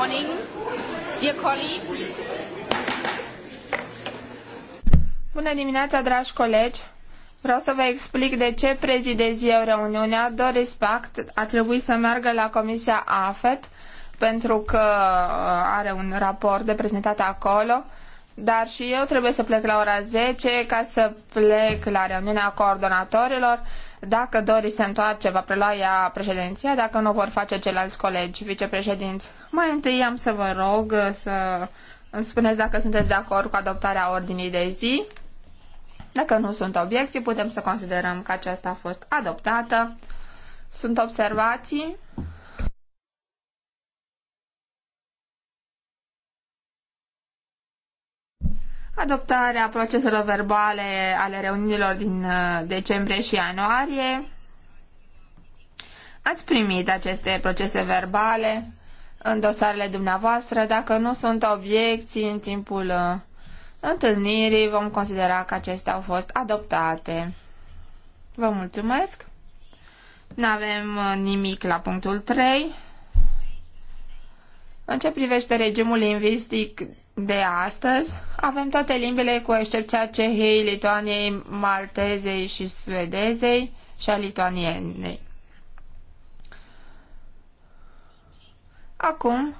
morning, dear colleagues. Bună dimineața, dragi colegi! Vreau să vă explic de ce prezidez eu reuniunea. Doris Pact a trebuit să meargă la Comisia AFET pentru că uh, are un raport de prezentat acolo, dar și eu trebuie să plec la ora zece ca să plec la reuniunea coordonatorilor. Dacă Doris se întoarce, va prelua ea președinția, dacă nu vor face ceilalți colegi vicepreședinți. Mai întâi am să vă rog uh, să îmi spuneți dacă sunteți de acord cu adoptarea ordinii de zi. Dacă nu sunt obiecții, putem să considerăm că aceasta a fost adoptată. Sunt observații? Adoptarea proceselor verbale ale reuniunilor din uh, decembrie și ianuarie. Ați primit aceste procese verbale? în dosarele dumneavoastră. Dacă nu sunt obiecții în timpul uh, întâlnirii, vom considera că acestea au fost adoptate. Vă mulțumesc! Nu avem uh, nimic la punctul 3. În ce privește regimul lingvistic de astăzi, avem toate limbile cu excepția cehei, lituaniei, maltezei și suedezei și a lituanienei. Acum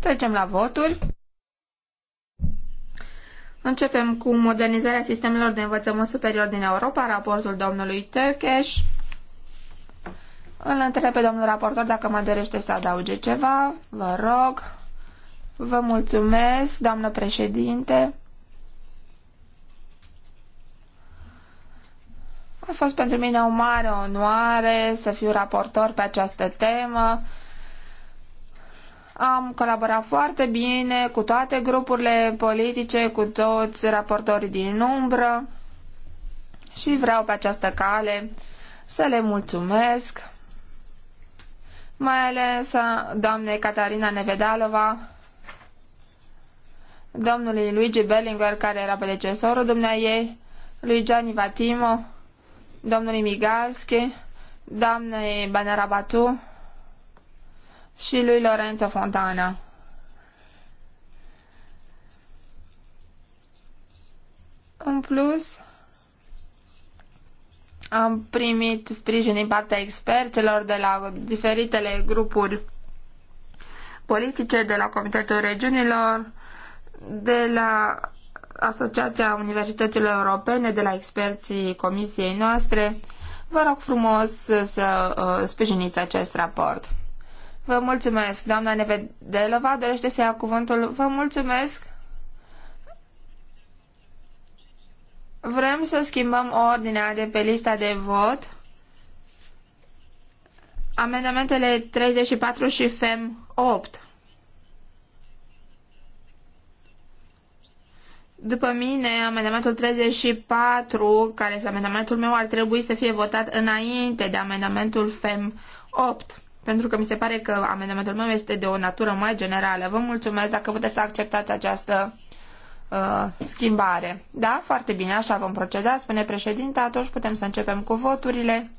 trecem la voturi. Începem cu modernizarea sistemelor de învățământ superior din Europa, raportul domnului Tăcheș. Îl întreb pe domnul raportor dacă mă dorește să adauge ceva. Vă rog. Vă mulțumesc, doamnă președinte. A fost pentru mine o mare onoare să fiu raportor pe această temă am colaborat foarte bine cu toate grupurile politice, cu toți raportorii din umbră și vreau pe această cale să le mulțumesc, mai ales doamnei Catarina Nevedalova, domnului Luigi Bellinger, care era predecesorul dumneaei, lui Gianni Vatimo, domnului Migalski, doamnei Banarabatu, și lui Lorenzo Fontana. În plus, am primit sprijin din partea experților de la diferitele grupuri politice, de la Comitetul Regiunilor, de la Asociația Universităților Europene, de la experții comisiei noastre. Vă rog frumos să uh, sprijiniți acest raport. Vă mulțumesc, doamna Nevedelova dorește să ia cuvântul. Vă mulțumesc. Vrem să schimbăm ordinea de pe lista de vot. Amendamentele 34 și FEM 8. După mine, amendamentul 34, care este amendamentul meu, ar trebui să fie votat înainte de amendamentul FEM 8 pentru că mi se pare că amendamentul meu este de o natură mai generală. Vă mulțumesc dacă puteți să acceptați această uh, schimbare. Da, foarte bine, așa vom proceda, spune președinte, atunci putem să începem cu voturile.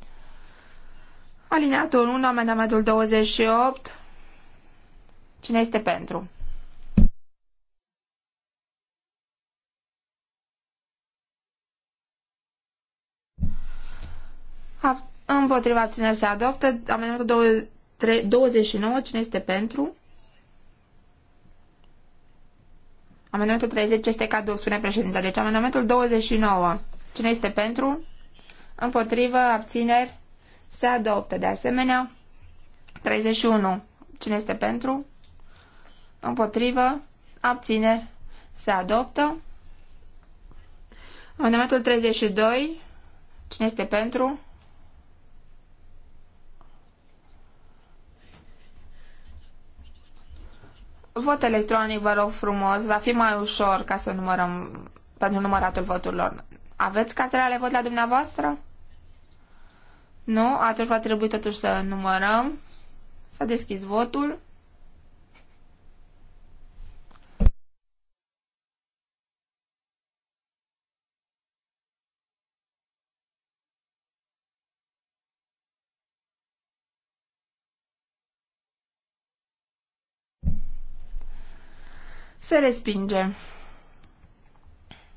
Alineatul 1, amendamentul 28. Cine este pentru? Ab Împotriva abțineri se adoptă. Amendamentul 3, 29, cine este pentru? Amendamentul 30 este cadou, spune președinta. Deci amendamentul 29. Cine este pentru? Împotrivă, abțineri, se adoptă. De asemenea, 31. Cine este pentru? Împotrivă, abțineri, se adoptă. Amendamentul 32. Cine este pentru? Vot electronic, vă rog frumos, va fi mai ușor ca să numărăm pentru număratul voturilor. Aveți cartela de vot la dumneavoastră? Nu? Atunci va trebui totuși să numărăm. S-a deschis votul. Se respinge.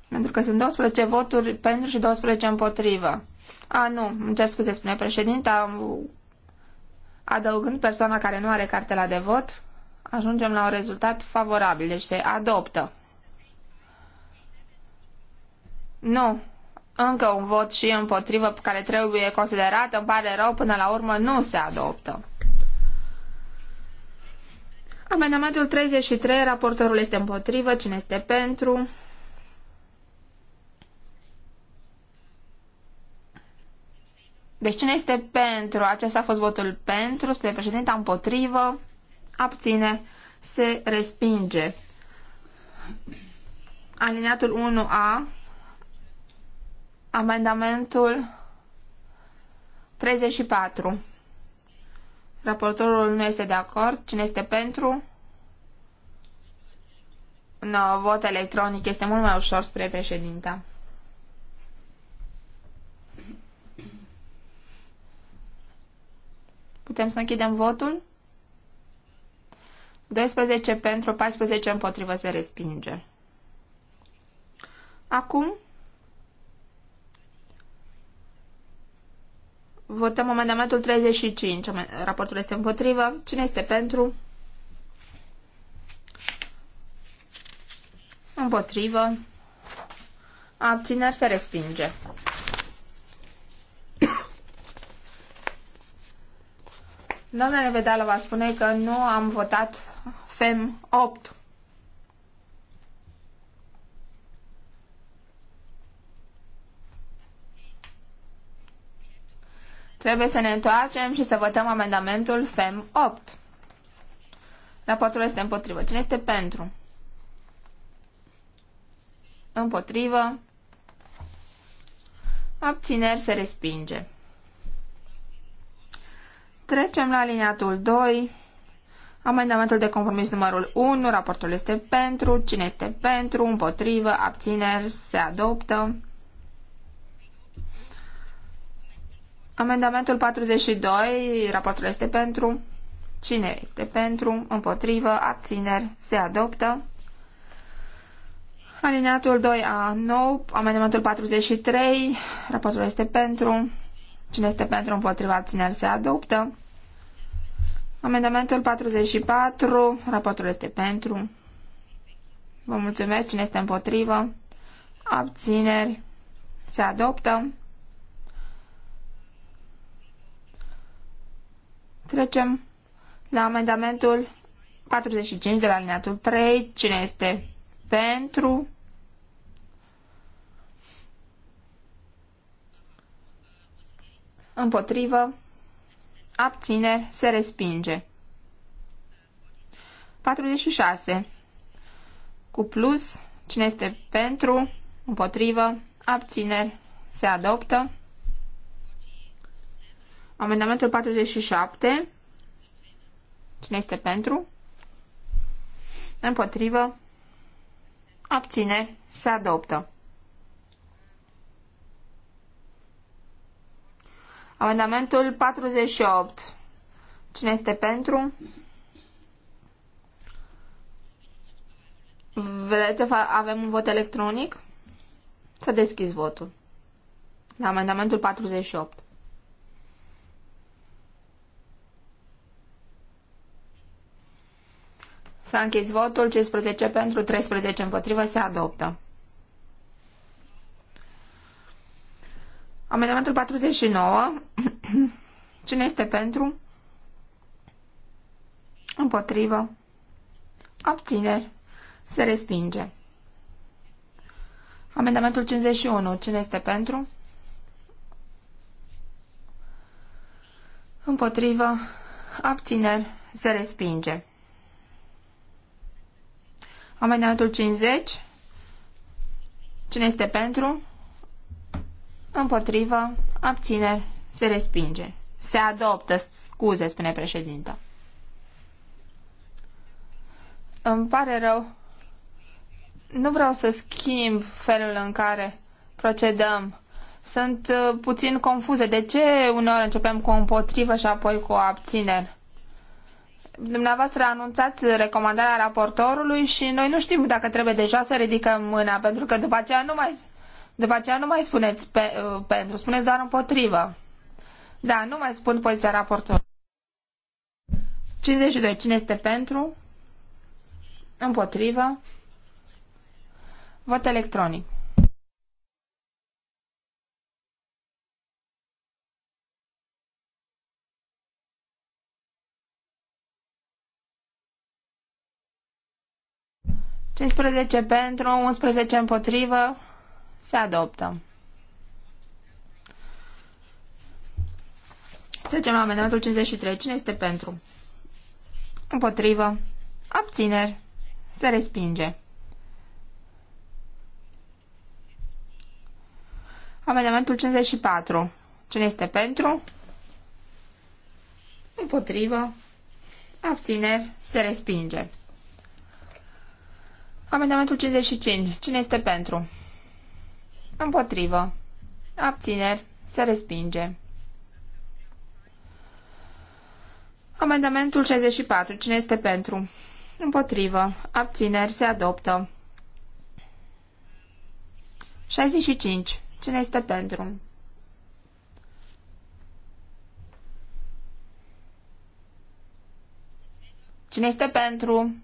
Pentru că sunt 12 voturi pentru și 12 împotrivă. A, nu, îmi cer scuze, spune președinta, adăugând persoana care nu are cartela de vot, ajungem la un rezultat favorabil, deci se adoptă. Nu, încă un vot și împotrivă care trebuie considerat, îmi pare rău, până la urmă nu se adoptă. Amendamentul 33, raportorul este împotrivă, cine este pentru? Deci cine este pentru? Acesta a fost votul pentru, spre președinta împotrivă, abține, se respinge. Alineatul 1A, amendamentul 34. Raportorul nu este de acord. Cine este pentru? No, vot electronic este mult mai ușor spre președinta. Putem să închidem votul? 12 pentru, 14 împotrivă se respinge. Acum Votăm amendamentul 35. Raportul este împotrivă. Cine este pentru? Împotrivă. Abțineri se respinge. Doamna Nevedală va spune că nu am votat FEM 8. Trebuie să ne întoarcem și să votăm amendamentul FEM 8. Raportul este împotrivă. Cine este pentru? Împotrivă. Abțineri se respinge. Trecem la alineatul 2. Amendamentul de compromis numărul 1. Raportul este pentru. Cine este pentru? Împotrivă. Abțineri se adoptă. Amendamentul 42, raportul este pentru. Cine este pentru? Împotrivă? Abțineri? Se adoptă. Alineatul 2A, nou. Amendamentul 43, raportul este pentru. Cine este pentru? Împotrivă? Abțineri? Se adoptă. Amendamentul 44, raportul este pentru. Vă mulțumesc. Cine este împotrivă? Abțineri? Se adoptă. Trecem la amendamentul 45 de la alineatul 3. Cine este pentru? Împotrivă? Abțineri? Se respinge. 46. Cu plus, cine este pentru, împotrivă, abțineri, se adoptă. Amendamentul 47. Cine este pentru? Împotrivă. Abțineri. Se adoptă. Amendamentul 48. Cine este pentru? Vreți să avem un vot electronic? Să deschizi votul. La amendamentul 48. S-a închis votul, 15 pentru, 13 împotrivă, se adoptă. Amendamentul 49. Cine este pentru? Împotrivă. Abțineri. Se respinge. Amendamentul 51. Cine este pentru? Împotrivă. Abțineri. Se respinge. Amendamentul 50. Cine este pentru? Împotrivă. Abțineri. Se respinge. Se adoptă. Scuze, spune președinta. Îmi pare rău. Nu vreau să schimb felul în care procedăm. Sunt uh, puțin confuză. De ce uneori începem cu împotrivă și apoi cu abțineri? dumneavoastră anunțați recomandarea raportorului și noi nu știm dacă trebuie deja să ridicăm mâna, pentru că după aceea nu mai, după aceea nu mai spuneți pe, uh, pentru, spuneți doar împotrivă. Da, nu mai spun poziția raportorului. 52. Cine este pentru? Împotrivă? Vot electronic. 15 pentru, 11 împotrivă, se adoptă. Trecem la amendamentul 53. Cine este pentru? Împotrivă. Abțineri. Se respinge. Amendamentul 54. Cine este pentru? Împotrivă. Abțineri. Se respinge. Amendamentul 55. Cine este pentru? Împotrivă. Abțineri. Se respinge. Amendamentul 64. Cine este pentru? Împotrivă. Abțineri. Se adoptă. 65. Cine este pentru? Cine este pentru?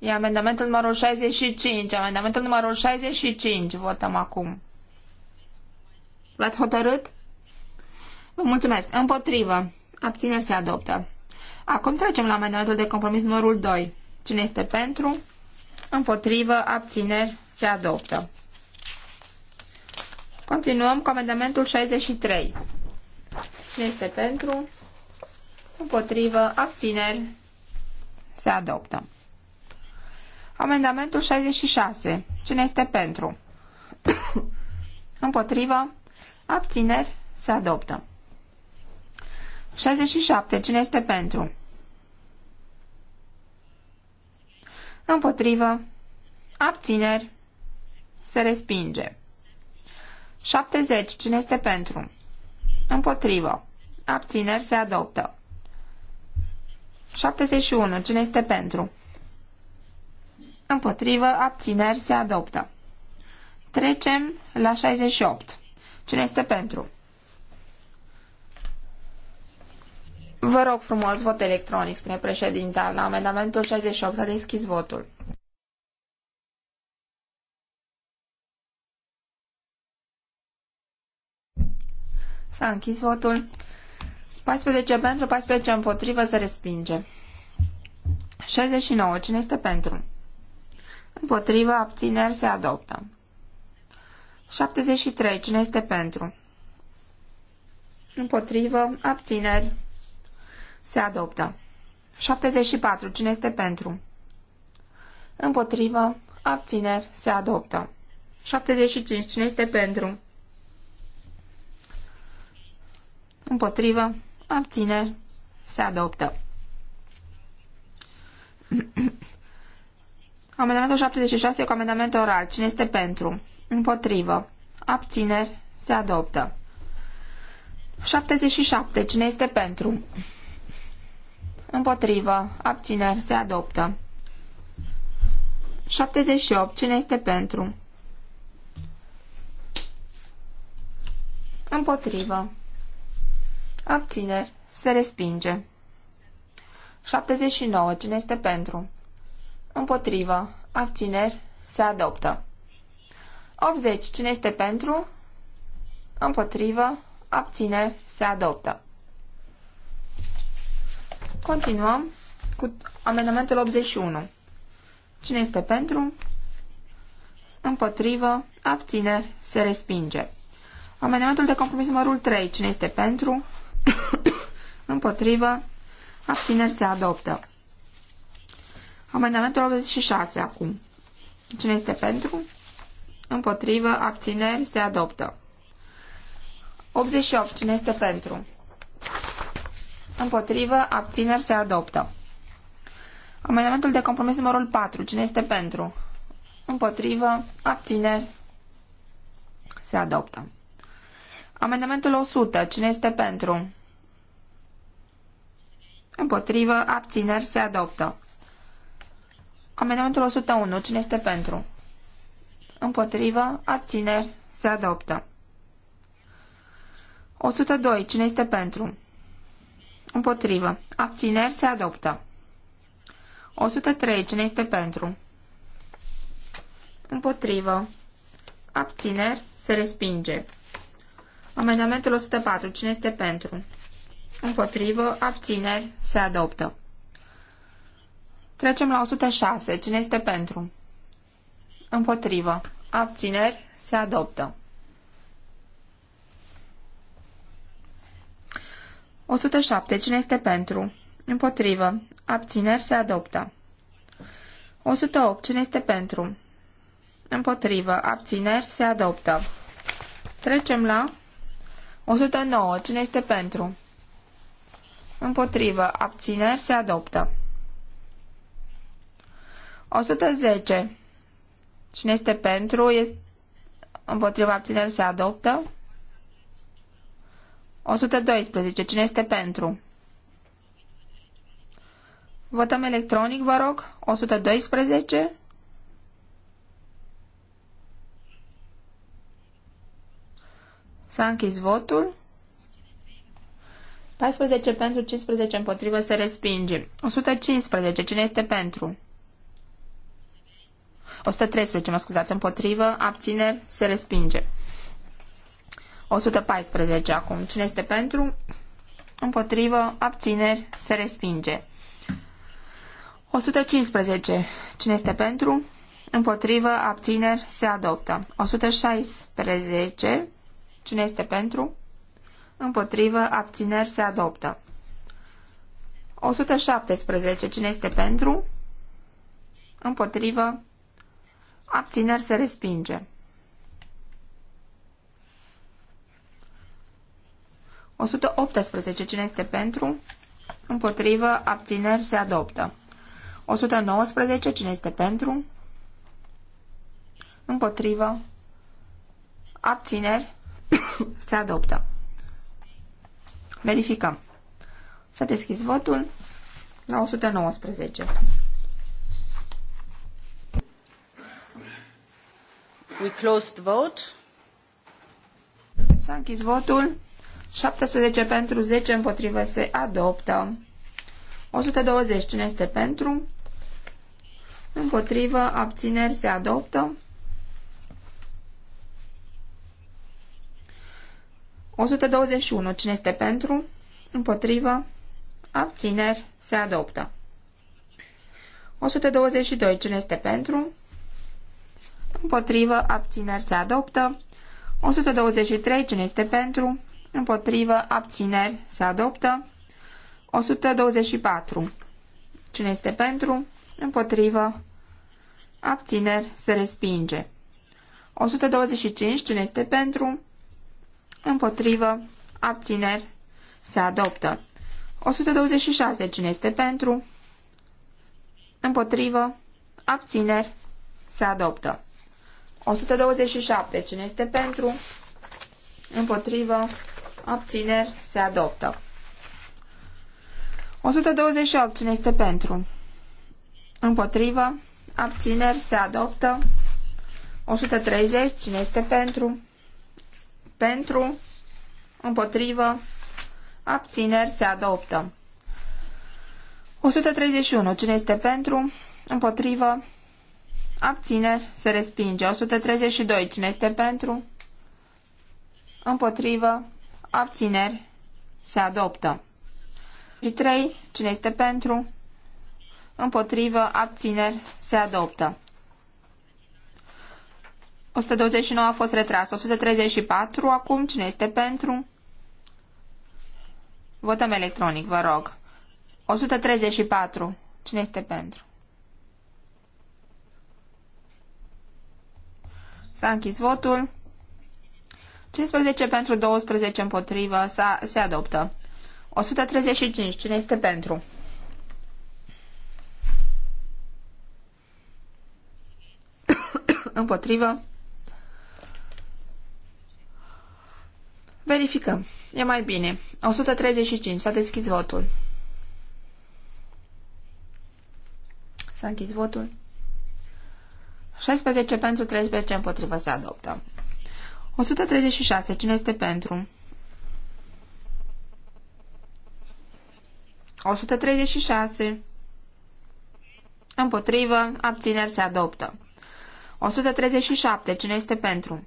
E amendamentul numărul 65. Amendamentul numărul 65. Votăm acum. L-ați hotărât? Vă mulțumesc. Împotrivă. Abțineri se adoptă. Acum trecem la amendamentul de compromis numărul 2. Cine este pentru? Împotrivă. Abțineri se adoptă. Continuăm cu amendamentul 63. Cine este pentru? Împotrivă. Abțineri se adoptă. Amendamentul 66. Cine este pentru? Împotrivă. Abțineri. Se adoptă. 67. Cine este pentru? Împotrivă. Abțineri. Se respinge. 70. Cine este pentru? Împotrivă. Abțineri. Se adoptă. 71. Cine este pentru? Împotrivă, abțineri, se adoptă. Trecem la 68. Cine este pentru? Vă rog frumos, vot electronic, spune președinta. La amendamentul 68 a deschis votul. S-a închis votul. 14 pentru, 14 împotrivă, se respinge. 69. Cine este pentru? Împotrivă, abțineri, se adoptă. 73. Cine este pentru? Împotrivă, abțineri, se adoptă. 74. Cine este pentru? Împotrivă, abțineri, se adoptă. 75. Cine este pentru? Împotrivă, abțineri, se adoptă. Amendamentul 76 cu amendament oral. Cine este pentru? Împotrivă. Abțineri. Se adoptă. 77. Cine este pentru? Împotrivă. Abțineri. Se adoptă. 78. Cine este pentru? Împotrivă. Abțineri. Se respinge. 79. Cine este pentru? Împotrivă. Abțineri. Se adoptă. 80. Cine este pentru? Împotrivă. Abțineri. Se adoptă. Continuăm cu amendamentul 81. Cine este pentru? Împotrivă. Abțineri. Se respinge. Amendamentul de compromis numărul 3. Cine este pentru? Împotrivă. Abțineri se adoptă. Amendamentul 86 acum. Cine este pentru? Împotrivă, abțineri, se adoptă. 88. Cine este pentru? Împotrivă, abțineri, se adoptă. Amendamentul de compromis numărul 4. Cine este pentru? Împotrivă, abțineri, se adoptă. Amendamentul 100. Cine este pentru? Împotrivă, abțineri, se adoptă. Amendamentul 101. Cine este pentru? Împotrivă. Abțineri. Se adoptă. 102. Cine este pentru? Împotrivă. Abțineri. Se adoptă. 103. Cine este pentru? Împotrivă. Abțineri. Se respinge. Amendamentul 104. Cine este pentru? Împotrivă. Abțineri. Se adoptă. Trecem la 106. Cine este pentru? Împotrivă. Abțineri. Se adoptă. 107. Cine este pentru? Împotrivă. Abțineri. Se adoptă. 108. Cine este pentru? Împotrivă. Abțineri. Se adoptă. Trecem la 109. Cine este pentru? Împotrivă. Abțineri. Se adoptă. 110. Cine este pentru? Este împotriva abțineri se adoptă. 112. Cine este pentru? Votăm electronic, vă rog. 112. S-a închis votul. 14 pentru, 15 împotrivă, se respinge. 115. Cine este pentru? 113, mă scuzați, împotrivă, abțineri, se respinge. 114 acum. Cine este pentru? Împotrivă, abțineri, se respinge. 115. Cine este pentru? Împotrivă, abțineri, se adoptă. 116. Cine este pentru? Împotrivă, abțineri, se adoptă. 117. Cine este pentru? Împotrivă, Abțineri se respinge. O 118. Cine este pentru? Împotrivă. Abțineri se adoptă. 119. Cine este pentru? Împotrivă. Abțineri se adoptă. Verificăm. Să deschizi votul la 119. We closed vote. S-a închis votul. 17 pentru, 10 împotrivă se adoptă. 120. Cine este pentru? Împotrivă, abțineri se adoptă. 121. Cine este pentru? Împotrivă, abțineri se adoptă. 122. Cine este pentru? împotrivă, abțineri se adoptă. 123, cine este pentru, împotrivă, abțineri se adoptă. 124, cine este pentru, împotrivă, abțineri se respinge. 125, cine este pentru, împotrivă, abțineri se adoptă. 126, cine este pentru, împotrivă, abțineri se adoptă. 127. Cine este pentru? Împotrivă. Abțineri. Se adoptă. 128. Cine este pentru? Împotrivă. Abțineri. Se adoptă. 130. Cine este pentru? Pentru. Împotrivă. Abțineri. Se adoptă. 131. Cine este pentru? Împotrivă. Abțineri se respinge. 132. Cine este pentru? Împotrivă. Abțineri se adoptă. Și 3. Cine este pentru? Împotrivă. Abțineri se adoptă. 129 a fost retras. 134 acum. Cine este pentru? Votăm electronic, vă rog. 134. Cine este pentru? S-a închis votul. 15 pentru 12 împotrivă. S-a, se adoptă. 135. Cine este pentru? împotrivă. Verificăm. E mai bine. 135. S-a deschis votul. S-a închis votul. 16 pentru, 13 împotrivă se adoptă. 136. Cine este pentru? 136. Împotrivă, abțineri se adoptă. 137. Cine este pentru?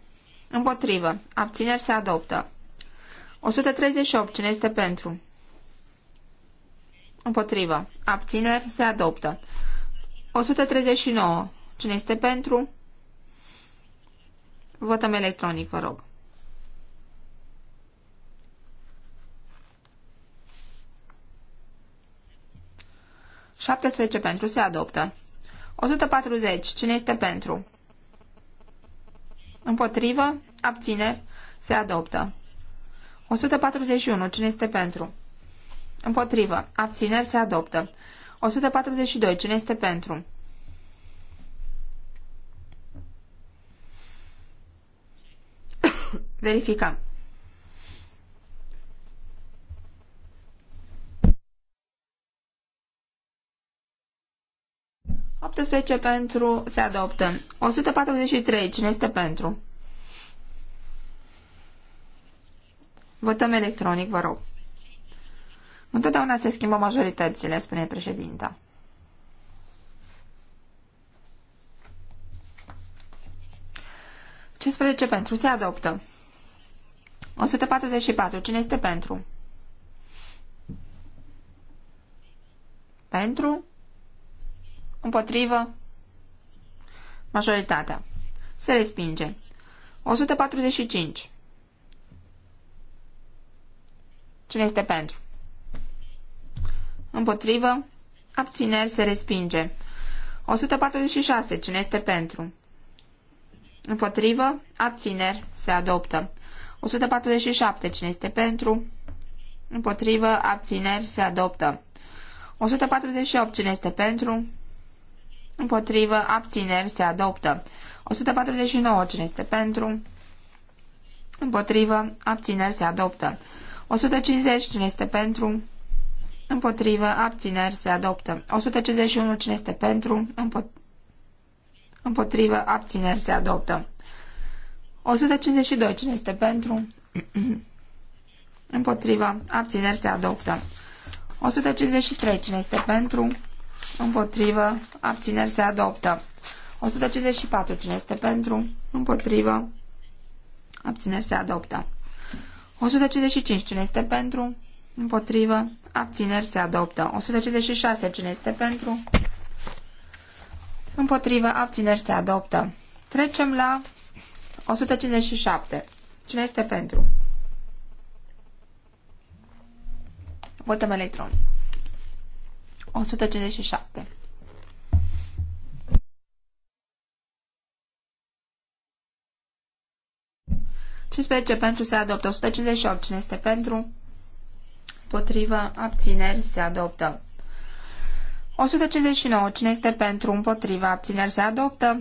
Împotrivă, abțineri se adoptă. 138. Cine este pentru? Împotrivă, abțineri se adoptă. 139 Cine este pentru? Votăm electronic, vă rog. Șaptesprezece pentru se adoptă. 140. Cine este pentru? Împotrivă? abține, Se adoptă. 141. Cine este pentru? Împotrivă. Abțineri? Se adoptă. 142. Cine este pentru? Verificăm. Optsprezece pentru se adoptă. 143. Cine este pentru? Votăm electronic, vă rog. Întotdeauna se schimbă majoritățile, spune președinta. Ce 15 pentru se adoptă. 144. Cine este pentru? Pentru? Împotrivă? Majoritatea. Se respinge. 145. Cine este pentru? Împotrivă? Abțineri se respinge. 146. Cine este pentru? Împotrivă? Abțineri se adoptă. 147. Cine este pentru? Împotrivă. Abțineri. Se adoptă. 148. Cine este pentru? Împotrivă. Abțineri. Se adoptă. 149. Cine este pentru? Împotrivă. Abțineri. Se adoptă. 150. Cine este pentru? Împotrivă. Abțineri. Se adoptă. 151. Cine este pentru? Împotrivă. Împotrivă, abțineri se adoptă. 152. Cine este pentru? Împotriva. Abțineri se adoptă. 153. Cine este pentru? Împotrivă. Abțineri se adoptă. 154. Cine este pentru? Împotrivă. Abțineri se adoptă. 155. Cine este pentru? Împotrivă. Abțineri se adoptă. 156. Cine este pentru? Împotrivă. Abțineri se adoptă. Trecem la 157. Cine este pentru? Votăm electronic. 157. ce pentru se adoptă. 158. Cine este pentru? Potrivă. Abțineri se adoptă. 159. Cine este pentru? Împotrivă. Abțineri se adoptă.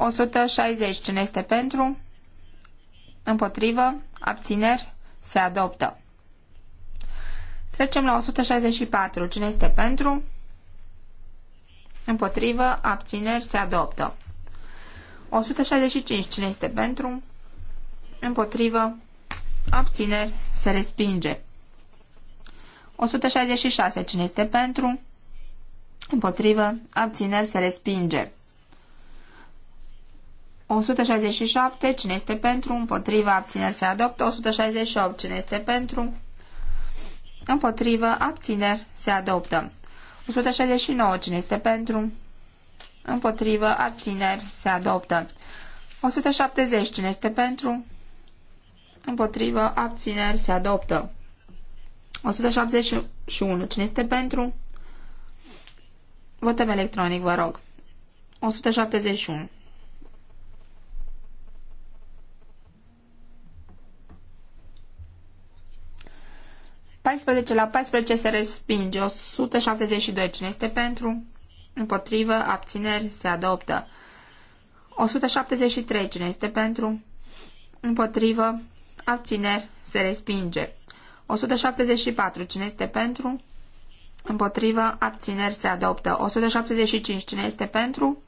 160. Cine este pentru? Împotrivă? Abțineri? Se adoptă. Trecem la 164. Cine este pentru? Împotrivă? Abțineri? Se adoptă. 165. Cine este pentru? Împotrivă? Abțineri? Se respinge. 166. Cine este pentru? Împotrivă? Abțineri? Se respinge. 167, cine este pentru, împotriva, abțineri se adoptă. 168, cine este pentru, împotrivă, abțineri se adoptă. 169, cine este pentru, împotrivă, abțineri se adoptă. 170, cine este pentru, împotrivă, abțineri se adoptă. 171, cine este pentru, votăm electronic, vă rog. 171. 14 la 14 se respinge. 172. Cine este pentru? Împotrivă. Abțineri. Se adoptă. 173. Cine este pentru? Împotrivă. Abțineri. Se respinge. 174. Cine este pentru? Împotrivă. Abțineri. Se adoptă. 175. Cine este pentru?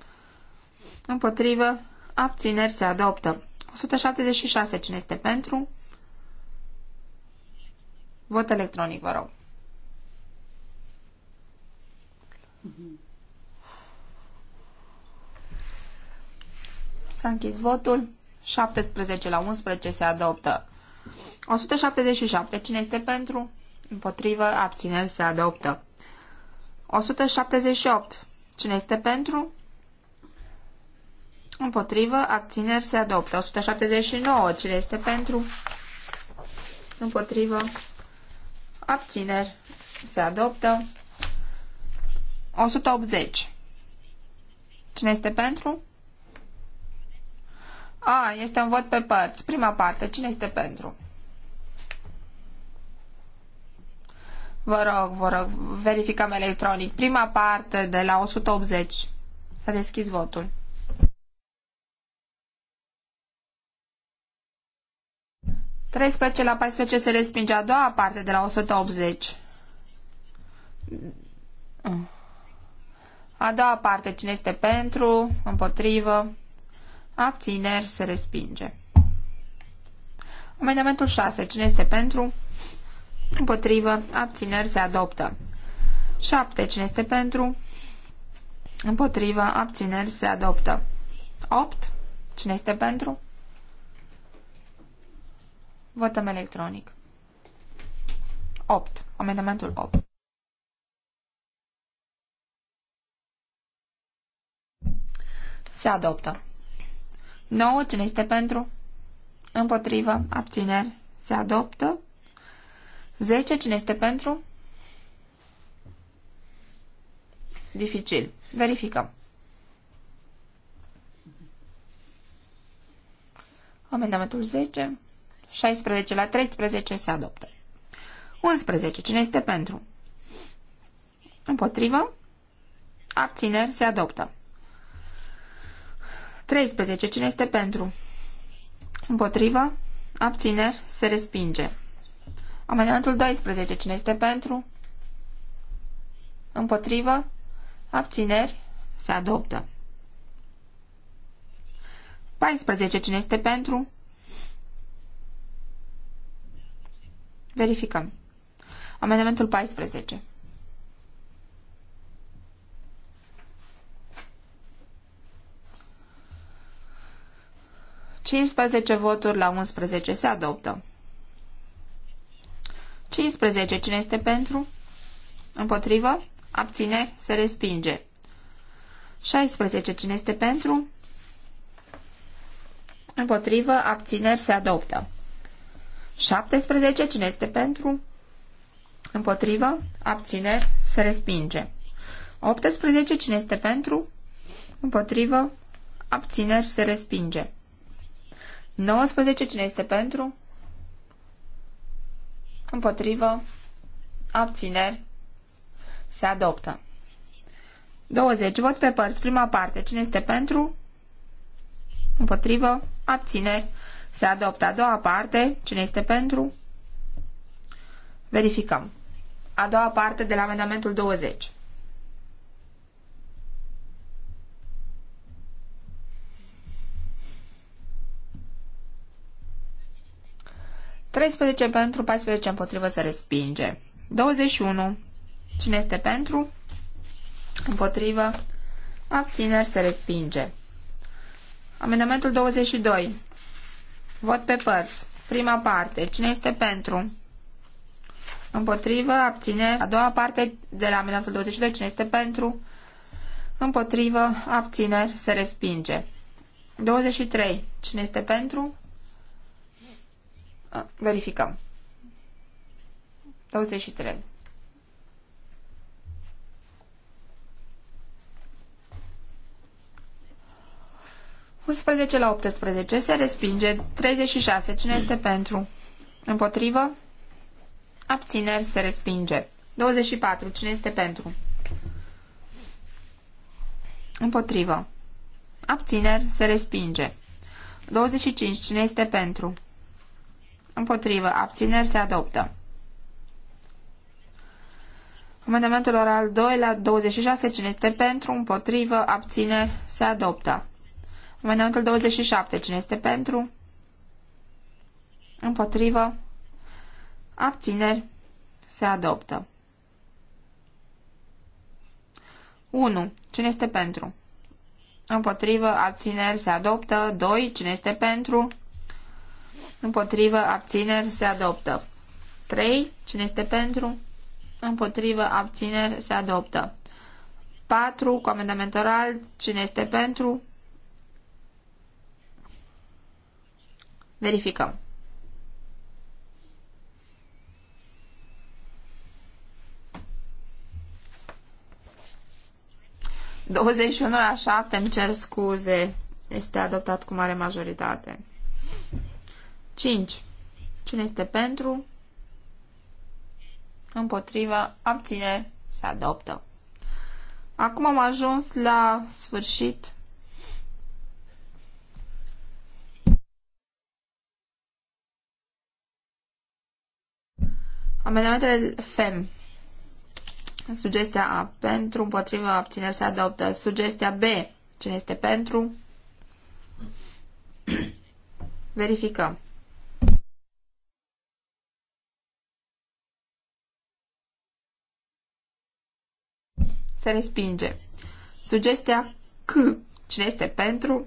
Împotrivă. Abțineri. Se adoptă. 176. Cine este pentru? Vot electronic, vă rog. S-a închis votul. 17 la 11 se adoptă. 177. Cine este pentru? Împotrivă, abțineri, se adoptă. 178. Cine este pentru? Împotrivă, abțineri, se adoptă. 179. Cine este pentru? Împotrivă, abțineri, se adoptă. 180. Cine este pentru? A, este un vot pe părți. Prima parte. Cine este pentru? Vă rog, vă rog, verificăm electronic. Prima parte de la 180. S-a deschis votul. 13 la 14 se respinge a doua parte de la 180. A doua parte, cine este pentru, împotrivă, abțineri, se respinge. Amendamentul 6, cine este pentru, împotrivă, abțineri, se adoptă. 7, cine este pentru, împotrivă, abțineri, se adoptă. 8, cine este pentru, Votăm electronic. 8. Amendamentul 8. Se adoptă. 9. Cine este pentru? Împotrivă. Abțineri. Se adoptă. 10. Cine este pentru? Dificil. Verificăm. Amendamentul 10. 16 la 13 se adoptă. 11. Cine este pentru? Împotrivă? Abțineri se adoptă. 13. Cine este pentru? Împotrivă? Abțineri se respinge. Amendamentul 12. Cine este pentru? Împotrivă? Abțineri se adoptă. 14. Cine este pentru? Verificăm. Amendamentul 14. Cincisprezece voturi la 11 se adoptă. 15. Cine este pentru? Împotrivă? abține Se respinge. 16. Cine este pentru? Împotrivă? Abțineri? Se adoptă. 17. Cine este pentru? Împotrivă? Abțineri? Se respinge. 18. Cine este pentru? Împotrivă? Abțineri? Se respinge. 19. Cine este pentru? Împotrivă? Abțineri? Se adoptă. 20. Vot pe părți. Prima parte. Cine este pentru? Împotrivă? Abțineri? Se adoptă a doua parte. Cine este pentru? Verificăm. A doua parte de la amendamentul 20. Treisprezece pentru, 14 împotrivă se respinge. 21. Cine este pentru? Împotrivă. Abțineri se respinge. Amendamentul 22. Vot pe părți. Prima parte. Cine este pentru? Împotrivă, Abține. A doua parte de la amendamentul 22. Cine este pentru? Împotrivă, Abține. Se respinge. 23. Cine este pentru? Verificăm. 23. 11 la 18 se respinge. 36. Cine este pentru? Împotrivă? Abțineri se respinge. 24. Cine este pentru? Împotrivă. Abțineri se respinge. 25. Cine este pentru? Împotrivă. Abțineri se adoptă. Amendamentul oral 2 la 26. Cine este pentru? Împotrivă. Abțineri se adoptă. Amendamentul 27. Cine este pentru? Împotrivă. Abțineri. Se adoptă. 1. Cine este pentru? Împotrivă. Abțineri. Se adoptă. 2. Cine este pentru? Împotrivă. Abțineri. Se adoptă. 3. Cine este pentru? Împotrivă. Abțineri. Se adoptă. 4. Comandament oral. Cine este pentru? Verificăm. și la 7, îmi cer scuze. Este adoptat cu mare majoritate. 5. Cine este pentru? Împotrivă, abține, se adoptă. Acum am ajuns la sfârșit Amendamentele FEM. Sugestia A. Pentru, împotrivă, abțineri se adoptă. Sugestia B. Cine este pentru? Verificăm. Se respinge. Sugestia C. Cine este pentru?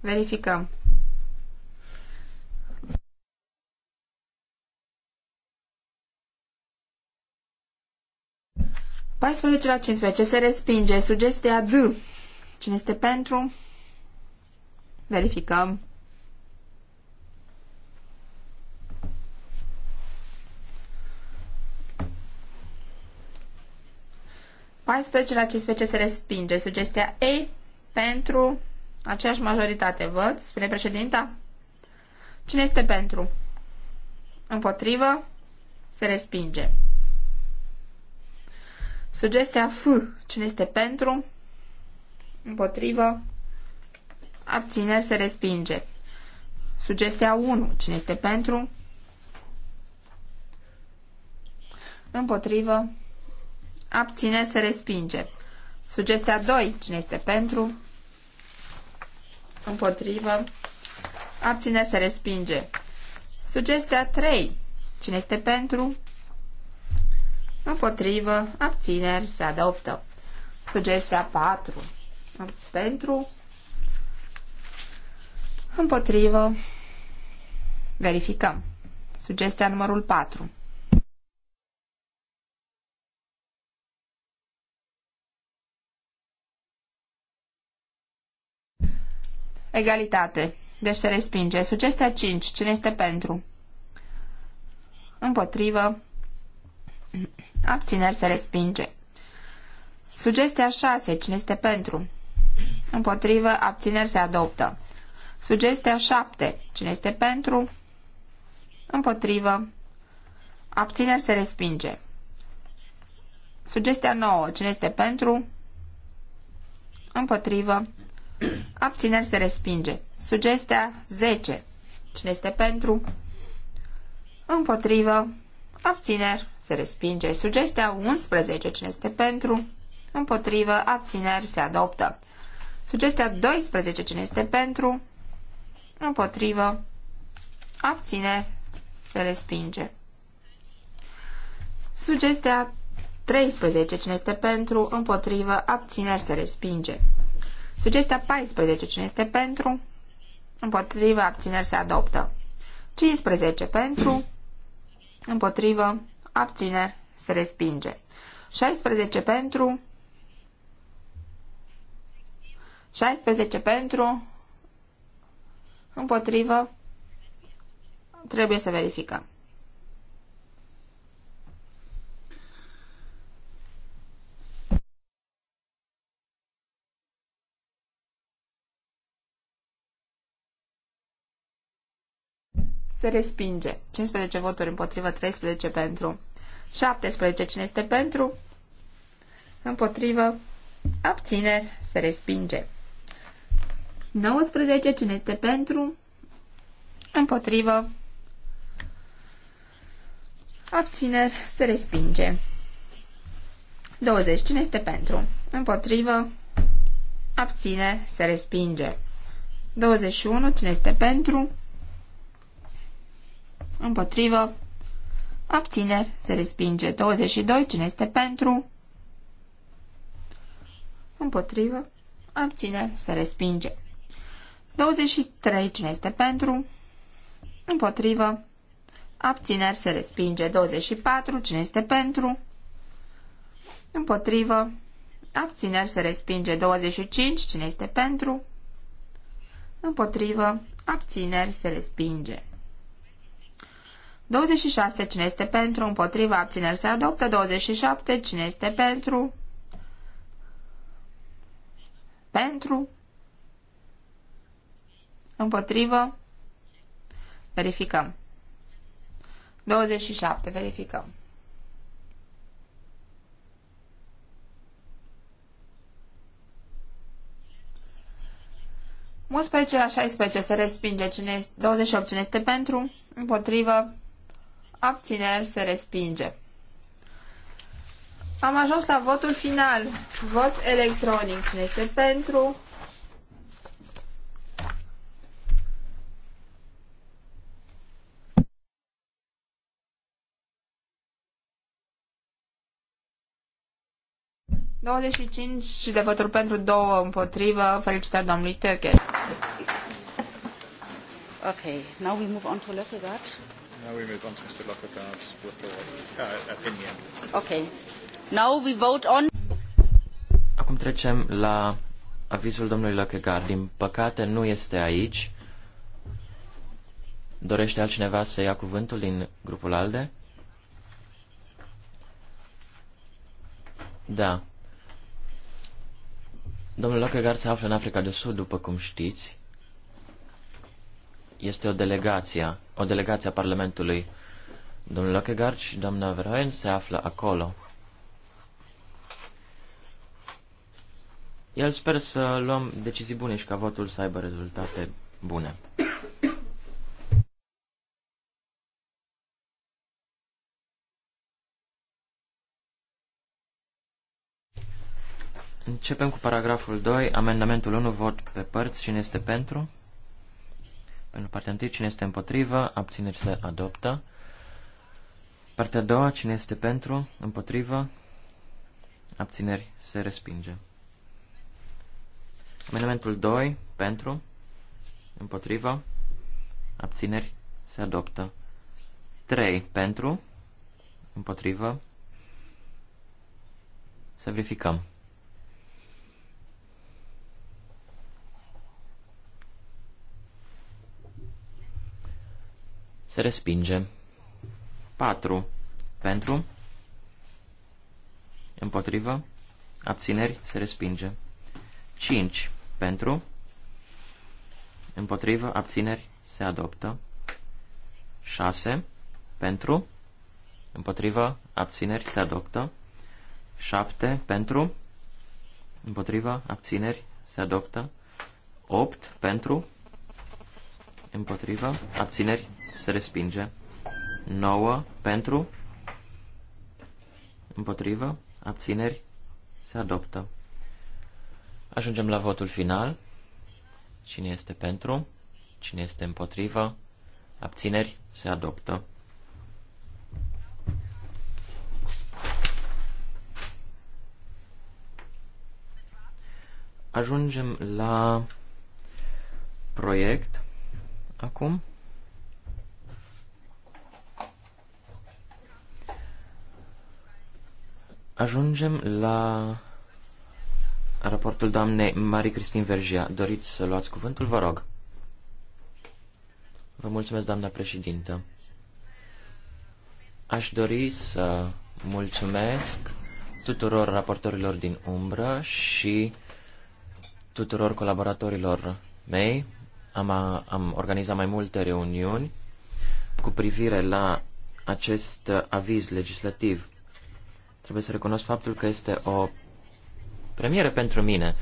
Verificăm. 14 la 15 se respinge. Sugestia D. Cine este pentru? Verificăm. Paisprezece la 15 se respinge. Sugestia E pentru aceeași majoritate. Văd, spune președinta. Cine este pentru? Împotrivă? Se respinge. Sugestia F. Cine este pentru? Împotrivă? Abține se respinge. Sugestia 1. Cine este pentru? Împotrivă? Abține se respinge. Sugestia 2. Cine este pentru? Împotrivă? Abține se respinge. Sugestia 3. Cine este pentru? împotrivă, abțineri, se adoptă. Sugestia 4. Pentru, împotrivă, verificăm. Sugestia numărul 4. Egalitate. Deci se respinge. Sugestia 5. Cine este pentru? Împotrivă. Abțineri se respinge. Sugestia 6. Cine este pentru? Împotrivă. Abțineri se adoptă. Sugestia 7. Cine este pentru? Împotrivă. Abțineri se respinge. Sugestia 9. Cine este pentru? Împotrivă. Abțineri se respinge. Sugestia 10. Cine este pentru? Împotrivă. Abțineri se respinge. Sugestia 11, cine este pentru, împotrivă, abțineri, se adoptă. Sugestia 12, cine este pentru, împotrivă, abțineri, se respinge. Sugestia 13, cine este pentru, împotrivă, abțineri, se respinge. Sugestia 14, cine este pentru, împotrivă, abțineri, se adoptă. 15 pentru, împotrivă, abțineri, se respinge. 16 pentru, 16 pentru, împotrivă, trebuie să verificăm. se respinge. 15 voturi împotrivă, 13 pentru. 17. Cine este pentru? Împotrivă. Abțineri. Se respinge. 19. Cine este pentru? Împotrivă. Abțineri. Se respinge. 20. Cine este pentru? Împotrivă. abține, Se respinge. 21. Cine este pentru? Împotrivă. Abțineri. Se respinge. 22. Cine este pentru? Împotrivă. Abțineri. Se respinge. 23. Cine este pentru? Împotrivă. Abțineri. Se respinge. 24. Cine este pentru? Împotrivă. Abțineri. Se respinge. 25. Cine este pentru? Împotrivă. Abțineri. Se respinge. 26. Cine este pentru? Împotriva abțineri se adoptă. 27. Cine este pentru? Pentru? Împotrivă? Verificăm. 27. Verificăm. Unsprezece la 16 se respinge cine este, 28 cine este pentru, împotrivă, abțineri se respinge. Am ajuns la votul final. Vot electronic. Cine este pentru? și de voturi pentru, două împotrivă. Felicitări domnului Tăcher. Okay, now we move on to Lökegaard. Now we move on to Mr. Uh, opinion. Okay. Now we vote on... Acum trecem la avizul domnului Lockhart. Din păcate nu este aici. Dorește altcineva să ia cuvântul din grupul ALDE? Da. Domnul Lockhart se află în Africa de Sud, după cum știți este o delegație, o delegație a Parlamentului. Domnul Lockegaard și doamna Verhoeven se află acolo. El sper să luăm decizii bune și ca votul să aibă rezultate bune. Începem cu paragraful 2, amendamentul 1, vot pe părți, cine este pentru? Pentru partea întâi, cine este împotrivă, abțineri se adoptă. Partea a doua, cine este pentru, împotrivă, abțineri se respinge. Amendamentul 2, pentru, împotrivă, abțineri se adoptă. 3, pentru, împotrivă, să verificăm. Se respinge. 4. Pentru. Împotrivă. Abțineri. Se respinge. 5. Pentru. Împotrivă. Abțineri. Se adoptă. 6. Pentru. Împotrivă. Abțineri. Se adoptă. 7. Pentru. Împotrivă. Abțineri. Se adoptă. 8. Pentru. Împotrivă. Abțineri se respinge. 9 pentru, împotrivă, abțineri, se adoptă. Ajungem la votul final. Cine este pentru? Cine este împotrivă? Abțineri? Se adoptă. Ajungem la proiect acum. Ajungem la raportul doamnei Marie-Christine Vergia. Doriți să luați cuvântul? Vă rog. Vă mulțumesc, doamna președintă. Aș dori să mulțumesc tuturor raportorilor din umbră și tuturor colaboratorilor mei. Am, a, am organizat mai multe reuniuni cu privire la acest aviz legislativ. Trebuie să recunosc faptul că este o premieră pentru mine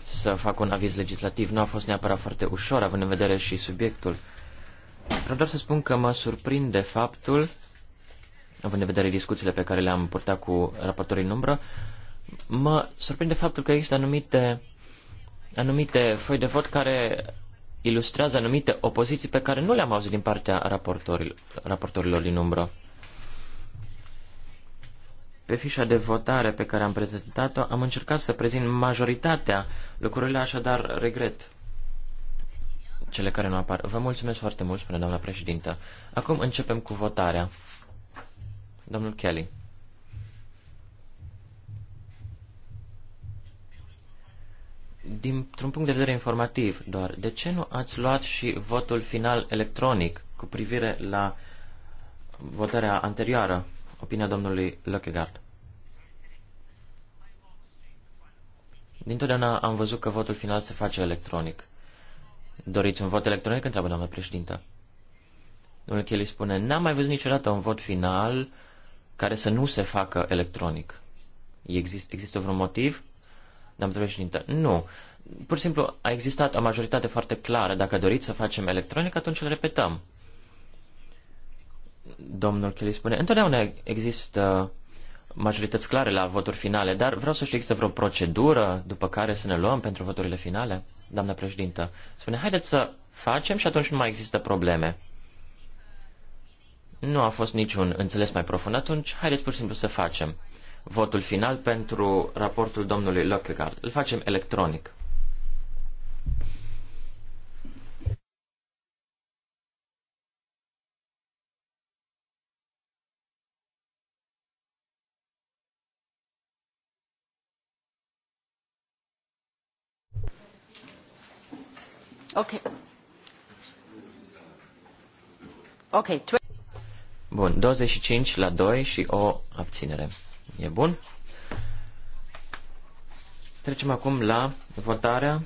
să fac un aviz legislativ. Nu a fost neapărat foarte ușor, având în vedere și subiectul. Vreau doar să spun că mă surprinde faptul, având în vedere discuțiile pe care le-am purtat cu raportorii în umbră, mă surprinde faptul că există anumite, anumite foi de vot care ilustrează anumite opoziții pe care nu le-am auzit din partea raportorilor, raportorilor din umbră. Pe fișa de votare pe care am prezentat-o, am încercat să prezint majoritatea lucrurile, așadar regret cele care nu apar. Vă mulțumesc foarte mult, spune doamna președintă. Acum începem cu votarea. Domnul Kelly. Dintr-un punct de vedere informativ doar, de ce nu ați luat și votul final electronic cu privire la votarea anterioară? opinia domnului Lockegard. Dintotdeauna am văzut că votul final se face electronic. Doriți un vot electronic? Întreabă doamna președintă. Domnul Kelly spune, n-am mai văzut niciodată un vot final care să nu se facă electronic. Exist, există vreun motiv? Doamna președintă, nu. Pur și simplu a existat o majoritate foarte clară. Dacă doriți să facem electronic, atunci îl repetăm domnul Kelly spune, întotdeauna există majorități clare la voturi finale, dar vreau să știu, există vreo procedură după care să ne luăm pentru voturile finale? Doamna președintă, spune, haideți să facem și atunci nu mai există probleme. Nu a fost niciun înțeles mai profund atunci, haideți pur și simplu să facem. Votul final pentru raportul domnului Lockegaard. Îl facem electronic. Bun, 25 la 2 și o abținere. E bun? Trecem acum la votarea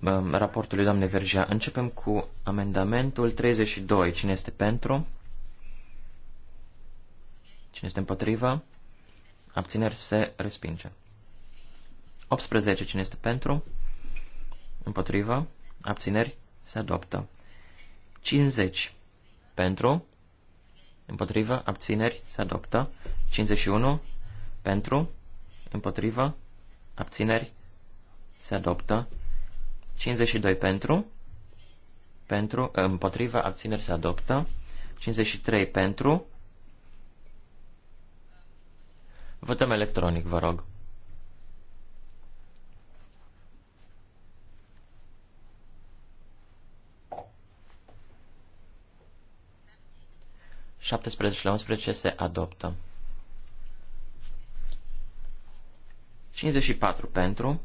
um, raportului doamne Vergea. Începem cu amendamentul 32. Cine este pentru? Cine este împotriva? Abțineri se respinge. 18. Cine este pentru? Împotrivă. Abțineri. Se adoptă. 50. Pentru. Împotrivă. Abțineri. Se adoptă. 51. Pentru. Împotrivă. Abțineri. Se adoptă. 52. Pentru. Pentru. Ă, împotrivă. Abțineri. Se adoptă. 53. Pentru. Votăm electronic, vă rog. 17 la 11 se adoptă. 54 pentru,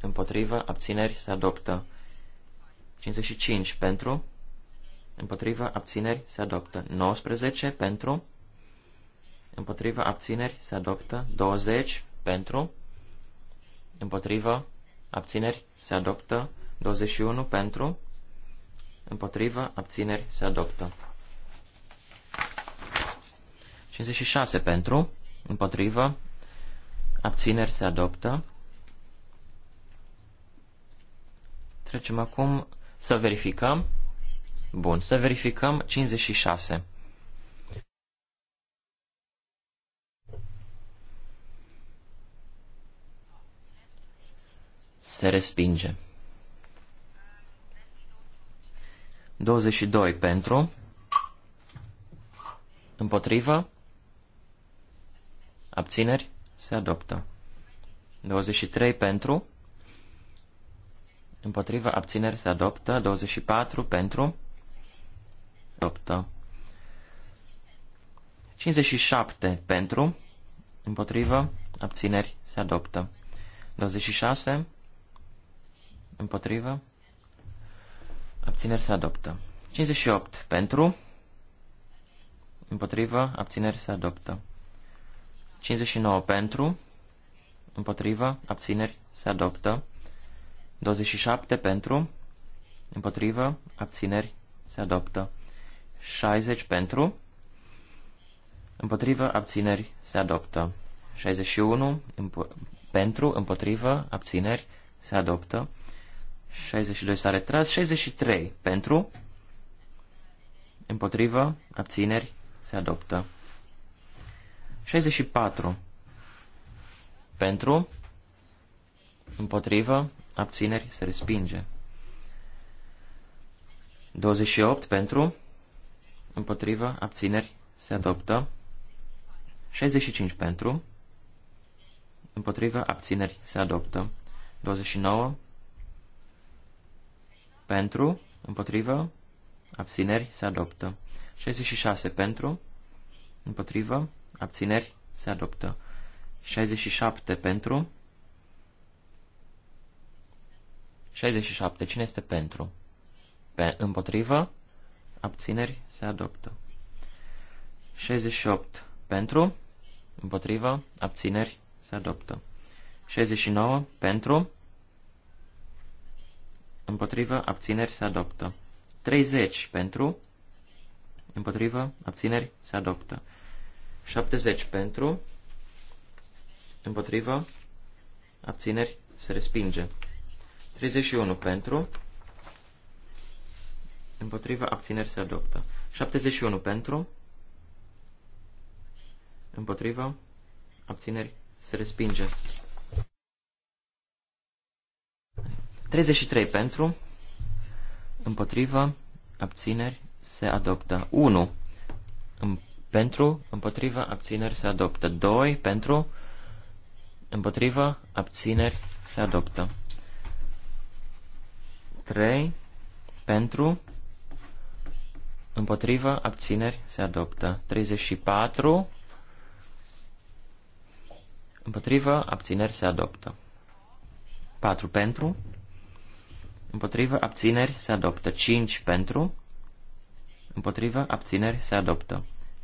împotrivă, abțineri, se adoptă. 55 pentru, împotrivă, abțineri, se adoptă. 19 pentru, împotrivă, abțineri, se adoptă. 20 pentru, împotrivă, abțineri, se adoptă. 21 pentru, împotrivă, abțineri, se adoptă. 56 pentru, împotrivă, abțineri se adoptă. Trecem acum să verificăm. Bun, să verificăm 56. Se respinge. 22 pentru, împotrivă, Abțineri? Se adoptă. 23 pentru. Împotriva abțineri se adoptă. 24 pentru. Adoptă. 57 pentru. Împotriva abțineri se adoptă. 26 împotriva abțineri se adoptă. 58 pentru. Împotriva abțineri se adoptă. 59 pentru, împotrivă, abțineri, se adoptă. 27 pentru, împotrivă, abțineri, se adoptă. 60 pentru, împotrivă, abțineri, se adoptă. 61 împo- pentru, împotrivă, abțineri, se adoptă. 62 s-a retras. 63 pentru, împotrivă, abțineri, se adoptă. 64. Pentru, împotrivă, abțineri, se respinge. 28. Pentru, împotrivă, abțineri, se adoptă. 65. Pentru, împotrivă, abțineri, se adoptă. 29. Pentru, împotrivă, abțineri, se adoptă. 66. Pentru, împotrivă, abțineri, se adoptă. 67 pentru. 67. Cine este pentru? Pe, împotrivă, abțineri, se adoptă. 68 pentru, împotrivă, abțineri, se adoptă. 69 pentru, împotrivă, abțineri, se adoptă. 30 pentru, împotrivă, abțineri, se adoptă. 70 pentru, împotrivă, abțineri, se respinge. 31 pentru, împotrivă, abțineri, se adoptă. 71 pentru, împotrivă, abțineri, se respinge. 33 pentru, împotrivă, abțineri, se adoptă. 1 împotrivă pentru, împotriva, abțineri, se adoptă. 2 pentru, împotriva, abțineri, se adoptă. 3 pentru, împotriva, abțineri, se adoptă. 34 împotriva, abțineri, se adoptă. 4 pentru, împotriva, abțineri, se adoptă. 5 pentru, împotriva, abțineri, se adoptă.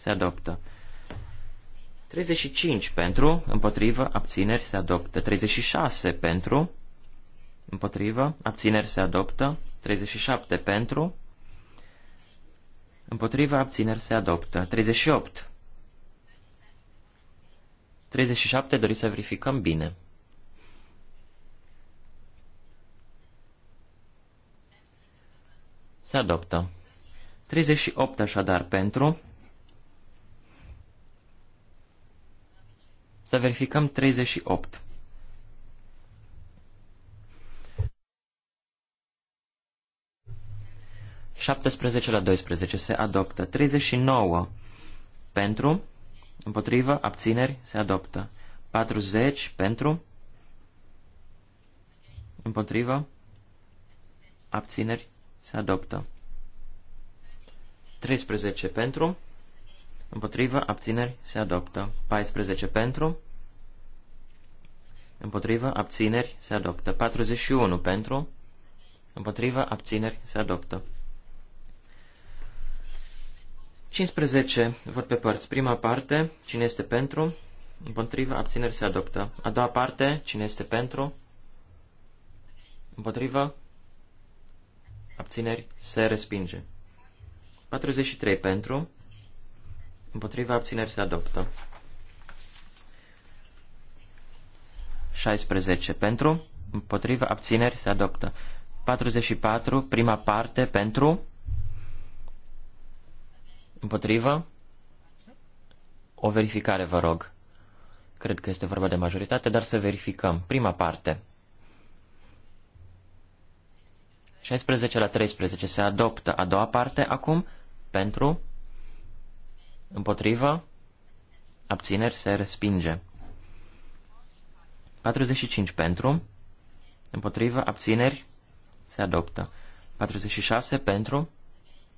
se adoptă. 35 pentru, împotrivă, abțineri se adoptă. 36 pentru, împotrivă, abțineri se adoptă. 37 pentru, împotrivă, abțineri se adoptă. 38. 37 doriți să verificăm bine. Se adoptă. 38 așadar pentru, Să verificăm 38. Șaptesprezece la 12 se adoptă. 39 pentru, împotrivă, abțineri, se adoptă. 40 pentru, împotrivă, abțineri, se adoptă. 13 pentru, Împotrivă, abțineri, se adoptă. 14 pentru. Împotrivă, abțineri, se adoptă. 41 pentru. Împotrivă, abțineri, se adoptă. 15. Vot pe părți. Prima parte, cine este pentru? Împotrivă, abțineri, se adoptă. A doua parte, cine este pentru? Împotrivă, abțineri, se respinge. 43 pentru. Împotriva abțineri se adoptă. 16 pentru. Împotriva abțineri se adoptă. 44, prima parte, pentru. împotriva O verificare, vă rog. Cred că este vorba de majoritate, dar să verificăm. Prima parte. 16 la 13 se adoptă a doua parte acum pentru Împotrivă. Abțineri se respinge. 45 pentru. Împotrivă. Abțineri se adoptă. 46 pentru.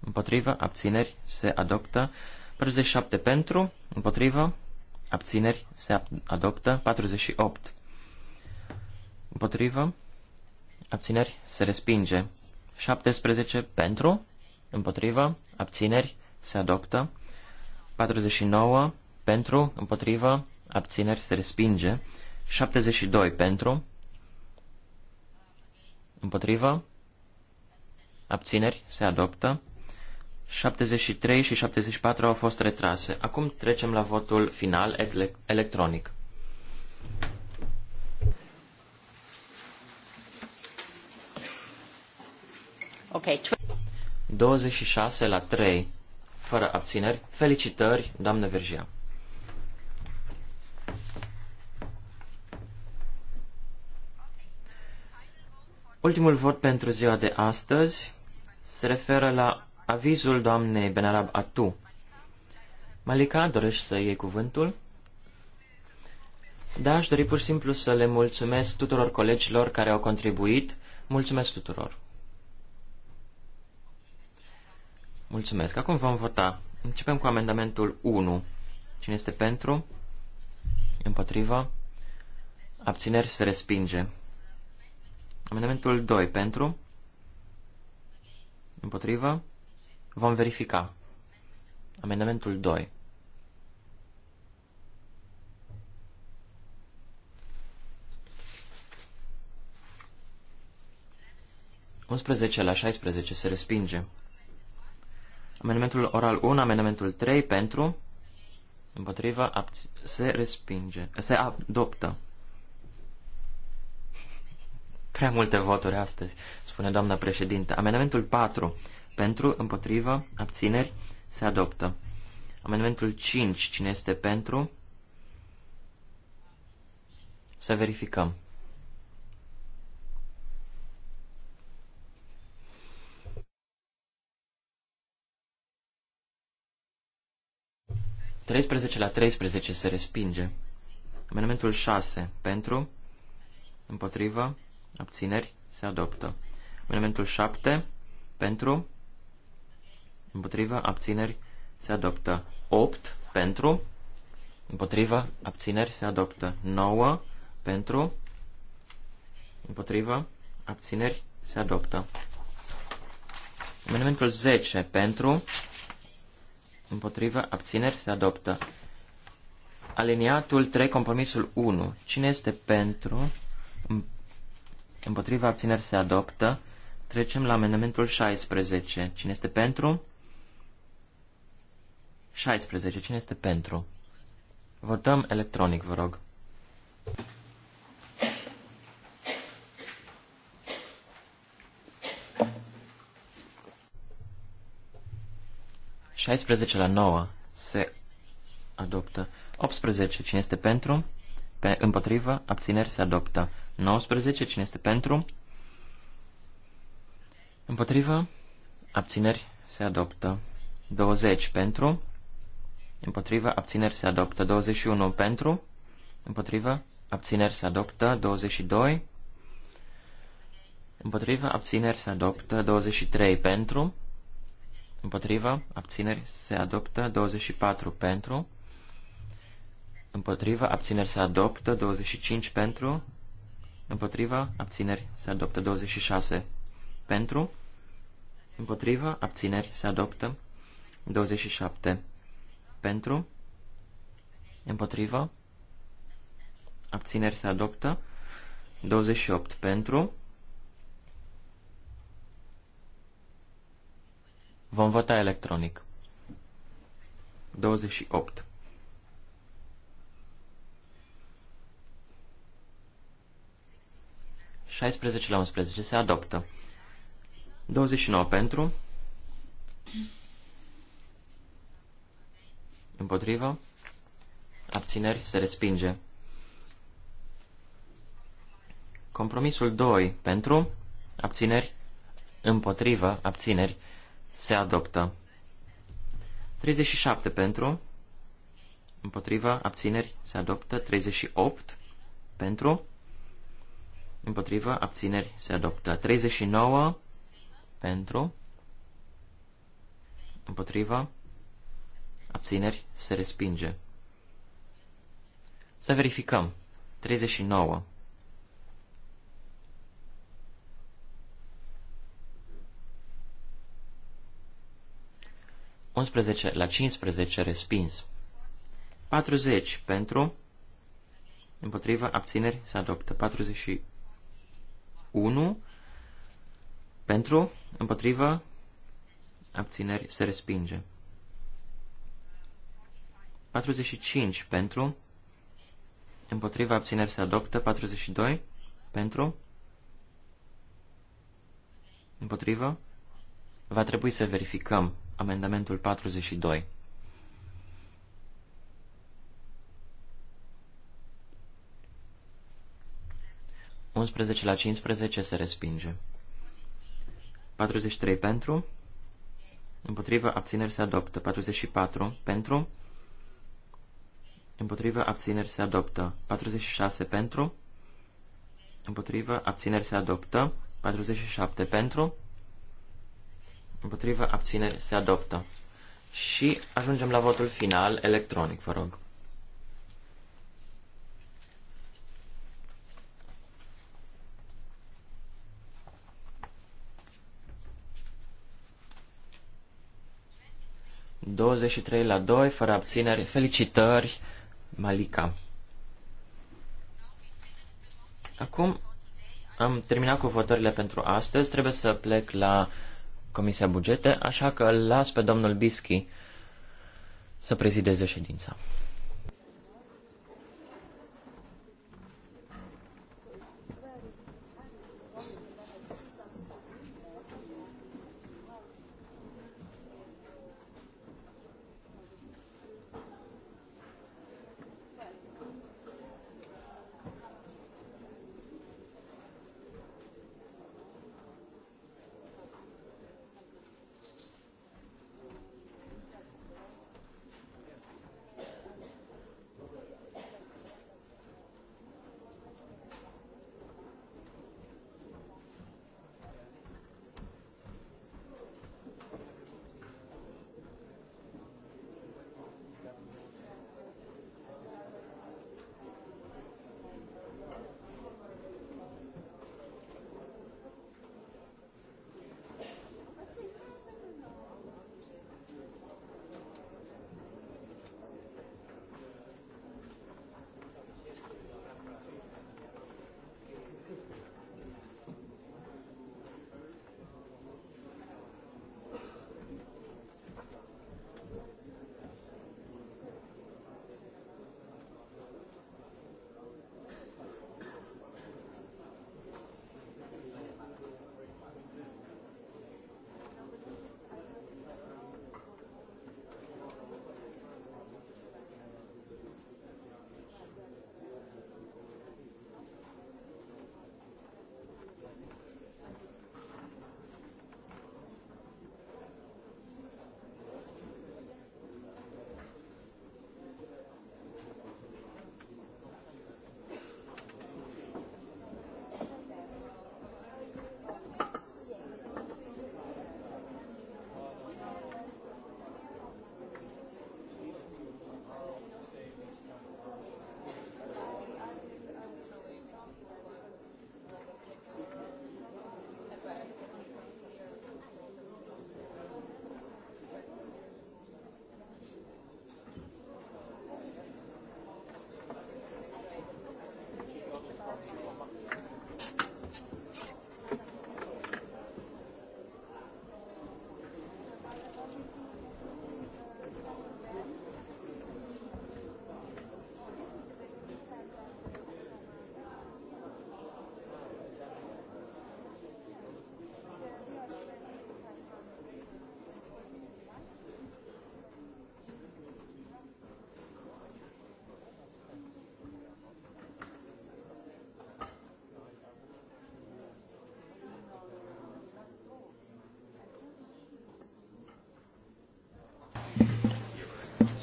Împotrivă. Abțineri se adoptă. 47 pentru. Împotrivă. Abțineri se adoptă. 48 Împotrivă. Abțineri se respinge. 17 pentru. Împotrivă. Abțineri se adoptă. 49 pentru, împotriva, abțineri se respinge. 72 pentru, împotriva, abțineri se adoptă. 73 și 74 au fost retrase. Acum trecem la votul final electronic. Ok. 26 la 3 fără abțineri. Felicitări, doamnă Vergia! Ultimul vot pentru ziua de astăzi se referă la avizul doamnei Benarab Atu. Malika, dorești să iei cuvântul? Da, aș dori pur și simplu să le mulțumesc tuturor colegilor care au contribuit. Mulțumesc tuturor! Mulțumesc. Acum vom vota. Începem cu amendamentul 1. Cine este pentru? Împotriva? Abțineri se respinge. Amendamentul 2 pentru? Împotriva? Vom verifica. Amendamentul 2. Unsprezece la 16 se respinge. Amendamentul oral 1, amendamentul 3 pentru, împotriva, se respinge, se adoptă. Prea multe voturi astăzi, spune doamna președinte. Amendamentul 4 pentru, împotriva, abțineri, se adoptă. Amendamentul 5, cine este pentru? Să verificăm. 13 la 13 se respinge. Amendamentul 6 pentru, împotrivă, abțineri, se adoptă. Amendamentul 7 pentru, împotrivă, abțineri, se adoptă. 8 pentru, împotrivă, abțineri, se adoptă. 9 pentru, împotrivă, abțineri, se adoptă. Amendamentul 10 pentru, împotrivă, abțineri, se adoptă. Aliniatul 3, compromisul 1. Cine este pentru, împotrivă, abțineri, se adoptă. Trecem la amendamentul 16. Cine este pentru? 16. Cine este pentru? Votăm electronic, vă rog. 16 la 9 se adoptă. 18. Cine este pentru? Pe, împotrivă, abțineri se adoptă. 19. Cine este pentru? Împotrivă, abțineri se adoptă. 20 pentru. Împotrivă, abțineri se adoptă. 21 pentru. Împotrivă, abțineri se adoptă. 22. Împotrivă, abțineri se adoptă. 23 pentru împotriva, abțineri, se adoptă 24 pentru. împotriva, abțineri, se adoptă 25 pentru. împotriva, abțineri, se adoptă 26 pentru. împotriva, abțineri, se adoptă 27 pentru. împotriva, abțineri, se adoptă 28 pentru. Vom vota electronic. 28. Șaisprezece la 11 se adoptă. 29 pentru. Împotrivă. Abțineri se respinge. Compromisul 2 pentru. Abțineri. Împotrivă. Abțineri se adoptă. 37 pentru. Împotrivă. Abțineri. Se adoptă. 38 pentru. Împotrivă. Abțineri. Se adoptă. 39 pentru. Împotrivă. Abțineri. Se respinge. Să verificăm. 39. 11 la 15 respins. 40 pentru, împotriva, abțineri, se adoptă. 41 pentru, împotriva, abțineri, se respinge. 45 pentru, împotriva, abțineri, se adoptă. 42 pentru, împotriva, va trebui să verificăm amendamentul 42. Unsprezece la 15 se respinge. 43 pentru. Împotrivă abțineri se adoptă. 44 pentru. Împotrivă abțineri se adoptă. 46 pentru. Împotrivă abțineri se adoptă. 47 pentru împotrivă, abțineri, se adoptă. Și ajungem la votul final, electronic, vă rog. ...23 la 2, fără abțineri. Felicitări, Malika. Acum am terminat cu votările pentru astăzi. Trebuie să plec la Comisia Bugete, așa că îl las pe domnul Bischi să prezideze ședința.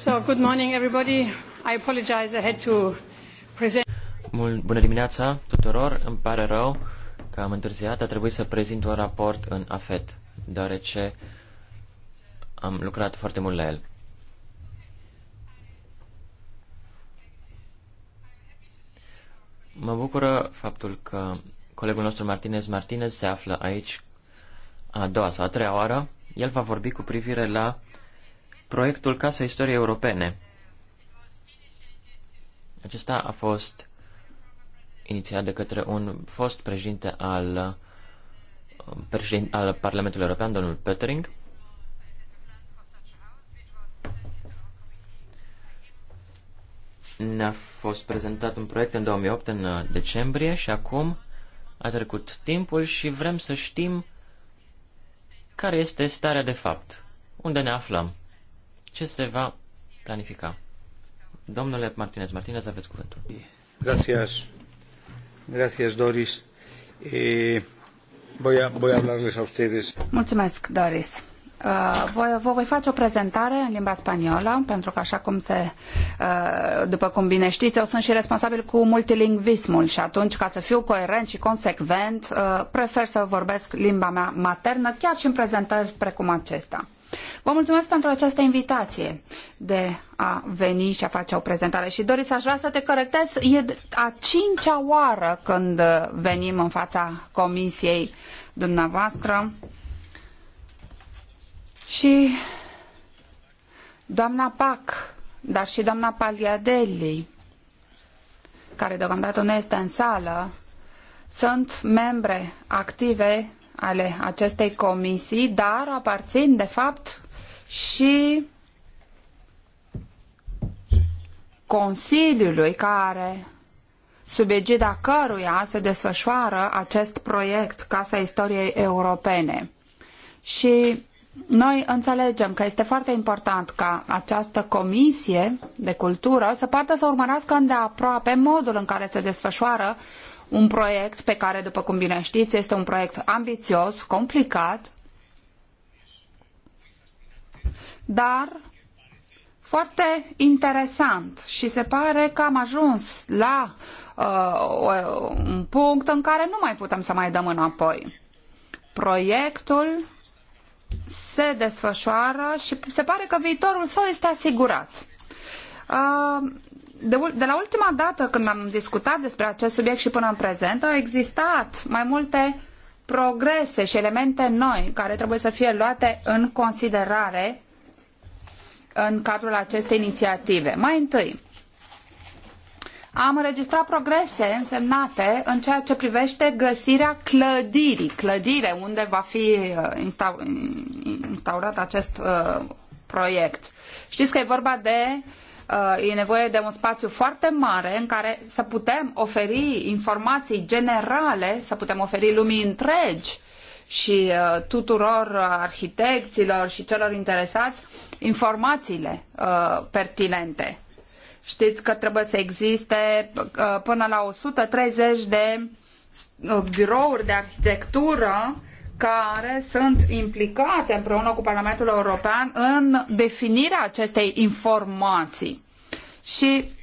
So, good morning everybody. I apologize, I had to present... Bună dimineața tuturor, îmi pare rău că am întârziat, a trebuit să prezint un raport în AFET, deoarece am lucrat foarte mult la el. Mă bucură faptul că colegul nostru Martinez Martinez se află aici a doua sau a treia oară. El va vorbi cu privire la uh, proiectul Casa Istoriei Europene. Acesta a fost inițiat de către un fost președinte al, președin, al Parlamentului European, domnul Pöttering. Ne-a fost prezentat un proiect în 2008, în uh, decembrie, și acum a trecut timpul și vrem să știm care este starea de fapt, unde ne aflăm ce se va planifica? Domnule Martinez, Martinez, aveți cuvântul. Gracias. Gracias, Doris. E... Eh, voy a, voy a hablarles a ustedes. Mulțumesc, Doris. Uh, voi, vă voi face o prezentare în limba spaniolă, pentru că așa cum se, uh, după cum bine știți, eu sunt și responsabil cu multilingvismul și atunci, ca să fiu coerent și consecvent, uh, prefer să vorbesc limba mea maternă, chiar și în prezentări precum acesta. Vă mulțumesc pentru această invitație de a veni și a face o prezentare. Și Doris, aș vrea să te corectez. E a cincea oară când venim în fața comisiei dumneavoastră. Și doamna Pac, dar și doamna Paliadelli, care deocamdată nu este în sală, sunt membre active ale acestei comisii, dar aparțin de fapt și Consiliului care sub egida căruia se desfășoară acest proiect Casa Istoriei Europene. Și noi înțelegem că este foarte important ca această comisie de cultură să poată să urmărească îndeaproape modul în care se desfășoară un proiect pe care, după cum bine știți, este un proiect ambițios, complicat, dar foarte interesant și se pare că am ajuns la uh, un punct în care nu mai putem să mai dăm înapoi. Proiectul se desfășoară și se pare că viitorul său este asigurat. Uh, de, de la ultima dată când am discutat despre acest subiect și până în prezent, au existat mai multe progrese și elemente noi care trebuie să fie luate în considerare în cadrul acestei inițiative. Mai întâi, am înregistrat progrese însemnate în ceea ce privește găsirea clădirii, clădire unde va fi uh, instaurat acest uh, proiect. Știți că e vorba de Uh, e nevoie de un spațiu foarte mare în care să putem oferi informații generale, să putem oferi lumii întregi și uh, tuturor arhitecților și celor interesați informațiile uh, pertinente. Știți că trebuie să existe până la 130 de birouri de arhitectură care sunt implicate împreună cu Parlamentul European în definirea acestei informații. Și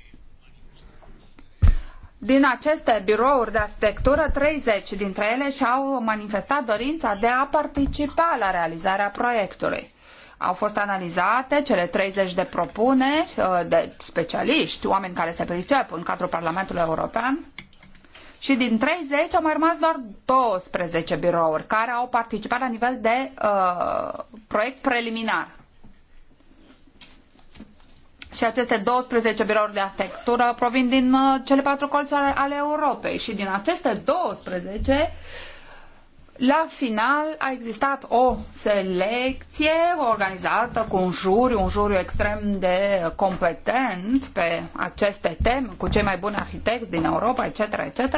din aceste birouri de arhitectură, 30 dintre ele și-au manifestat dorința de a participa la realizarea proiectului. Au fost analizate cele 30 de propuneri uh, de specialiști, oameni care se pricep în cadrul Parlamentului European și din 30 au mai rămas doar 12 birouri care au participat la nivel de uh, proiect preliminar. Și aceste 12 birouri de arhitectură provin din uh, cele patru colțuri ale Europei și din aceste 12 la final a existat o selecție organizată cu un juriu, un juriu extrem de competent pe aceste teme, cu cei mai buni arhitecți din Europa, etc., etc.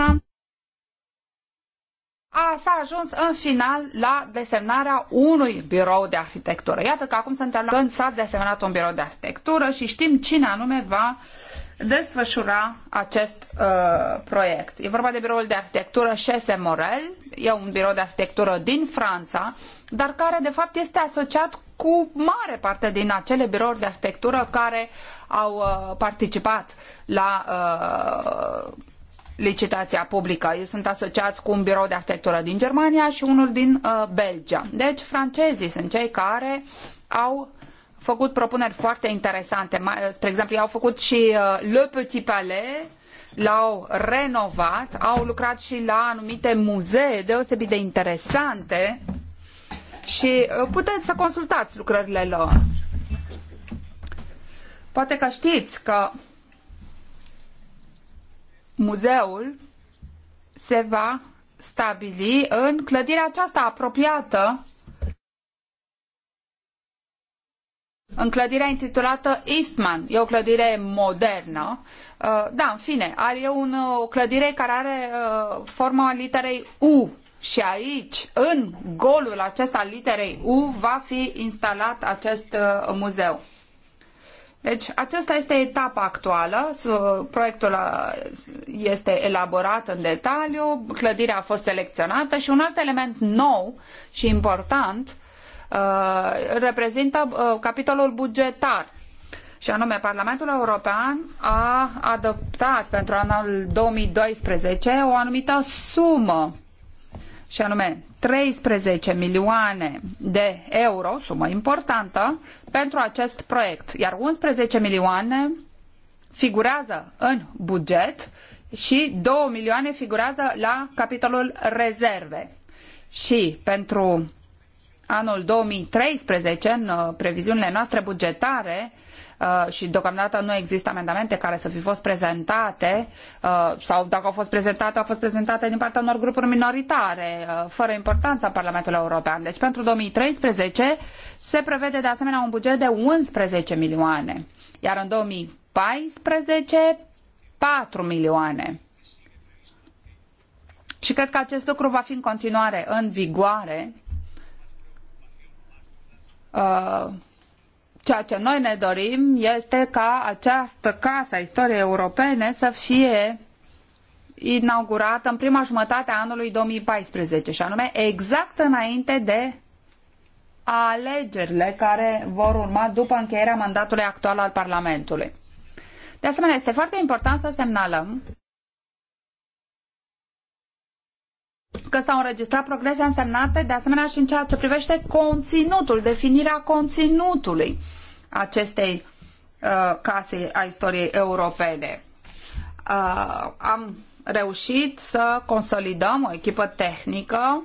A, s-a ajuns în final la desemnarea unui birou de arhitectură. Iată că acum suntem la când s-a desemnat un birou de arhitectură și știm cine anume va uh, desfășura acest uh, proiect. E vorba de biroul de arhitectură Chese Morel, e un birou de arhitectură din Franța, dar care de fapt este asociat cu mare parte din acele birouri de arhitectură care au uh, participat la uh, licitația publică. Ei sunt asociați cu un birou de arhitectură din Germania și unul din uh, Belgia. Deci francezii sunt cei care au făcut propuneri foarte interesante. Uh, spre exemplu, ei au făcut și uh, Le Petit Palais, l-au renovat, au lucrat și la anumite muzee deosebit de interesante și uh, puteți să consultați lucrările lor. Poate că știți că muzeul se va stabili în clădirea aceasta apropiată în clădirea intitulată Eastman. E o clădire modernă. Uh, da, în fine, are un, uh, o clădire care are uh, forma literei U. Și aici, în golul acesta al literei U, va fi instalat acest muzeu. Deci aceasta este etapa actuală, proiectul este elaborat în detaliu, clădirea a fost selecționată și un alt element nou și important uh, Uh, reprezintă uh, capitolul bugetar și anume Parlamentul European a adoptat pentru anul 2012 o anumită sumă și anume 13 milioane de euro, sumă importantă, pentru acest proiect, iar 11 milioane figurează în buget și 2 milioane figurează la capitolul rezerve. Și pentru anul 2013, în uh, previziunile noastre bugetare, uh, și deocamdată nu există amendamente care să fi fost prezentate uh, sau dacă au fost prezentate, au fost prezentate din partea unor grupuri minoritare, fără importanță în Parlamentul European. Deci pentru 2013 se prevede de asemenea un buget de 11 milioane, iar în 2014 4 milioane. Și cred că acest lucru va fi în continuare în vigoare Uh, ceea ce noi ne dorim este ca această casă a istoriei europene să fie inaugurată în prima jumătate a anului 2014 și anume exact înainte de alegerile care vor urma după încheierea mandatului actual al Parlamentului. De asemenea, este foarte important să semnalăm că s-au înregistrat progrese însemnate, de asemenea și în ceea ce privește conținutul, definirea conținutului acestei uh, case a istoriei europene. Uh, am reușit să consolidăm o echipă tehnică,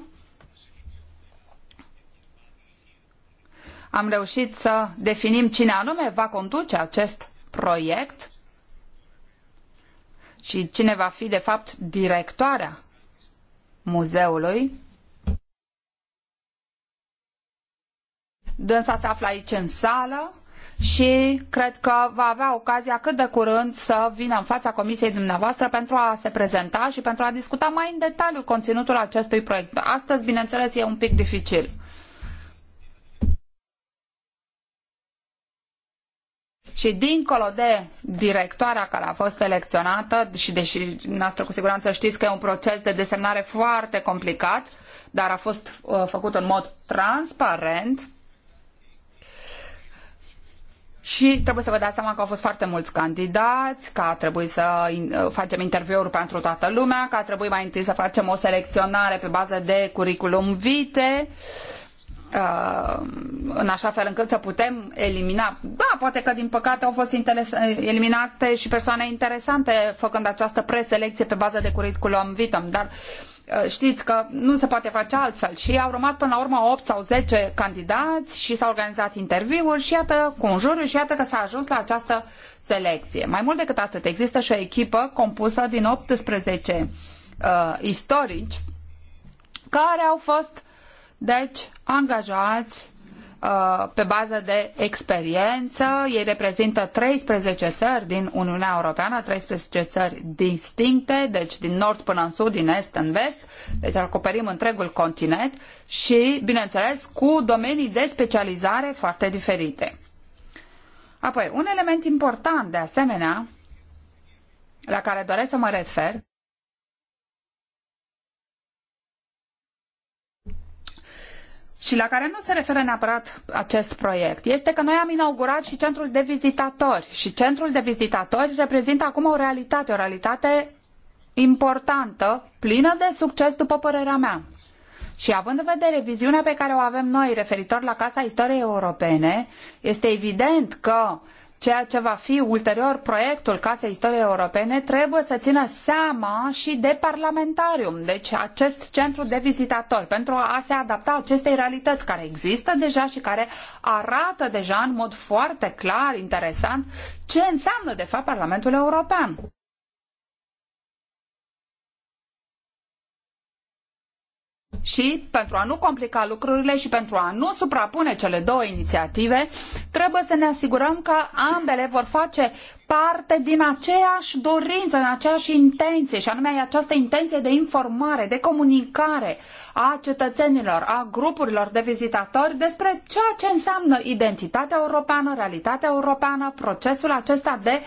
am reușit să definim cine anume va conduce acest proiect și cine va fi, de fapt, directoarea muzeului. Dânsa se află aici în sală și cred că va avea ocazia cât de curând să vină în fața comisiei dumneavoastră pentru a se prezenta și pentru a discuta mai în detaliu conținutul acestui proiect. Astăzi, bineînțeles, e un pic dificil. și dincolo de directoarea care a fost selecționată și deși noastră cu siguranță știți că e un proces de desemnare foarte complicat, dar a fost uh, făcut în mod transparent și trebuie să vă dați seama că au fost foarte mulți candidați, că a trebuit să uh, facem interviuri pentru toată lumea, că a trebuit mai întâi să facem o selecționare pe bază de curriculum vitae, Uh, în așa fel încât să putem elimina. Da, poate că din păcate au fost uh, eliminate și persoane interesante făcând această preselecție pe bază de curriculum vitam, dar uh, știți că nu se poate face altfel și au rămas până la urmă opt sau zece candidați și s-au organizat interviuri și iată cu un juriu și iată că s-a ajuns la această selecție. Mai mult decât atât, există și o echipă compusă din 18 uh, istorici care au fost deci, angajați uh, pe bază de experiență. Ei reprezintă 13 țări din Uniunea Europeană, 13 țări distincte, deci din nord până în sud, din est în vest, deci acoperim întregul continent și, bineînțeles, cu domenii de specializare foarte diferite. Apoi, un element important de asemenea la care doresc să mă refer și la care nu se referă neapărat acest proiect este că noi am inaugurat și centrul de vizitatori și centrul de vizitatori reprezintă acum o realitate, o realitate importantă, plină de succes după părerea mea. Și având în vedere viziunea pe care o avem noi referitor la Casa Istoriei Europene, este evident că uh, ceea ce va fi ulterior proiectul Casei Istoriei Europene, trebuie să țină seama și de parlamentarium, deci acest centru de vizitatori, pentru a se adapta acestei realități care există deja și care arată deja în mod foarte clar, interesant, ce înseamnă de fapt Parlamentul European. Și pentru a nu complica lucrurile și pentru a nu suprapune cele două inițiative, trebuie să ne asigurăm că ambele vor face parte din aceeași dorință, din aceeași intenție, și anume această intenție de informare, de comunicare a cetățenilor, a grupurilor de vizitatori despre ceea ce înseamnă identitatea europeană, realitatea europeană, procesul acesta de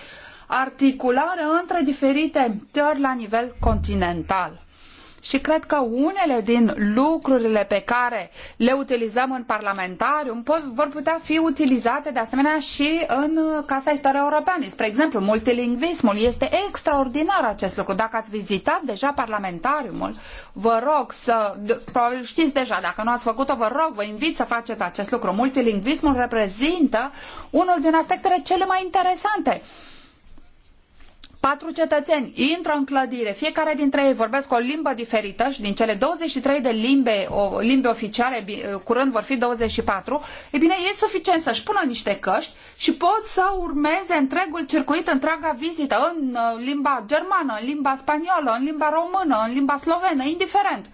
articulare între diferite țări la nivel continental și cred că unele din lucrurile pe care le utilizăm în parlamentarium pot, vor putea fi utilizate de asemenea și în Casa Istoriei Europene. Spre exemplu, multilingvismul este extraordinar acest lucru. Dacă ați vizitat deja parlamentariumul, vă rog să, probabil știți deja, dacă nu ați făcut-o, vă rog, vă invit să faceți acest lucru. Multilingvismul reprezintă unul din aspectele cele mai interesante patru cetățeni intră în clădire, fiecare dintre ei vorbesc o limbă diferită și din cele 23 de limbe, o, limbe oficiale, eh, curând vor fi 24, e bine, e suficient să-și pună niște căști și pot să urmeze întregul circuit, întreaga vizită în eh, limba germană, în limba spaniolă, în limba română, în limba slovenă, indiferent.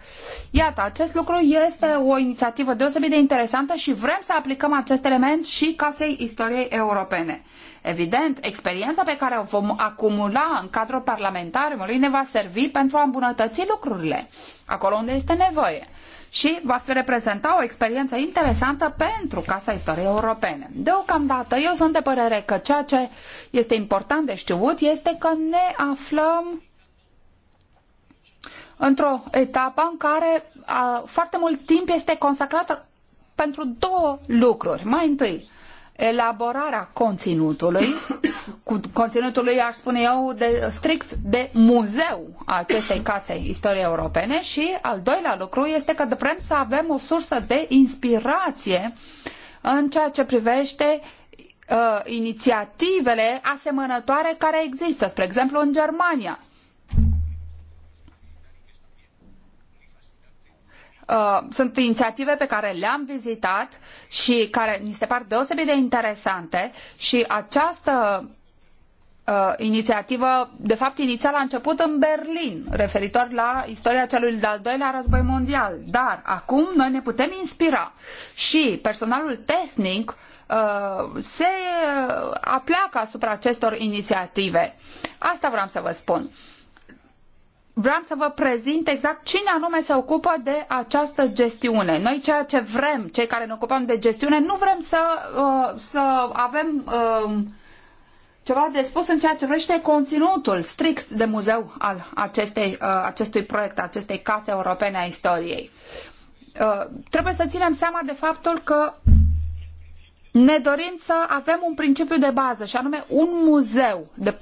Iată, acest lucru este o inițiativă deosebit de interesantă și vrem să aplicăm acest element și casei istoriei europene. Evident, experiența pe care o vom acumula în cadrul parlamentarismului ne va servi pentru a îmbunătăți lucrurile acolo unde este nevoie și va fi reprezenta o experiență interesantă pentru Casa Istoriei Europene. Deocamdată, eu sunt de părere că ceea ce este important de știut este că ne aflăm într-o etapă în care a, foarte mult timp este consacrat pentru două lucruri. Mai întâi, elaborarea conținutului, cu conținutului, aș spune eu, de, strict de muzeu a acestei case istoriei europene și al doilea lucru este că vrem să avem o sursă de inspirație în ceea ce privește uh, inițiativele asemănătoare care există, spre exemplu în Germania. Uh, sunt inițiative pe care le-am vizitat și care mi se par deosebit de interesante și această uh, inițiativă, de fapt, inițial a început în Berlin, referitor la istoria celui de-al doilea război mondial. Dar acum noi ne putem inspira și personalul tehnic uh, se apleacă asupra acestor inițiative. Asta vreau să vă spun. Uh, vreau să vă prezint exact cine anume se ocupă de această gestiune. Noi ceea ce vrem, cei care ne ocupăm de gestiune, nu vrem să, uh, să avem uh, ceva de spus în ceea ce vrește conținutul strict de muzeu al acestei, uh, acestui proiect, acestei case europene a istoriei. Trebuie să ținem seama de faptul că ne dorim să avem un principiu de bază și anume un muzeu de 4.000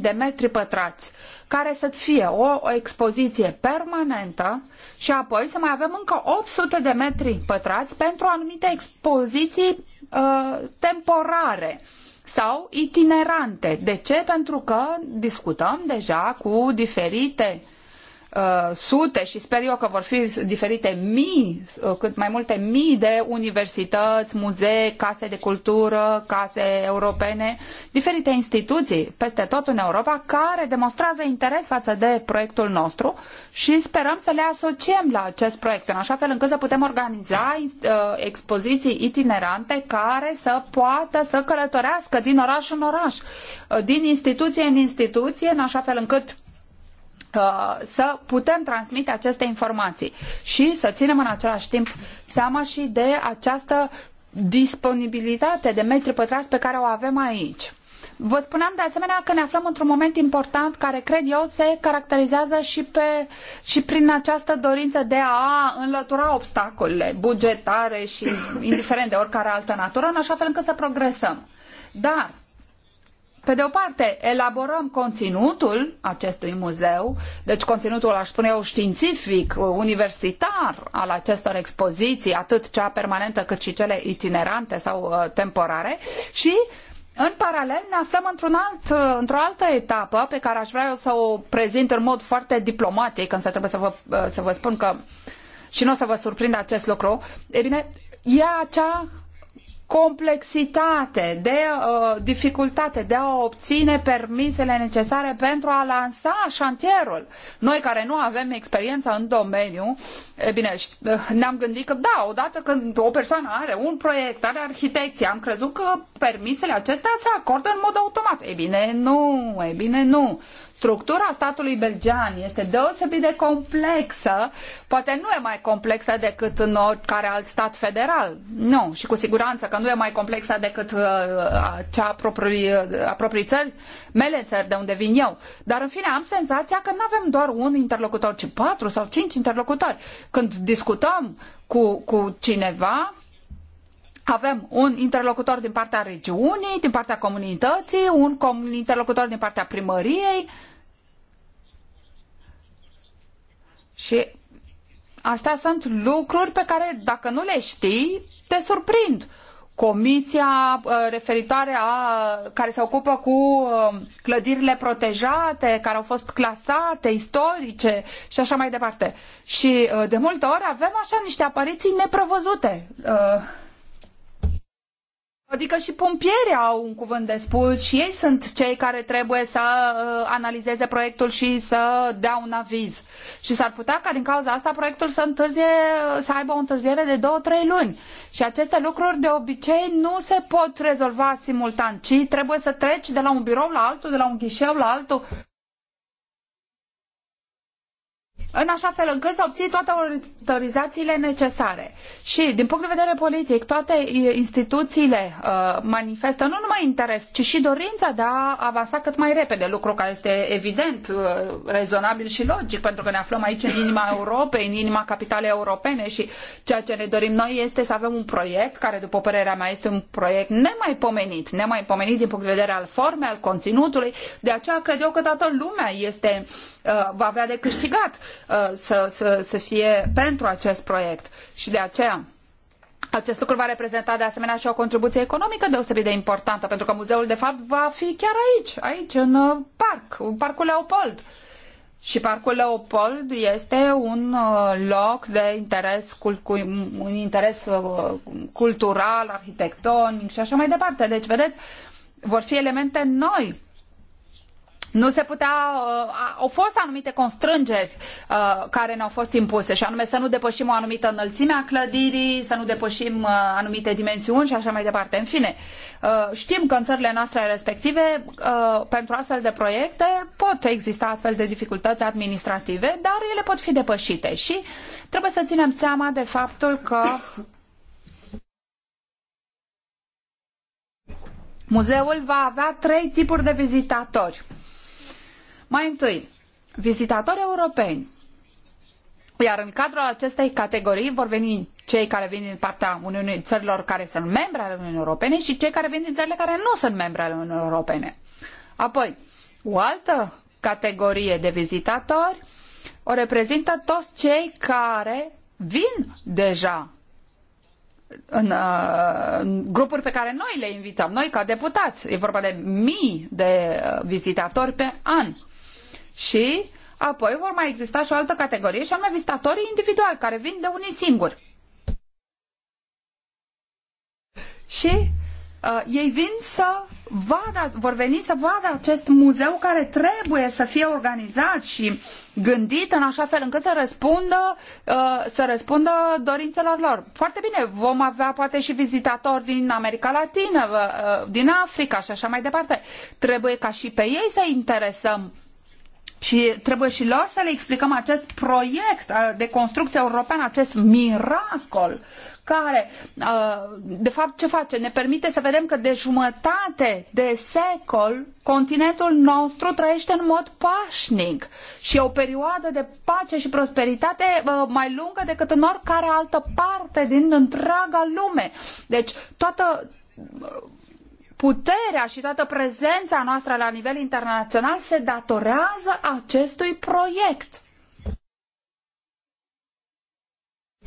de metri pătrați uh, care să fie o, o expoziție permanentă și apoi să mai avem încă 800 de metri pătrați pentru anumite expoziții uh, temporare sau itinerante. De ce? Pentru că discutăm deja cu diferite uh, Uh, sute și sper eu că vor fi diferite mii, uh, cât mai multe mii de universități, muzee, case de cultură, case europene, diferite instituții peste tot în Europa care demonstrează interes față de proiectul nostru și sperăm să le asociem la acest proiect, în așa fel încât să putem organiza uh, expoziții itinerante care să poată să călătorească din oraș în oraș, din instituție în instituție, în așa fel încât să putem transmite aceste informații și să ținem în același timp seama și de această disponibilitate de metri pătrați pe care o avem aici. Vă spuneam de asemenea că ne aflăm într-un moment important care, cred eu, se caracterizează și, pe, și prin această dorință de a înlătura obstacolele bugetare și indiferent de oricare altă natură, în așa fel încât să progresăm. Dar pe de o parte, elaborăm conținutul acestui muzeu, deci conținutul, aș spune eu, științific, universitar al acestor expoziții, atât cea permanentă cât și cele itinerante sau uh, temporare și în paralel ne aflăm într-un alt, uh, într-o altă etapă pe care aș vrea eu să o prezint în mod foarte diplomatic, însă trebuie să vă, uh, să vă spun că și nu o să vă surprindă acest lucru. E bine, e acea complexitate, de uh, dificultate de a obține permisele necesare pentru a lansa șantierul. Noi care nu avem experiență în domeniu, e bine, uh, ne-am gândit că da, odată când o persoană are un proiect, are arhitecție, am crezut că permisele acestea se acordă în mod automat. E bine, nu, e bine, nu structura statului belgian este deosebit de complexă, poate nu e mai complexă decât în oricare alt stat federal. Nu, și cu siguranță că nu e mai complexă decât uh, cea a propriei, a țări, mele țări de unde vin eu. Dar în fine am senzația că nu avem doar un interlocutor, ci patru sau cinci interlocutori. Când discutăm cu, cu cineva, avem un interlocutor din partea regiunii, din partea comunității, un interlocutor din partea primăriei Și astea sunt lucruri pe care, dacă nu le știi, te surprind. Comisia uh, referitoare a, care se ocupă cu uh, clădirile protejate, care au fost clasate, istorice și așa mai departe. Și uh, de multe ori avem așa niște apariții neprăvăzute. Uh, Adică și pompierii au un cuvânt de spus și ei sunt cei care trebuie să uh, analizeze proiectul și să dea un aviz. Și s-ar putea ca din cauza asta proiectul să întârzie, să aibă o întârziere de două trei luni. Și aceste lucruri de obicei nu se pot rezolva simultan, ci trebuie să treci de la un birou la altul, de la un ghișeu la altul în așa fel încât să obții toate autorizațiile necesare. Și, din punct de vedere politic, toate instituțiile uh, manifestă nu numai interes, ci și dorința de a avansa cât mai repede, lucru care este evident, uh, rezonabil și logic, pentru că ne aflăm aici în inima Europei, în inima capitalei europene și ceea ce ne dorim noi este să avem un proiect care, după părerea mea, este un proiect nemaipomenit, nemaipomenit din punct de vedere al formei, al conținutului. De aceea cred eu că toată lumea este Uh, va avea de câștigat uh, să, să, să fie pentru acest proiect. Și de aceea acest lucru va reprezenta de asemenea și o contribuție economică deosebit de importantă, pentru că muzeul de fapt va fi chiar aici, aici, în uh, parc, în parcul Leopold. Și Parcul Leopold este un loc de interes, cu, un interes cultural, arhitectonic și așa mai departe. Deci, vedeți, vor fi elemente noi nu se putea, uh, au fost anumite constrângeri uh, care ne-au fost impuse și anume să nu depășim o anumită înălțime a clădirii, să nu depășim uh, anumite dimensiuni și așa mai departe. În fine, știm că în țările noastre respective pentru astfel de proiecte pot exista astfel de dificultăți administrative, dar ele pot fi depășite și trebuie să ținem seama de faptul că muzeul va avea trei tipuri de vizitatori. Mai întâi, vizitatori europeni. Iar în cadrul acestei categorii vor veni cei care vin din partea Uniunii, țărilor care sunt membre ale Uniunii Europene și cei care vin din țările care nu sunt membre ale Uniunii Europene. Apoi, o altă categorie de vizitatori o reprezintă toți cei care vin deja în, uh, în grupuri pe care noi le invităm, noi ca deputați. E vorba de mii de uh, vizitatori pe an. Și apoi vor mai exista și o altă categorie, și anume vizitatorii individuali, care vin de unii singuri. Și Uh, ei vin să vadă, vor veni să vadă acest muzeu care trebuie să fie organizat și gândit în așa fel încât să răspundă, uh, să răspundă dorințelor lor. Foarte bine, vom avea poate și vizitatori din America Latină, uh, uh din Africa și așa mai departe. Trebuie ca și pe ei să interesăm și trebuie și lor să le explicăm acest proiect uh, de construcție europeană, acest miracol care, uh, de fapt, ce face? Ne permite să vedem că de jumătate de secol continentul nostru trăiește în mod pașnic și o perioadă de pace și prosperitate uh, mai lungă decât în oricare altă parte din întreaga lume. Deci, toată puterea și toată prezența noastră la nivel internațional se datorează acestui proiect.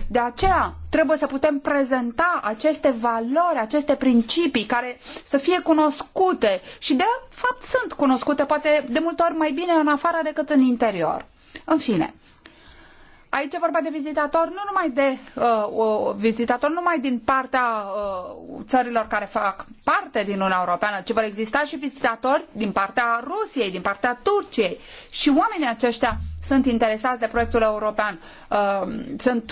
De aceea trebuie să putem prezenta aceste valori, aceste principii care să fie cunoscute și de fapt sunt cunoscute poate de multe ori mai bine în afară decât în interior. În fine, aici e vorba de vizitator, nu numai de uh, vizitator, numai din partea uh, țărilor care fac parte din Uniunea Europeană, ci vor exista și vizitatori din partea Rusiei, din partea Turciei. Și oamenii aceștia sunt interesați de proiectul european. Uh, sunt,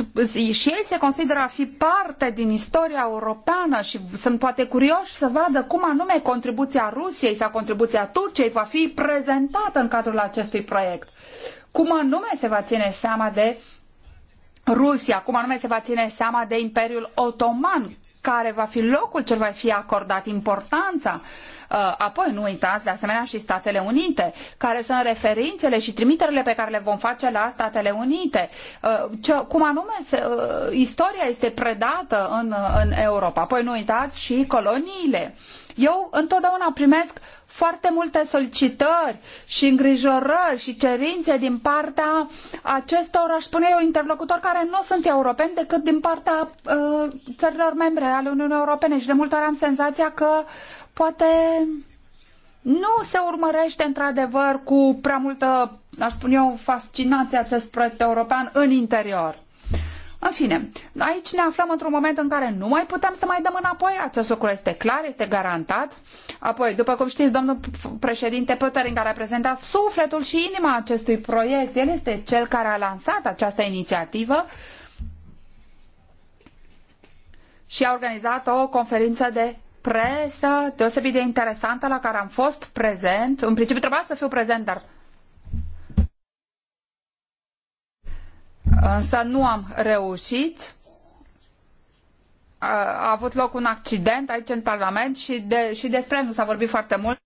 și ei se consideră a fi parte din istoria europeană și sunt poate curioși să vadă cum anume contribuția Rusiei sau contribuția Turciei va fi prezentată în cadrul acestui proiect cum anume se va ține seama de Rusia, cum anume se va ține seama de Imperiul Otoman, care va fi locul ce va fi acordat importanța. Uh, apoi nu uitați, de asemenea, și Statele Unite, care sunt referințele și trimiterile pe care le vom face la Statele Unite. Uh, ce, cum anume, se, uh, istoria este predată în, în Europa. Apoi nu uitați și coloniile. Eu întotdeauna primesc foarte multe solicitări și îngrijorări și cerințe din partea acestor, aș spune eu, interlocutori care nu sunt europeni decât din partea uh, țărilor membre ale Uniunii Europene și de multe ori am senzația că poate nu se urmărește într-adevăr cu prea multă, aș spune eu, fascinație acest proiect european în interior. În fine, aici ne aflăm într-un moment în care nu mai putem să mai dăm înapoi. Acest lucru este clar, este garantat. Apoi, după cum știți, domnul președinte Pöttering a reprezentat sufletul și inima acestui proiect. El este cel care a lansat această inițiativă și a organizat o conferință de presă deosebit de interesantă la care am fost prezent. În principiu trebuia să fiu prezent, dar însă nu am reușit. A avut loc un accident aici în Parlament și, de, și despre el nu s-a vorbit foarte mult.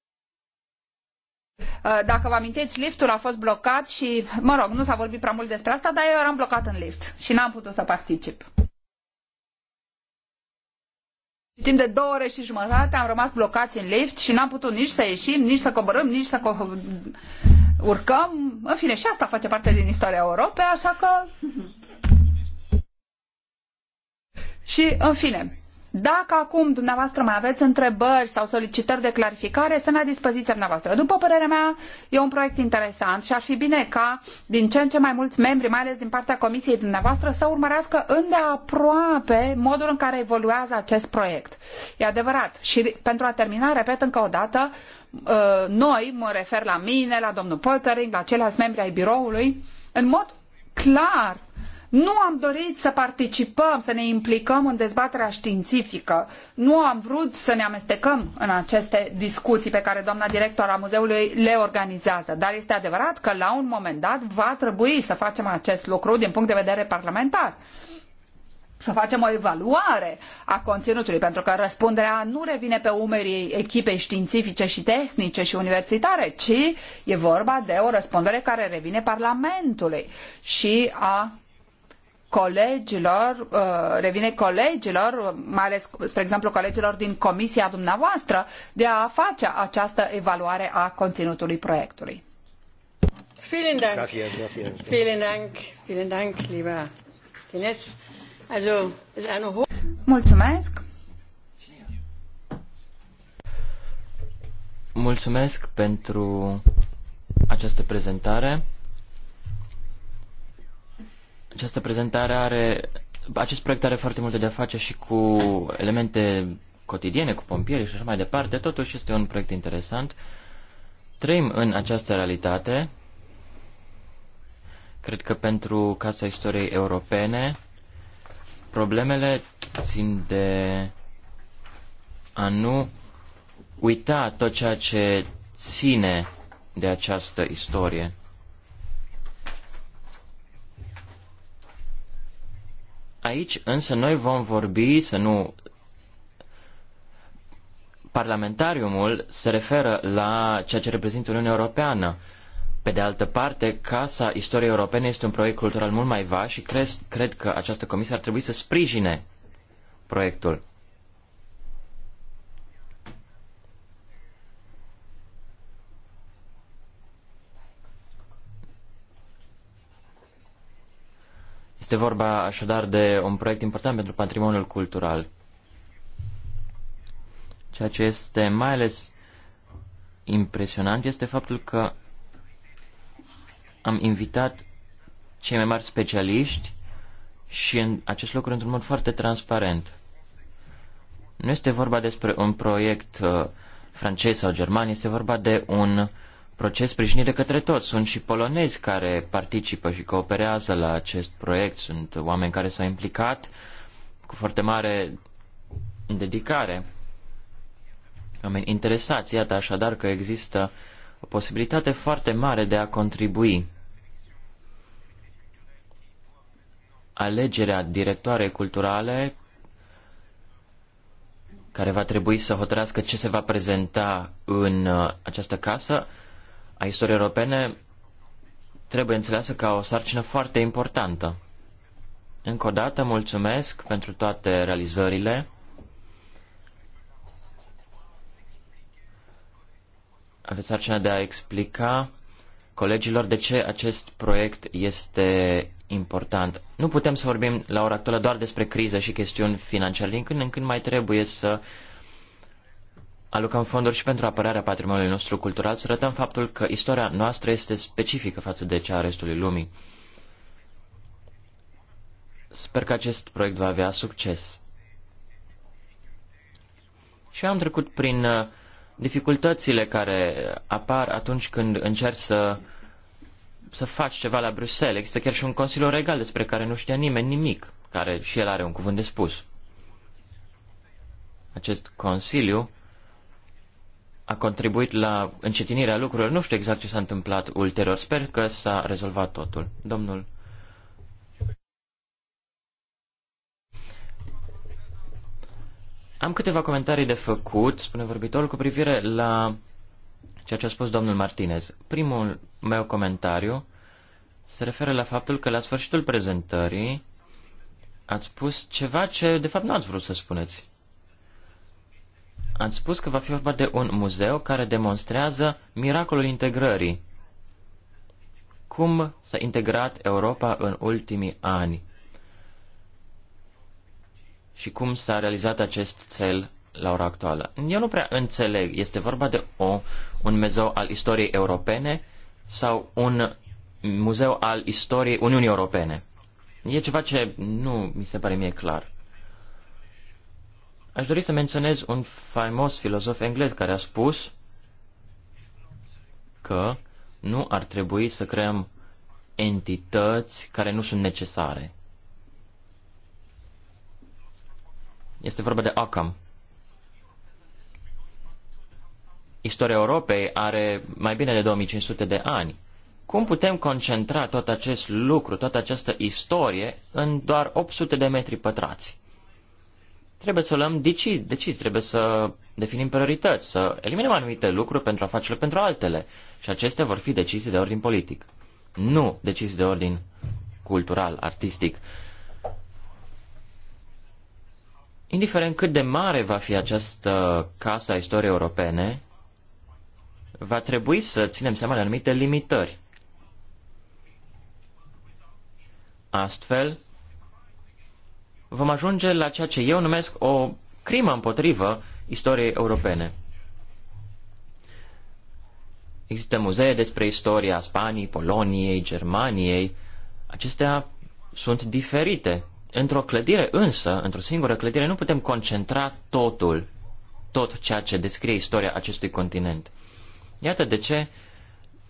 Dacă vă amintiți, liftul a fost blocat și, mă rog, nu s-a vorbit prea mult despre asta, dar eu eram blocat în lift și n-am putut să particip. Timp de două ore și jumătate am rămas blocați în lift și n-am putut nici să ieșim, nici să coborâm, nici să co- urcăm. În fine, și asta face parte din istoria Europei, așa că... Și, în fine, dacă acum dumneavoastră mai aveți întrebări sau solicitări de clarificare, sunt la dispoziția dumneavoastră. După părerea mea, e un proiect interesant și ar fi bine ca din ce în ce mai mulți membri, mai ales din partea comisiei dumneavoastră, să urmărească îndeaproape modul în care evoluează acest proiect. E adevărat. Și pentru a termina, repet încă o dată, Uh, noi, mă refer la mine, la domnul Pottering, la ceilalți membri ai biroului, în mod clar nu am dorit să participăm, să ne implicăm în dezbaterea științifică. Nu am vrut să ne amestecăm în aceste discuții pe care doamna director a muzeului le organizează. Dar este adevărat că la un moment dat va trebui să facem acest lucru din punct de vedere parlamentar să facem o evaluare a conținutului, pentru că răspunderea nu revine pe umerii echipei științifice și tehnice și universitare, ci e vorba de o răspundere care revine Parlamentului și a colegilor, uh, revine colegilor, mai ales, spre exemplu, colegilor din comisia dumneavoastră, de a face această evaluare a conținutului proiectului. Vielen Dank. Vielen Dank, vielen Dank, lieber Mulțumesc! Mulțumesc pentru această prezentare. Această prezentare are... Acest proiect are foarte multe de a face și cu elemente cotidiene, cu pompieri și așa mai departe. Totuși este un proiect interesant. Trăim în această realitate. Cred că pentru Casa Istoriei Europene Problemele țin de a nu uita tot ceea ce ține de această istorie. Aici însă noi vom vorbi, să nu... Parlamentariumul se referă la ceea ce reprezintă Uniunea Europeană. Pe de altă parte, Casa Istoriei Europene este un proiect cultural mult mai vast și cred, cred că această comisie ar trebui să sprijine proiectul. Este vorba așadar de un proiect important pentru patrimoniul cultural, ceea ce este mai ales impresionant este faptul că am invitat cei mai mari specialiști și în acest lucru într-un mod foarte transparent. Nu este vorba despre un proiect uh, francez sau german, este vorba de un proces sprijinit de către toți. Sunt și polonezi care participă și cooperează la acest proiect, sunt oameni care s-au implicat cu foarte mare dedicare. Oameni interesați, iată așadar că există o posibilitate foarte mare de a contribui. Alegerea directoarei culturale care va trebui să hotărească ce se va prezenta în uh, această casă a istoriei europene trebuie înțeleasă ca o sarcină foarte importantă. Încă o dată mulțumesc pentru toate realizările aveți sarcina de a explica colegilor de ce acest proiect este important. Nu putem să vorbim la ora actuală doar despre criză și chestiuni financiare. Din când în când mai trebuie să alocăm fonduri și pentru apărarea patrimoniului nostru cultural, să arătăm faptul că istoria noastră este specifică față de cea a restului lumii. Sper că acest proiect va avea succes. Și am trecut prin uh, dificultățile care apar atunci când încerci să, să faci ceva la Bruxelles. Există chiar și un Consiliu Regal despre care nu știa nimeni nimic, care și el are un cuvânt de spus. Acest Consiliu a contribuit la încetinirea lucrurilor. Nu știu exact ce s-a întâmplat ulterior. Sper că s-a rezolvat totul. Domnul Am câteva comentarii de făcut, spune vorbitorul, cu privire la ceea ce a spus domnul Martinez. Primul meu comentariu se referă la faptul că la sfârșitul prezentării ați spus ceva ce de fapt nu ați vrut să spuneți. Ați spus că va fi vorba de un muzeu care demonstrează miracolul integrării. Cum s-a integrat Europa în ultimii ani? și cum s-a realizat acest cel la ora actuală. Eu nu prea înțeleg, este vorba de o, un muzeu al istoriei europene sau un muzeu al istoriei Uniunii Europene. E ceva ce nu mi se pare mie clar. Aș dori să menționez un faimos filozof englez care a spus că nu ar trebui să creăm entități care nu sunt necesare. Este vorba de ACAM. Istoria Europei are mai bine de 2500 de ani. Cum putem concentra tot acest lucru, toată această istorie, în doar 800 de metri pătrați? Trebuie să luăm decizi, decizi trebuie să definim priorități, să eliminăm anumite lucruri pentru a face le pentru altele. Și acestea vor fi decizii de ordin politic. Nu decizii de ordin cultural, artistic indiferent cât de mare va fi această casă a istoriei europene, va trebui să ținem seama de anumite limitări. Astfel, vom ajunge la ceea ce eu numesc o crimă împotrivă istoriei europene. Există muzee despre istoria Spaniei, Poloniei, Germaniei. Acestea sunt diferite Într-o clădire însă, într-o singură clădire, nu putem concentra totul, tot ceea ce descrie istoria acestui continent. Iată de ce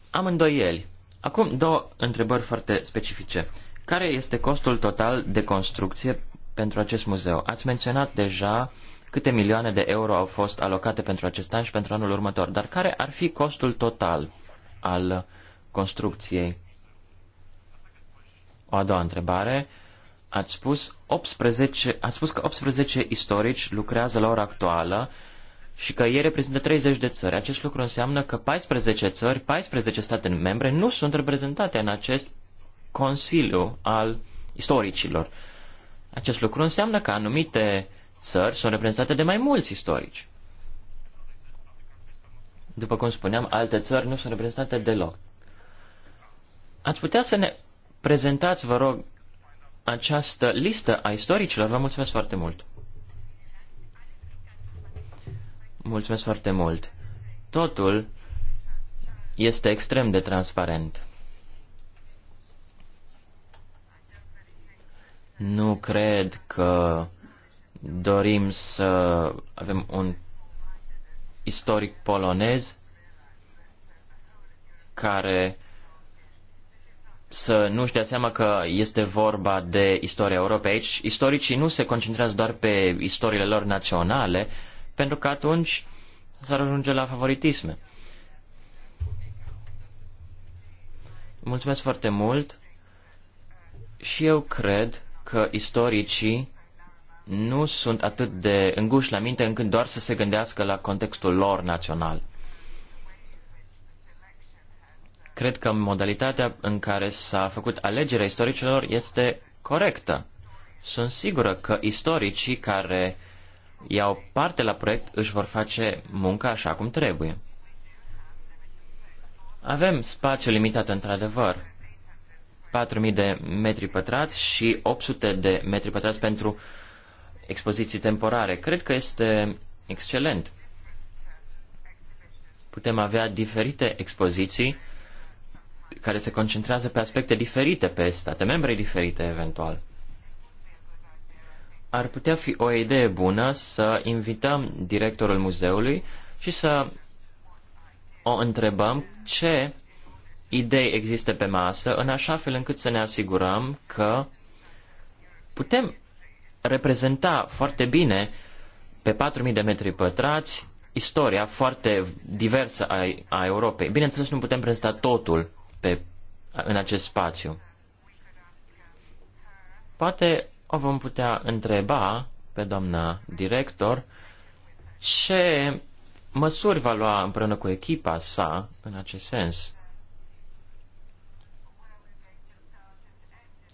am îndoieli. Acum două întrebări foarte specifice. Care este costul total de construcție pentru acest muzeu? Ați menționat deja câte milioane de euro au fost alocate pentru acest an și pentru anul următor, dar care ar fi costul total al construcției? O a doua întrebare. Ați spus, 18, ați spus că 18 istorici lucrează la ora actuală și că ei reprezintă 30 de țări. Acest lucru înseamnă că 14 țări, 14 state membre nu sunt reprezentate în acest Consiliu al istoricilor. Acest lucru înseamnă că anumite țări sunt reprezentate de mai mulți istorici. După cum spuneam, alte țări nu sunt reprezentate deloc. Ați putea să ne prezentați, vă rog, această listă a istoricilor. Vă mulțumesc foarte mult! Mulțumesc foarte mult! Totul este extrem de transparent. Nu cred că dorim să avem un istoric polonez care să nu-și dea seama că este vorba de istoria Europei aici. Istoricii nu se concentrează doar pe istoriile lor naționale, pentru că atunci s-ar ajunge la favoritisme. Mulțumesc foarte mult și eu cred că istoricii nu sunt atât de înguși la minte încât doar să se gândească la contextul lor național. Cred că modalitatea în care s-a făcut alegerea istoricilor este corectă. Sunt sigură că istoricii care iau parte la proiect își vor face munca așa cum trebuie. Avem spațiu limitat într-adevăr. 4.000 de metri pătrați și 800 de metri pătrați pentru expoziții temporare. Cred că este excelent. Putem avea diferite expoziții care se concentrează pe aspecte diferite, pe state membre diferite eventual. Ar putea fi o idee bună să invităm directorul muzeului și să o întrebăm ce idei există pe masă, în așa fel încât să ne asigurăm că putem reprezenta foarte bine pe 4.000 de metri pătrați istoria foarte diversă a, a Europei. Bineînțeles, nu putem prezenta totul pe, în acest spațiu. Poate o vom putea întreba pe doamna director ce măsuri va lua împreună cu echipa sa în acest sens.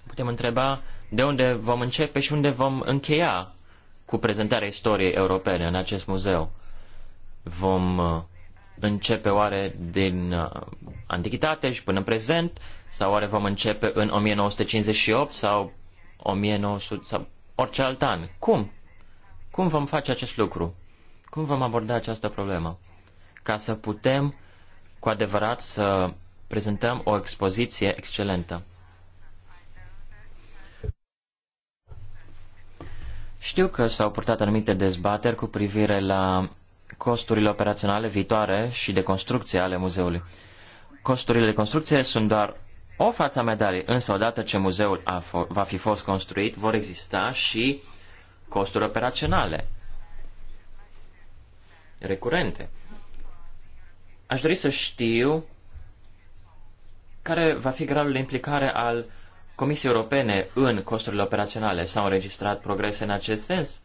Putem întreba de unde vom începe și unde vom încheia cu prezentarea istoriei europene în acest muzeu. Vom uh, începe oare din uh, antichitate și până în prezent? Sau oare vom începe în 1958 sau 1900 sau orice alt an? Cum? Cum vom face acest lucru? Cum vom aborda această problemă? Ca să putem cu adevărat să prezentăm o expoziție excelentă. Știu că s-au purtat anumite dezbateri cu privire la costurile operaționale viitoare și de construcție ale muzeului. Costurile de construcție sunt doar o față a însă odată ce muzeul a va fi fost construit, vor exista și costuri operaționale recurente. Aș dori să știu care va fi gradul de implicare al Comisiei Europene în costurile operaționale. S-au înregistrat progrese în acest sens?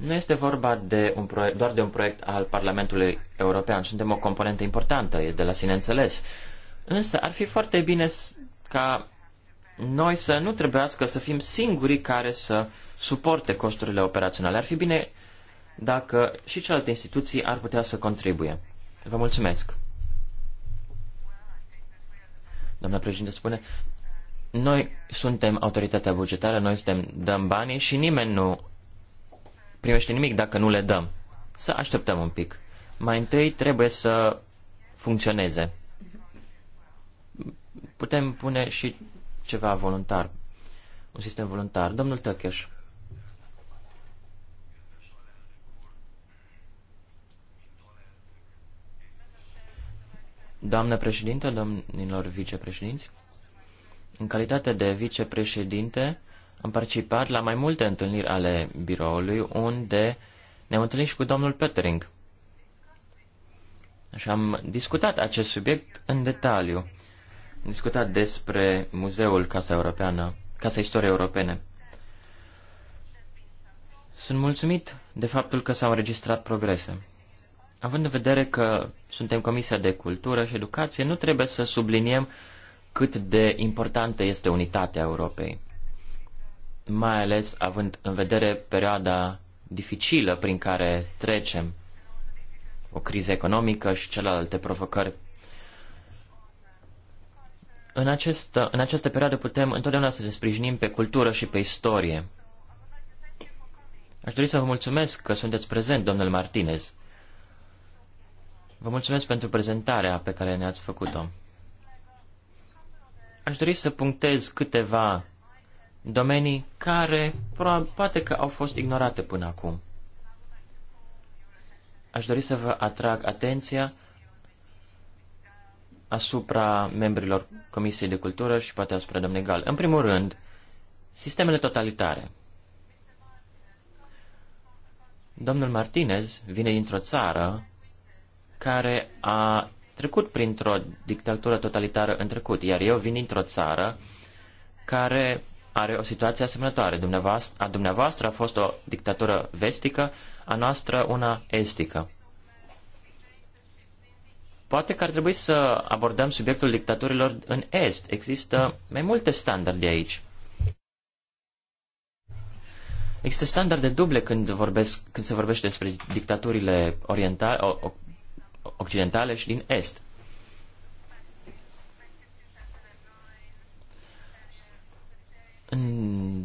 Nu este vorba de un proiect, doar de un proiect al Parlamentului European. Suntem o componentă importantă, e de la sine înțeles. Însă ar fi foarte bine ca noi să nu trebuiască să fim singurii care să suporte costurile operaționale. Ar fi bine dacă și celelalte instituții ar putea să contribuie. Vă mulțumesc. Doamna președinte spune, noi suntem autoritatea bugetară, noi suntem, dăm banii și nimeni nu primește nimic dacă nu le dăm. Să așteptăm un pic. Mai întâi trebuie să funcționeze. Putem pune și ceva voluntar, un sistem voluntar. Domnul Tăcheș. Doamnă președinte, domnilor vicepreședinți, în calitate de vicepreședinte, am participat la mai multe întâlniri ale biroului unde ne-am întâlnit și cu domnul Petering. Și am discutat acest subiect în detaliu. Am discutat despre Muzeul Casa Europeană, Casa Istoriei Europene. Sunt mulțumit de faptul că s-au înregistrat progrese. Având în vedere că suntem Comisia de Cultură și Educație, nu trebuie să subliniem cât de importantă este unitatea Europei mai ales având în vedere perioada dificilă prin care trecem, o criză economică și celelalte provocări. În această, în această perioadă putem întotdeauna să ne sprijinim pe cultură și pe istorie. Aș dori să vă mulțumesc că sunteți prezent, domnul Martinez. Vă mulțumesc pentru prezentarea pe care ne-ați făcut-o. Aș dori să punctez câteva domenii care poate că au fost ignorate până acum. Aș dori să vă atrag atenția asupra membrilor Comisiei de Cultură și poate asupra domnului Gal. În primul rând, sistemele totalitare. Domnul Martinez vine dintr-o țară care a trecut printr-o dictatură totalitară în trecut, iar eu vin dintr-o țară care are o situație asemănătoare. Dumneavoastră, a dumneavoastră a fost o dictatură vestică, a noastră una estică. Poate că ar trebui să abordăm subiectul dictaturilor în Est. Există mai multe standarde aici. Există standarde duble când, vorbesc, când se vorbește despre dictaturile orientale, occidentale și din Est. În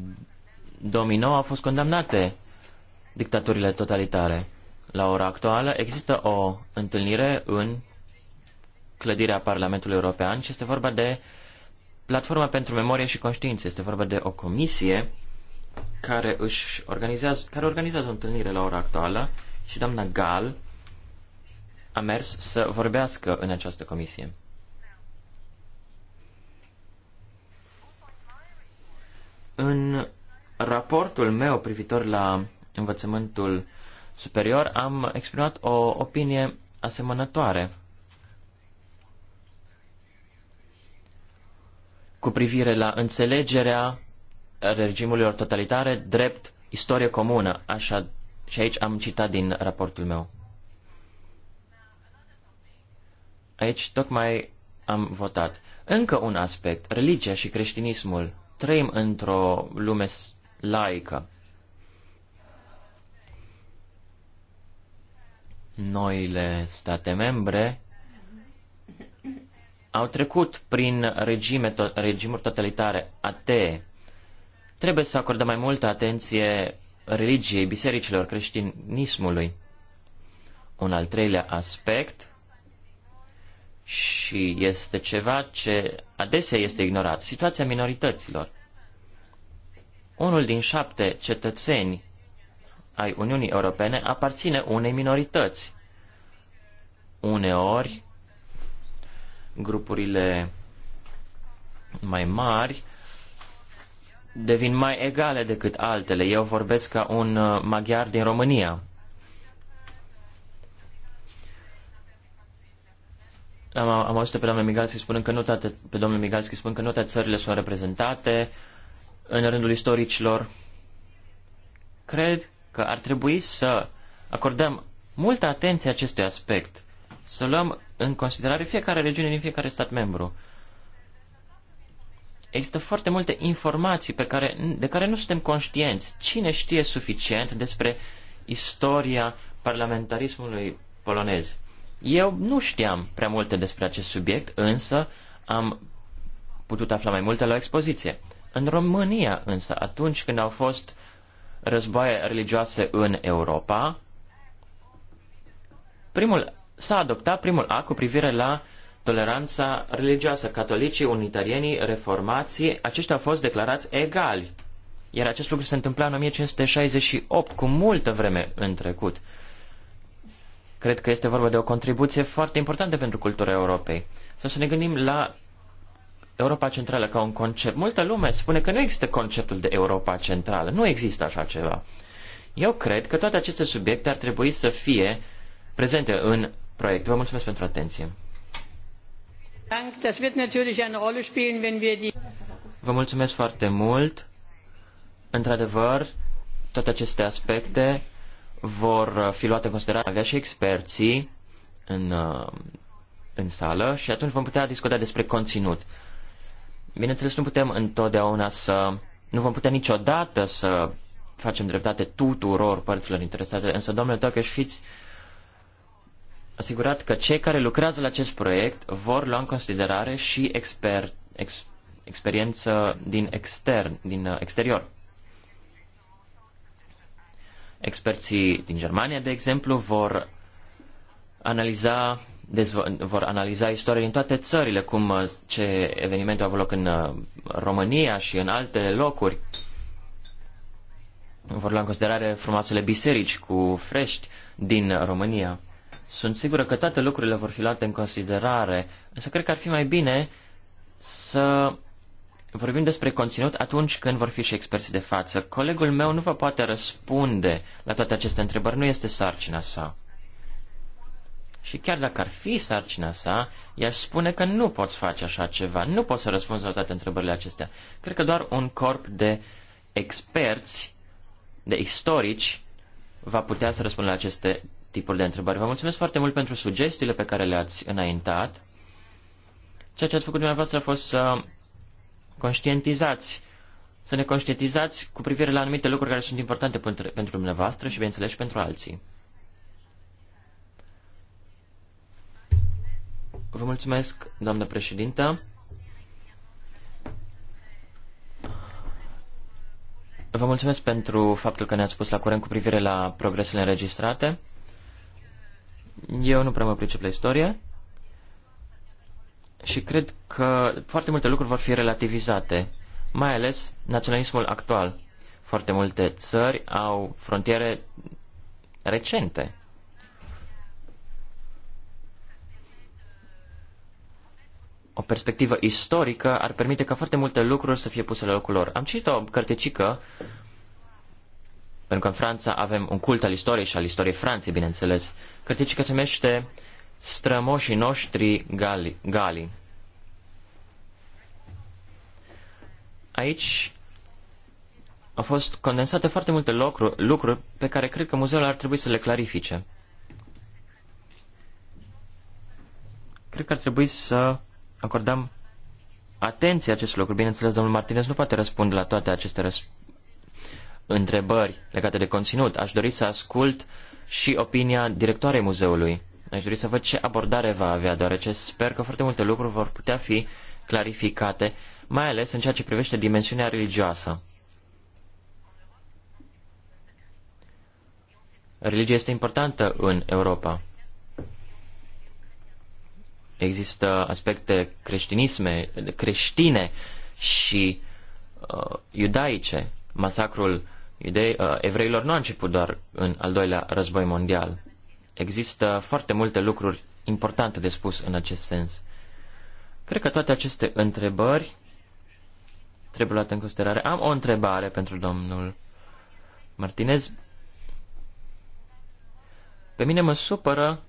2009 au fost condamnate dictaturile totalitare. La ora actuală există o întâlnire în clădirea Parlamentului European și este vorba de Platforma pentru Memorie și Conștiință. Este vorba de o comisie care își organizează, care organizează o întâlnire la ora actuală și doamna Gal a mers să vorbească în această comisie. În raportul meu privitor la învățământul superior am exprimat o opinie asemănătoare cu privire la înțelegerea regimurilor totalitare drept istorie comună. Așa, și aici am citat din raportul meu. Aici tocmai am votat. Încă un aspect, religia și creștinismul trăim într-o lume laică. Noile state membre au trecut prin regime, to- regimuri totalitare atee. Trebuie să acordăm mai multă atenție religiei, bisericilor, creștinismului. Un al treilea aspect și este ceva ce adesea este ignorat, situația minorităților. Unul din șapte cetățeni ai Uniunii Europene aparține unei minorități. Uneori, grupurile mai mari devin mai egale decât altele. Eu vorbesc ca un maghiar din România. Am, am auzit pe domnul Migalski spunând că nu toate, pe domnul Migalski spun că nu toate țările sunt reprezentate în rândul istoricilor. Cred că ar trebui să acordăm multă atenție acestui aspect, să luăm în considerare fiecare regiune din fiecare stat membru. Există foarte multe informații pe care, de care nu suntem conștienți. Cine știe suficient despre istoria parlamentarismului polonez? Eu nu știam prea multe despre acest subiect, însă am putut afla mai multe la o expoziție. În România, însă, atunci când au fost războaie religioase în Europa, primul, s-a adoptat primul act cu privire la toleranța religioasă. Catolicii, unitarienii, reformații, aceștia au fost declarați egali. Iar acest lucru se întâmpla în 1568, cu multă vreme în trecut. Cred că este vorba de o contribuție foarte importantă pentru cultura Europei. Sau să ne gândim la Europa Centrală ca un concept. Multă lume spune că nu există conceptul de Europa Centrală. Nu există așa ceva. Eu cred că toate aceste subiecte ar trebui să fie prezente în proiect. Vă mulțumesc pentru atenție. Vă mulțumesc foarte mult. Într-adevăr, toate aceste aspecte vor uh, fi luate în considerare, avea și experții în, uh, în sală și atunci vom putea discuta despre conținut. Bineînțeles, nu putem întotdeauna să, nu vom putea niciodată să facem dreptate tuturor părților interesate, însă, domnule tocăș fiți asigurat că cei care lucrează la acest proiect vor lua în considerare și expert, ex, experiență din extern, din uh, exterior. Experții din Germania, de exemplu, vor analiza, vor analiza istoria din toate țările, cum uh, ce evenimente au avut loc în uh, România și în alte locuri. Vor lua în considerare frumoasele biserici cu frești din România. Sunt sigură că toate lucrurile vor fi luate în considerare, însă cred că ar fi mai bine să vorbim despre conținut atunci când vor fi și experți de față. Colegul meu nu vă poate răspunde la toate aceste întrebări, nu este sarcina sa. Și chiar dacă ar fi sarcina sa, i spune că nu poți face așa ceva, nu poți să răspunzi la toate întrebările acestea. Cred că doar un corp de experți, de istorici, va putea să răspundă la aceste tipuri de întrebări. Vă mulțumesc foarte mult pentru sugestiile pe care le-ați înaintat. Ceea ce ați făcut dumneavoastră a fost să conștientizați, să ne conștientizați cu privire la anumite lucruri care sunt importante pentru, pentru dumneavoastră și, bineînțeles, și pentru alții. Vă mulțumesc, doamnă președintă. Vă mulțumesc pentru faptul că ne-ați pus la curent cu privire la progresele înregistrate. Eu nu prea mă pricep la istorie și cred că foarte multe lucruri vor fi relativizate, mai ales naționalismul actual. Foarte multe țări au frontiere recente. O perspectivă istorică ar permite ca foarte multe lucruri să fie puse la locul lor. Am citit o cărtecică, pentru că în Franța avem un cult al istoriei și al istoriei Franței, bineînțeles. Cărtecica se numește strămoșii noștri gali. gali. Aici au fost condensate foarte multe lucruri, lucruri pe care cred că muzeul ar trebui să le clarifice. Cred că ar trebui să acordăm atenție acest lucru. Bineînțeles, domnul Martinez nu poate răspunde la toate aceste întrebări legate de conținut. Aș dori să ascult și opinia directoarei muzeului. Aș dori să văd ce abordare va avea, deoarece sper că foarte multe lucruri vor putea fi clarificate, mai ales în ceea ce privește dimensiunea religioasă. Religia este importantă în Europa. Există aspecte creștinisme, creștine și uh, iudaice. Masacrul iudei, uh, evreilor nu a început doar în al doilea război mondial. Există foarte multe lucruri importante de spus în acest sens. Cred că toate aceste întrebări trebuie luate în considerare. Am o întrebare pentru domnul Martinez. Pe mine mă supără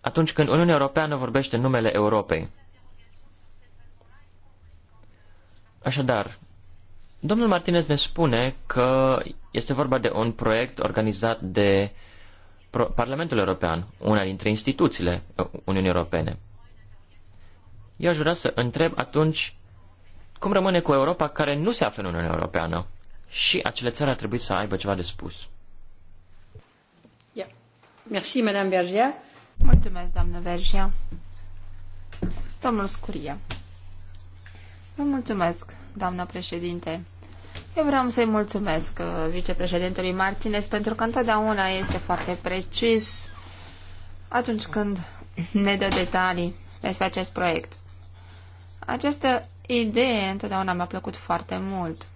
atunci când Uniunea Europeană vorbește numele Europei. Așadar, domnul Martinez ne spune că este vorba de un proiect organizat de uh, Parlamentul European, una dintre instituțiile uh, Uniunii Europene. Eu aș vrea să întreb atunci cum rămâne cu Europa care nu se află în Uniunea Europeană și acele țări ar trebui să aibă ceva de spus. Yeah. Merci, Madame Bergia. Mulțumesc, doamnă Vergia. Domnul Scuria. Vă mulțumesc, doamnă președinte. Eu vreau să-i mulțumesc uh, vicepreședintelui Martinez pentru că întotdeauna este foarte precis atunci când ne dă detalii despre acest proiect. Această idee întotdeauna mi-a plăcut foarte mult.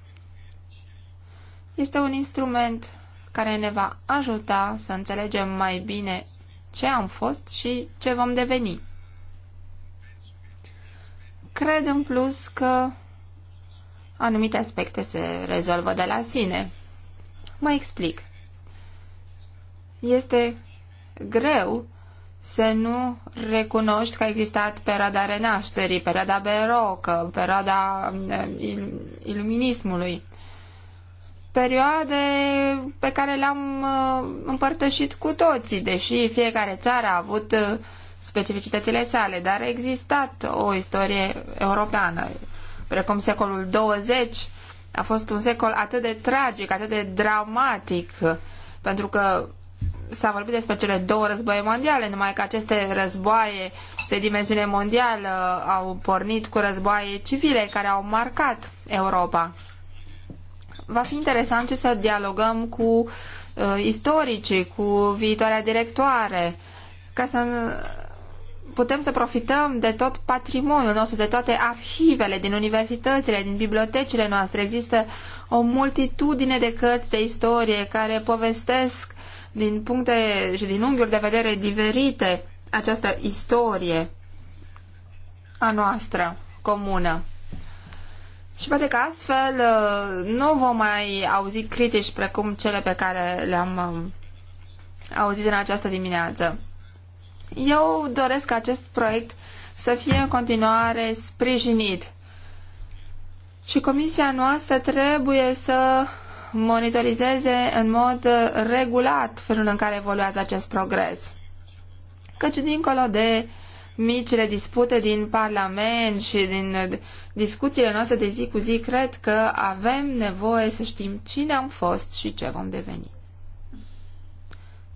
Este un instrument care ne va ajuta să înțelegem mai bine ce am fost și ce vom deveni. Cred în plus că anumite aspecte se rezolvă de la sine. Mă explic. Este greu să nu recunoști că a existat perioada renașterii, perioada berocă, perioada eh, iluminismului. Perioade pe care le-am eh, împărtășit cu toții, deși fiecare țară a avut eh, specificitățile sale, dar a existat o istorie europeană precum secolul 20, a fost un secol atât de tragic, atât de dramatic, pentru că s-a vorbit despre cele două războaie mondiale, numai că aceste războaie de dimensiune mondială au pornit cu războaie civile care au marcat Europa. Va fi interesant și să dialogăm cu uh, istoricii, cu viitoarea directoare, ca să putem să profităm de tot patrimoniul nostru, de toate arhivele din universitățile, din bibliotecile noastre. Există o multitudine de cărți de istorie care povestesc din puncte și din unghiuri de vedere diferite această istorie a noastră comună. Și poate că astfel uh, nu vom mai auzi critici precum cele pe care le-am um, auzit în această dimineață. Eu doresc ca acest proiect să fie în continuare sprijinit și comisia noastră trebuie să monitorizeze în mod regulat felul în care evoluează acest progres. Căci dincolo de micile dispute din Parlament și din discuțiile noastre de zi cu zi, cred că avem nevoie să știm cine am fost și ce vom deveni.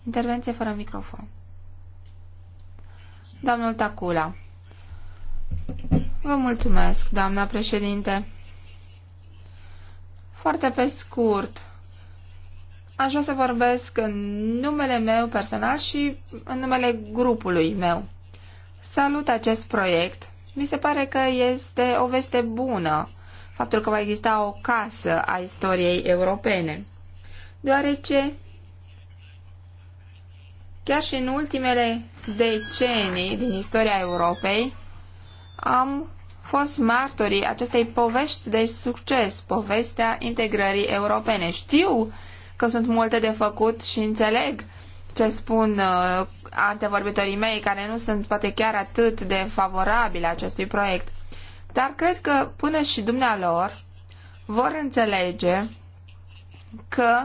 Intervenție fără microfon. Domnul Tacula. Vă mulțumesc, doamna președinte. Foarte pe scurt, aș vrea să vorbesc în numele meu personal și în numele grupului meu. Salut acest proiect. Mi se pare că este o veste bună faptul că va exista o casă a istoriei europene, deoarece chiar și în ultimele decenii din istoria Europei am fost martorii acestei povești de succes, povestea integrării europene. Știu că sunt multe de făcut și înțeleg ce spun uh, antevorbitorii mei, care nu sunt poate chiar atât de favorabili acestui proiect. Dar cred că până și dumnealor vor înțelege că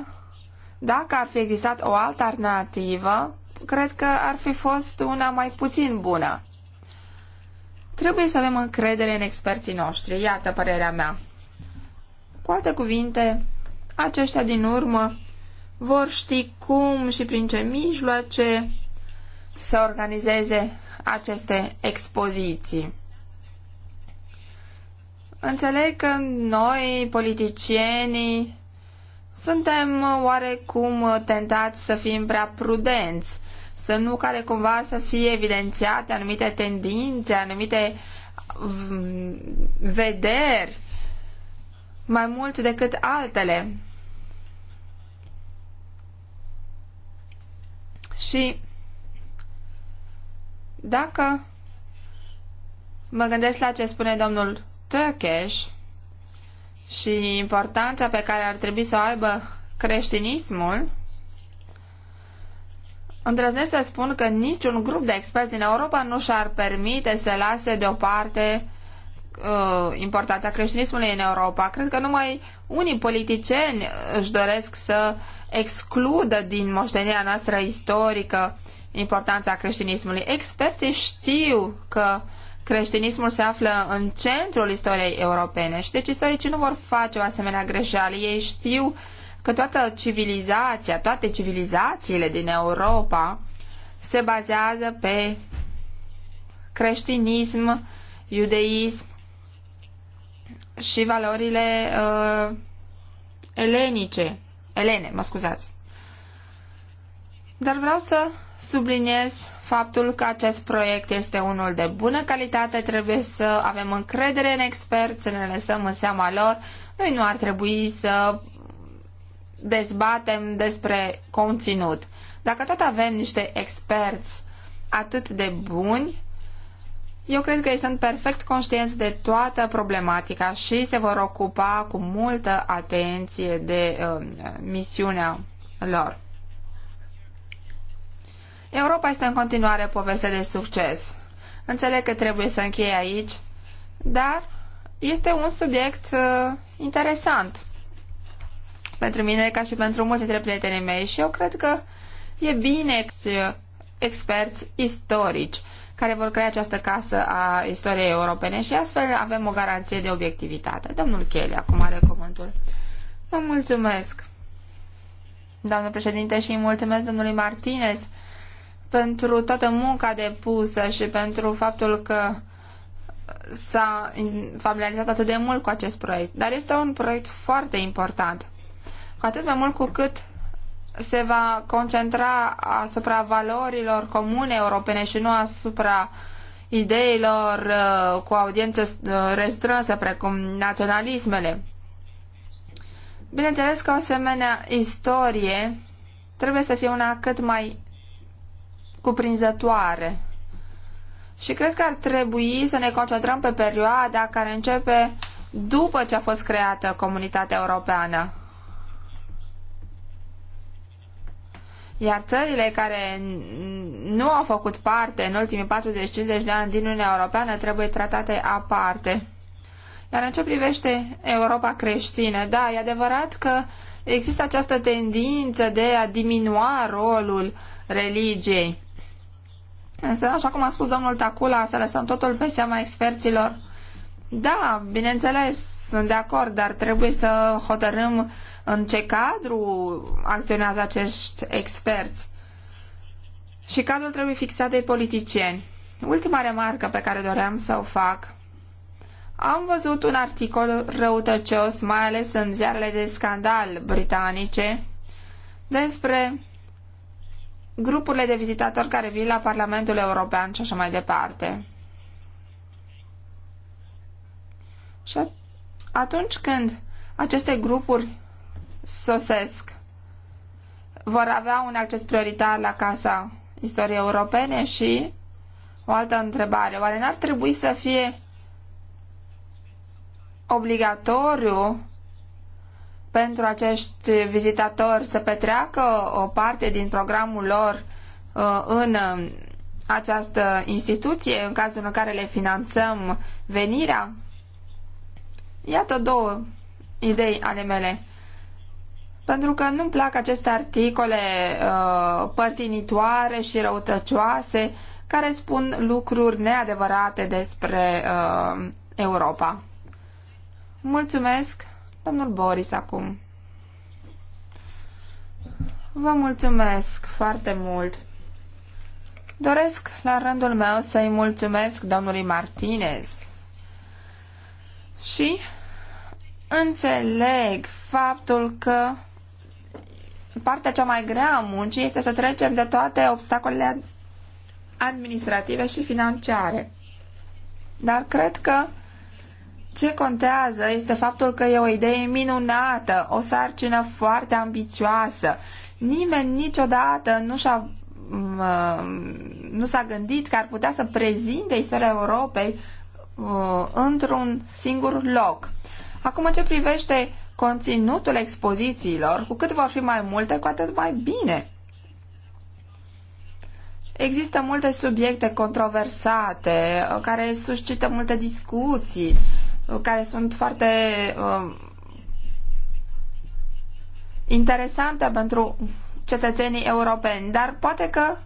dacă ar fi existat o alternativă, cred că ar fi fost una mai puțin bună. Trebuie să avem încredere în experții noștri, iată părerea mea. Cu alte cuvinte, aceștia din urmă vor ști cum și prin ce mijloace să organizeze aceste expoziții. Înțeleg că noi, politicienii, suntem oarecum tentați să fim prea prudenți să nu care cumva să fie evidențiate anumite tendințe, anumite mm, vederi mai mult decât altele. Și dacă mă gândesc la ce spune domnul Turkish și importanța pe care ar trebui să o aibă creștinismul, Îndrăznesc să spun că niciun grup de experți din Europa nu și-ar permite să lase deoparte uh, importanța creștinismului în Europa. Cred că numai unii politicieni își doresc să excludă din moștenirea noastră istorică importanța creștinismului. Experții știu că creștinismul se află în centrul istoriei europene și deci istoricii nu vor face o asemenea greșeală. Ei știu că toată civilizația, toate civilizațiile din Europa se bazează pe creștinism, iudeism și valorile uh, elenice, elene, mă scuzați. Dar vreau să subliniez faptul că acest proiect este unul de bună calitate, trebuie să avem încredere în experți, să ne lăsăm în seama lor. Noi nu ar trebui să dezbatem despre conținut. Dacă tot avem niște experți atât de buni, eu cred că ei sunt perfect conștienți de toată problematica și se vor ocupa cu multă atenție de uh, misiunea lor. Europa este în continuare poveste de succes. Înțeleg că trebuie să închei aici, dar este un subiect uh, interesant pentru mine ca și pentru mulți dintre prietenii mei și eu cred că e bine experți istorici care vor crea această casă a istoriei europene și astfel avem o garanție de obiectivitate. Domnul Chele, acum are cuvântul. Vă mulțumesc, doamnă președinte, și mulțumesc domnului Martinez pentru toată munca depusă și pentru faptul că s-a familiarizat atât de mult cu acest proiect. Dar este un proiect foarte important cu atât mai mult cu cât se va concentra asupra valorilor comune europene și nu asupra ideilor uh, cu audiență uh, restrânsă, precum naționalismele. Bineînțeles că o asemenea istorie trebuie să fie una cât mai cuprinzătoare. Și cred că ar trebui să ne concentrăm pe perioada care începe după ce a fost creată comunitatea europeană. Iar țările care nu au făcut parte în ultimii 40-50 de ani din Uniunea Europeană trebuie tratate aparte. Iar în ce privește Europa creștină, da, e adevărat că există această tendință de a diminua rolul religiei. Însă, așa cum a spus domnul Tacula, să lăsăm totul pe seama experților. Da, bineînțeles, sunt de acord, dar trebuie să hotărâm în ce cadru acționează acești experți. Și cadrul trebuie fixat de politicieni. Ultima remarcă pe care doream să o fac. Am văzut un articol răutăcios, mai ales în ziarele de scandal britanice, despre grupurile de vizitatori care vin la Parlamentul European și așa mai departe. Și atunci când aceste grupuri sosesc vor avea un acces prioritar la Casa Istoriei Europene și o altă întrebare. Oare n-ar trebui să fie obligatoriu pentru acești vizitatori să petreacă o parte din programul lor uh, în uh, această instituție, în cazul în care le finanțăm venirea? Iată două idei ale mele pentru că nu-mi plac aceste articole uh, părtinitoare și răutăcioase care spun lucruri neadevărate despre uh, Europa. Mulțumesc, domnul Boris, acum. Vă mulțumesc foarte mult. Doresc, la rândul meu, să-i mulțumesc domnului Martinez. Și înțeleg faptul că partea cea mai grea a muncii este să trecem de toate obstacolele administrative și financiare. Dar cred că ce contează este faptul că e o idee minunată, o sarcină foarte ambițioasă. Nimeni niciodată nu și-a mm, uh, nu s-a gândit că ar putea să prezinte istoria Europei uh, într-un singur loc. Acum, în ce privește conținutul expozițiilor, cu cât vor fi mai multe, cu atât mai bine. Există multe subiecte controversate, uh, care suscită multe discuții, uh, care sunt foarte uh, interesante pentru cetățenii europeni, dar poate că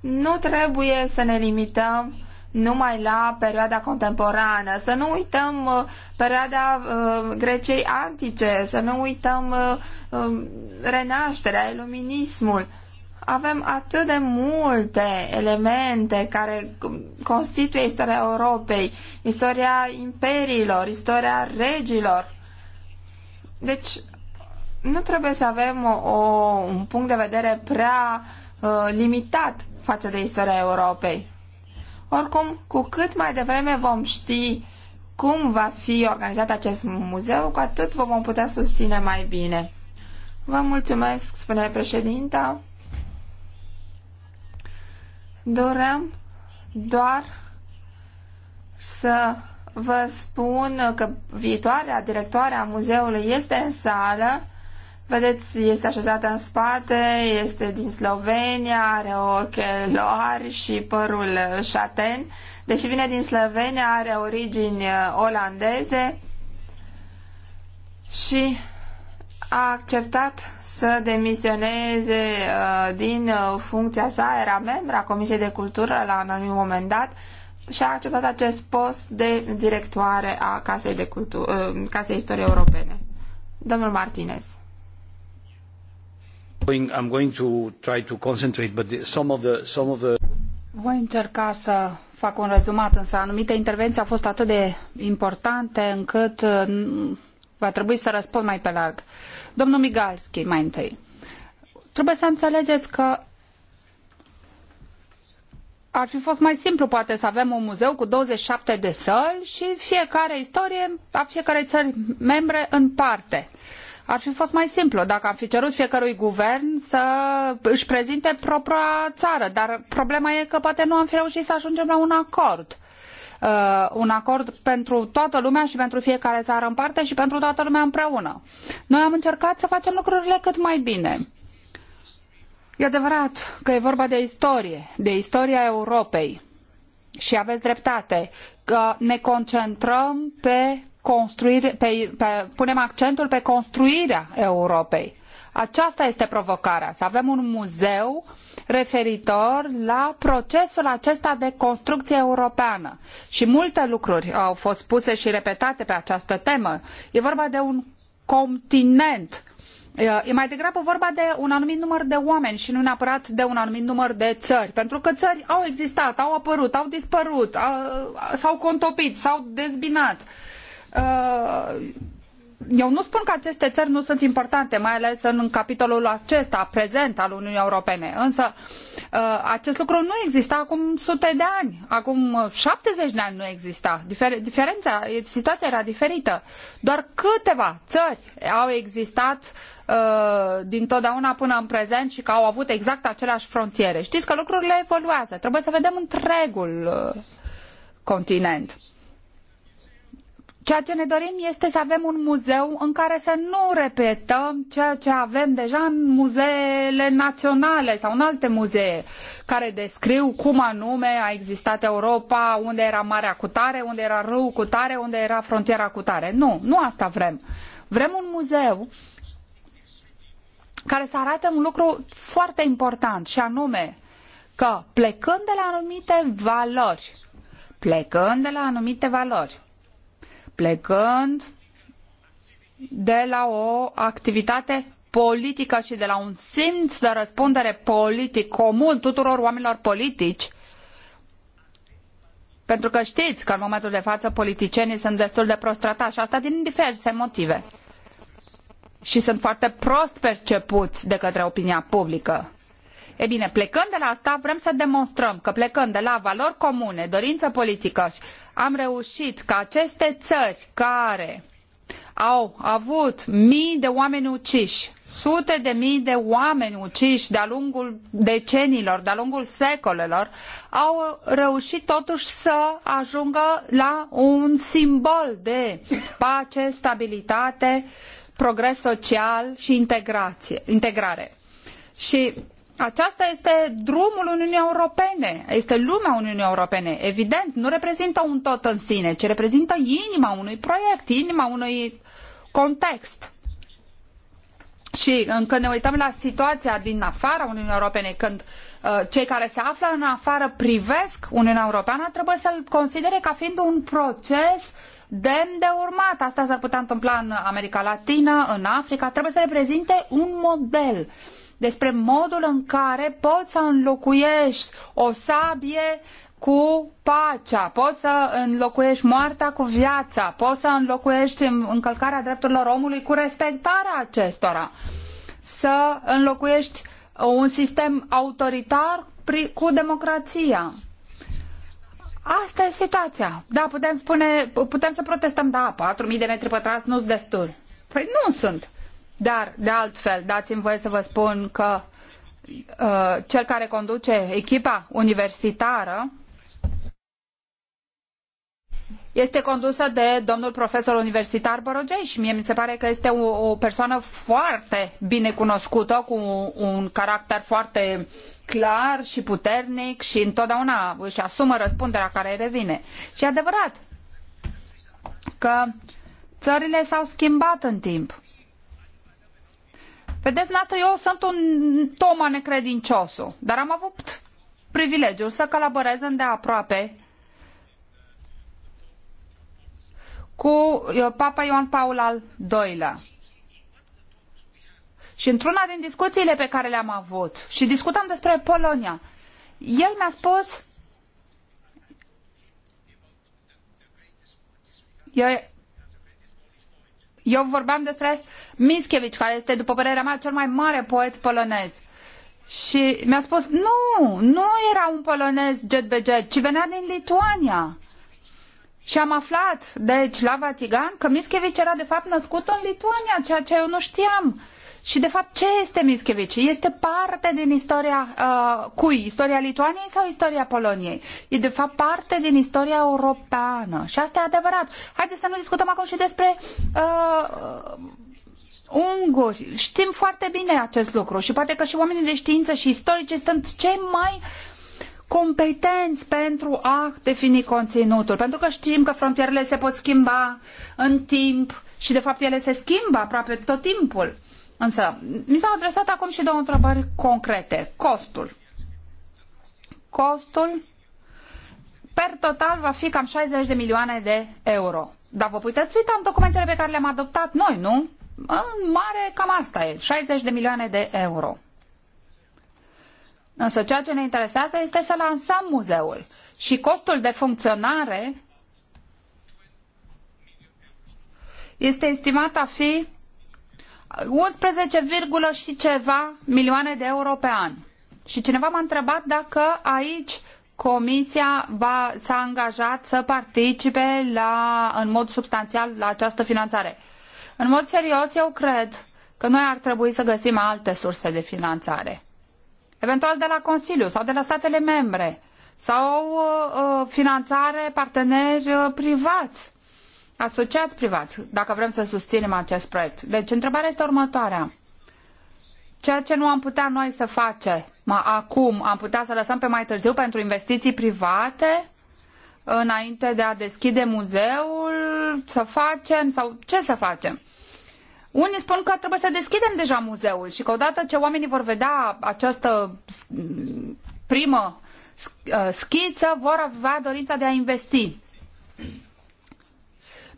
nu trebuie să ne limităm numai la perioada contemporană, să nu uităm uh, perioada uh, Greciei antice, să nu uităm uh, um, renașterea, iluminismul. Avem atât de multe elemente care constituie istoria Europei, istoria imperiilor, istoria regilor. Deci, nu trebuie să avem o, un punct de vedere prea limitat față de istoria Europei. Oricum, cu cât mai devreme vom ști cum va fi organizat acest muzeu, cu atât vă vom putea susține mai bine. Vă mulțumesc, spune președinta. Doream doar să vă spun că viitoarea directoare a muzeului este în sală Vedeți, este așezată în spate, este din Slovenia, are ochelari și părul șaten. Deși vine din Slovenia, are origini uh, olandeze și a acceptat să demisioneze uh, din uh, funcția sa, era membra Comisiei de Cultură la un anumit moment dat și a acceptat acest post de directoare a Casei, de Cultu- Casei Istoriei Europene. Domnul Martinez. Voi încerca să fac un rezumat, însă anumite intervenții au fost atât de importante încât uh, va trebui să răspund mai pe larg. Domnul Migalski, mai întâi. Trebuie să înțelegeți că ar fi fost mai simplu poate să avem un muzeu cu 27 de săli și fiecare istorie a fiecare țări membre în parte. Uh, ar fi fost mai simplu dacă am fi cerut fiecărui guvern să își prezinte propria țară, dar problema e că poate nu am fi reușit să ajungem la un acord. Uh, un acord pentru toată lumea și pentru fiecare țară în parte și pentru toată lumea împreună. Noi am încercat să facem lucrurile cât mai bine. E adevărat că e vorba de istorie, de istoria Europei. Și aveți dreptate că ne concentrăm pe construire, pe, pe, punem accentul pe construirea Europei. Aceasta este provocarea, să avem un muzeu referitor la procesul acesta de construcție europeană. Și multe lucruri au fost spuse și repetate pe această temă. E vorba de un continent. E mai degrabă vorba de un anumit număr de oameni și nu neapărat de un anumit număr de țări. Pentru că țări au existat, au apărut, au dispărut, s-au contopit, s-au dezbinat. Uh, Uh, eu nu spun că aceste țări nu sunt importante, mai ales în capitolul acesta prezent al Uniunii Europene, însă uh, acest lucru nu exista acum sute de ani, acum 70 uh, de ani nu exista. diferența, situația era diferită. Doar câteva țări au existat din totdeauna până în prezent și că au avut exact aceleași frontiere. Știți că lucrurile evoluează. Trebuie să vedem întregul continent. Ceea ce ne dorim este să avem un muzeu în care să nu repetăm ceea ce avem deja în muzeele naționale sau în alte muzee care descriu cum anume a existat Europa, unde era Marea Cutare, unde era Râul Cutare, unde era frontiera Cutare. Nu, nu asta vrem. Vrem un muzeu care să arate un lucru foarte important și anume că plecând de la anumite valori, plecând de la anumite valori, plecând de la o activitate politică și de la un simț de răspundere politic comun tuturor oamenilor politici. Pentru că știți că în momentul de față politicienii sunt destul de prostratați și asta din diferite motive. Și sunt foarte prost percepuți de către opinia publică. E bine, plecând de la asta, vrem să demonstrăm că plecând de la valori comune, dorință politică, am reușit ca aceste țări care au avut mii de oameni uciși, sute de mii de oameni uciși de-a lungul decenilor, de-a lungul secolelor, au reușit totuși să ajungă la un simbol de pace, stabilitate, progres social și integrație, integrare. Și aceasta este drumul Uniunii Europene, este lumea Uniunii Europene. Evident, nu reprezintă un tot în sine, ci reprezintă inima unui proiect, inima unui context. Și când ne uităm la situația din afara Uniunii Europene, când uh, cei care se află în afară privesc Uniunea Europeană, trebuie să-l considere ca fiind un proces demn de urmat. Asta s-ar putea întâmpla în America Latină, în Africa. Trebuie să reprezinte un model. Uh, despre modul în care poți să înlocuiești o sabie cu pacea, poți să înlocuiești moartea cu viața, poți să înlocuiești încălcarea drepturilor omului cu respectarea acestora, să înlocuiești un sistem autoritar cu democrația. Asta e situația. Da, putem spune, putem să protestăm, da, 4.000 de metri pătrați nu sunt destul. Păi nu sunt. Dar, de altfel, dați-mi voie să vă spun că uh, cel care conduce echipa universitară este condusă de domnul profesor universitar Borogei și mie mi se pare că este o, o persoană foarte bine cunoscută, cu un, un caracter foarte clar și puternic și întotdeauna își asumă răspunderea care îi revine. Și e adevărat că țările s-au schimbat în timp. Vedeți, noastră, eu sunt un Toma necredinciosul, dar am avut privilegiul să colaborez îndeaproape cu uh, Papa Ioan Paul al II-lea. Și într-una din discuțiile pe care le-am avut, și discutam despre Polonia, el mi-a spus e eu vorbeam despre Mickiewicz, care este, după părerea mea, cel mai mare poet polonez. Și mi-a spus, nu, nu era un polonez jet be jet. ci venea din Lituania. Și am aflat, deci, la Vatican, că Mickiewicz era, de fapt, născut în Lituania, ceea ce eu nu știam. Și de fapt ce este Mischevici? Este parte din istoria uh, cui? Istoria Lituaniei sau istoria Poloniei? E de fapt parte din istoria europeană. Și asta e adevărat. Haideți să nu discutăm acum și despre uh, unguri. Știm foarte bine acest lucru și poate că și oamenii de știință și istorici sunt cei mai competenți pentru a defini conținutul, pentru că știm că frontierele se pot schimba în timp și de fapt ele se schimbă aproape tot timpul. Însă, mi s-au adresat acum și două întrebări concrete. Costul. Costul per total va fi cam 60 de milioane de euro. Dar vă puteți uita în documentele pe care le-am adoptat noi, nu? În mare, cam asta e, 60 de milioane de euro. Însă ceea ce ne interesează este să lansăm muzeul și costul de funcționare este estimat a fi 11, și ceva milioane de euro pe an. Și cineva m-a întrebat dacă aici Comisia va, s-a angajat să participe la, în mod substanțial la această finanțare. În mod serios, eu cred că noi ar trebui să găsim alte surse de finanțare. Eventual de la Consiliu sau de la statele membre sau uh, uh finanțare parteneri uh, privați asociați privați, dacă vrem să susținem acest proiect. Deci, întrebarea este următoarea. Ceea ce nu am putea noi să facem acum, am putea să lăsăm pe mai târziu pentru investiții private, înainte de a deschide muzeul, să facem sau ce să facem? Unii spun că trebuie să deschidem deja muzeul și că odată ce oamenii vor vedea această primă ă, schiță, vor avea dorința de a investi.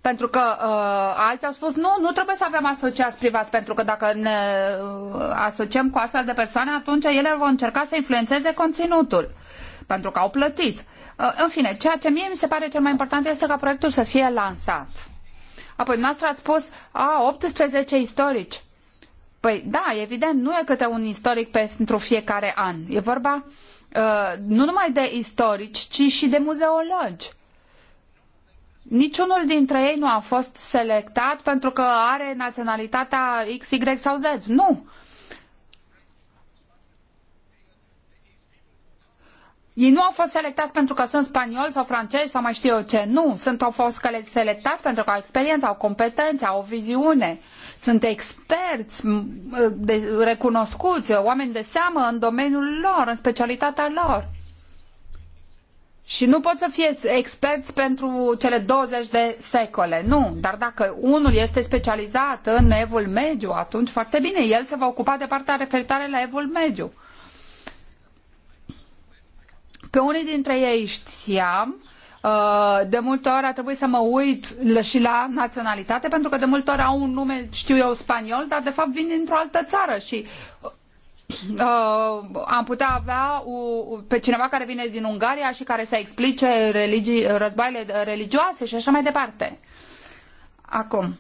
Pentru că uh, alții au spus, nu, nu trebuie să avem asociați privați, pentru că dacă ne uh, asociem cu astfel de persoane, atunci ele vor încerca să influențeze conținutul, pentru că au plătit. Uh, în fine, ceea ce mie mi se pare cel mai important este ca proiectul să fie lansat. Apoi, dumneavoastră ați spus, a, 18 istorici. Păi da, evident, nu e câte un istoric pentru fiecare an. E vorba uh, nu numai de istorici, ci și de muzeologi. Niciunul dintre ei nu a fost selectat pentru că are naționalitatea X, Y sau Z. Nu! Ei nu au fost selectați pentru că sunt spanioli sau francezi sau mai știu eu ce. Nu, sunt au fost selectați pentru că au experiență, au competențe, au o viziune. Sunt experți de, recunoscuți, oameni de seamă în domeniul lor, în specialitatea lor. Și nu poți să fie experți pentru cele 20 de secole, nu. Dar dacă unul este specializat în evul mediu, atunci foarte bine, el se va ocupa de partea referitoare la evul mediu. Pe unii dintre ei știam, uh, de multe ori a trebuit să mă uit și la naționalitate, pentru că de multe ori au un nume, știu eu, spaniol, dar de fapt vin dintr-o altă țară și uh, uh, am putea avea uh, pe cineva care vine din Ungaria și care să explice religii, războaiele religioase și așa mai departe. Acum,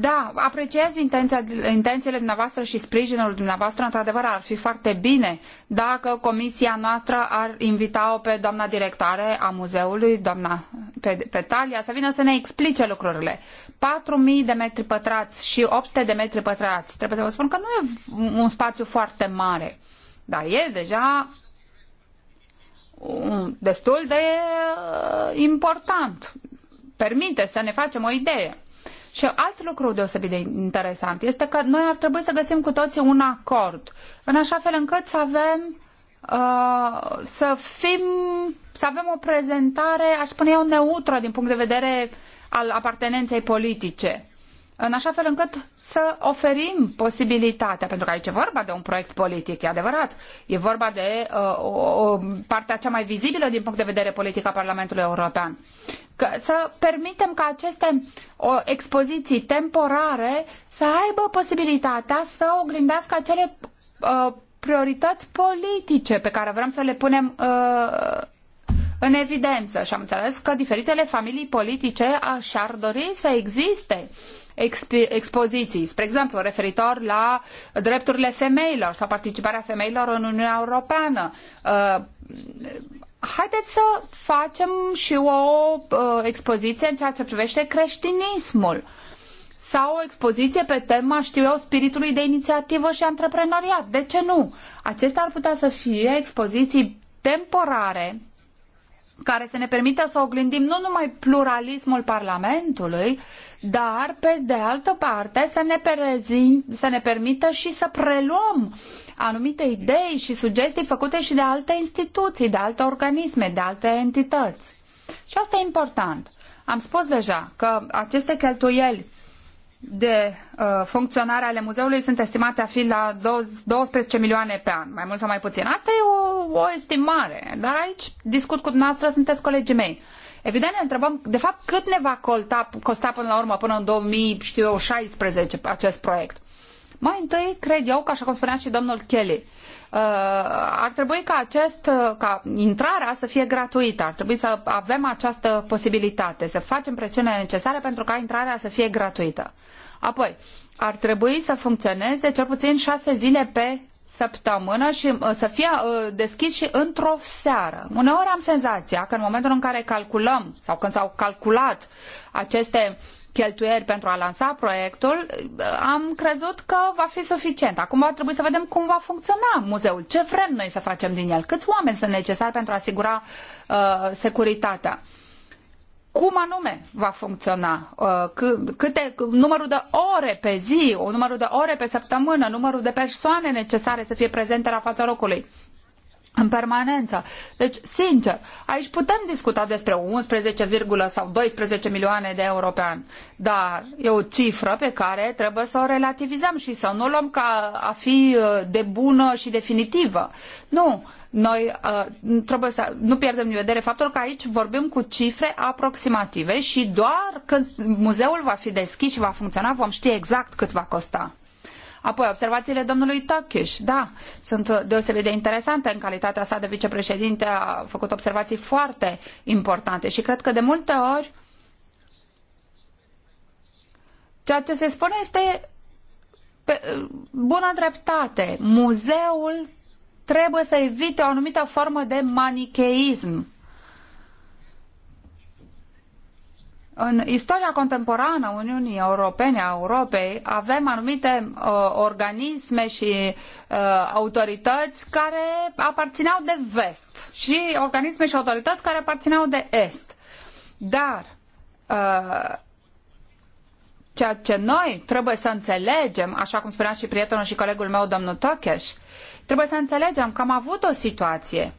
Da, apreciez intențiile dumneavoastră și sprijinul dumneavoastră. Într-adevăr, ar fi foarte bine dacă comisia noastră ar invita-o pe doamna directoare a muzeului, doamna Petalia, să vină să ne explice lucrurile. 4.000 de metri pătrați și 800 de metri pătrați. Trebuie să vă spun că nu e un spațiu foarte mare, dar e deja destul de uh, important. Permite să ne facem o idee. Și alt lucru deosebit de interesant este că noi ar trebui să găsim cu toții un acord, în așa fel încât să avem uh, să fim, să avem o prezentare, aș spune eu, neutră din punct de vedere al apartenenței politice în așa fel încât să oferim posibilitatea, pentru că aici e vorba de un proiect politic, e adevărat, e vorba de uh, o, partea cea mai vizibilă din punct de vedere politic a Parlamentului European, că, să permitem ca aceste o, expoziții temporare să aibă posibilitatea să oglindească acele uh, priorități politice pe care vrem să le punem uh, în evidență și am înțeles că diferitele familii politice și-ar dori să existe uh, expoziții, spre exemplu, referitor la drepturile femeilor sau participarea femeilor în Uniunea Europeană. Uh, haideți să facem și o uh, expoziție în ceea ce privește creștinismul sau o expoziție pe tema, știu eu, spiritului de inițiativă și antreprenoriat. De ce nu? Acestea ar putea să fie expoziții temporare care să ne permită să oglindim nu numai pluralismul Parlamentului, dar, pe de altă parte, să ne, să ne permită și să preluăm anumite idei și sugestii făcute și de alte instituții, de alte organisme, de alte entități. Și asta e important. Am spus deja că aceste cheltuieli de uh, funcționare ale muzeului sunt estimate a fi la 12 milioane pe an, mai mult sau mai puțin. Asta e o, o estimare, dar aici discut cu dumneavoastră, sunteți colegii mei. Evident ne întrebăm, de fapt, cât ne va costa până la urmă, până în 2016 acest proiect. Mai întâi, cred eu, că așa cum spunea și domnul Kelly, uh, ar trebui ca acest, uh, ca intrarea să fie gratuită, ar trebui să avem această posibilitate, să facem presiunea necesară pentru ca intrarea să fie gratuită. Apoi, ar trebui să funcționeze cel puțin șase zile pe săptămână și uh, să fie deschis și într-o seară. Uneori am senzația că în momentul în care calculăm sau când s-au calculat aceste cheltuieri pentru a lansa proiectul, am crezut că va fi suficient. Acum va trebui să vedem cum va funcționa muzeul, ce vrem noi să facem din el, câți oameni sunt necesari pentru a asigura uh, securitatea cum anume va funcționa, uh, câte, numărul de ore pe zi, numărul de ore pe săptămână, numărul de persoane necesare să fie prezente la fața locului în permanență. Deci, sincer, aici putem discuta despre 11, sau 12 milioane de euro pe an, dar e o cifră pe care trebuie să o relativizăm și să nu o luăm ca a fi uh, de bună și definitivă. Nu, noi uh, trebuie să nu pierdem din vedere faptul că aici vorbim cu cifre aproximative și doar când muzeul va fi deschis și va funcționa vom ști exact cât va costa. Apoi, observațiile domnului Tokish, da, sunt deosebit de interesante în calitatea sa de vicepreședinte, a făcut observații foarte importante și cred că de multe ori ceea ce se spune este pe bună dreptate. Muzeul trebuie să evite o anumită formă de manicheism În istoria contemporană a Uniunii Europene, a Europei, avem anumite uh, organisme și uh, autorități care aparțineau de vest și organisme și autorități care aparțineau de est. Dar uh, ceea ce noi trebuie să înțelegem, așa cum spunea și prietenul și colegul meu, domnul Tocheș, trebuie să înțelegem că am avut o situație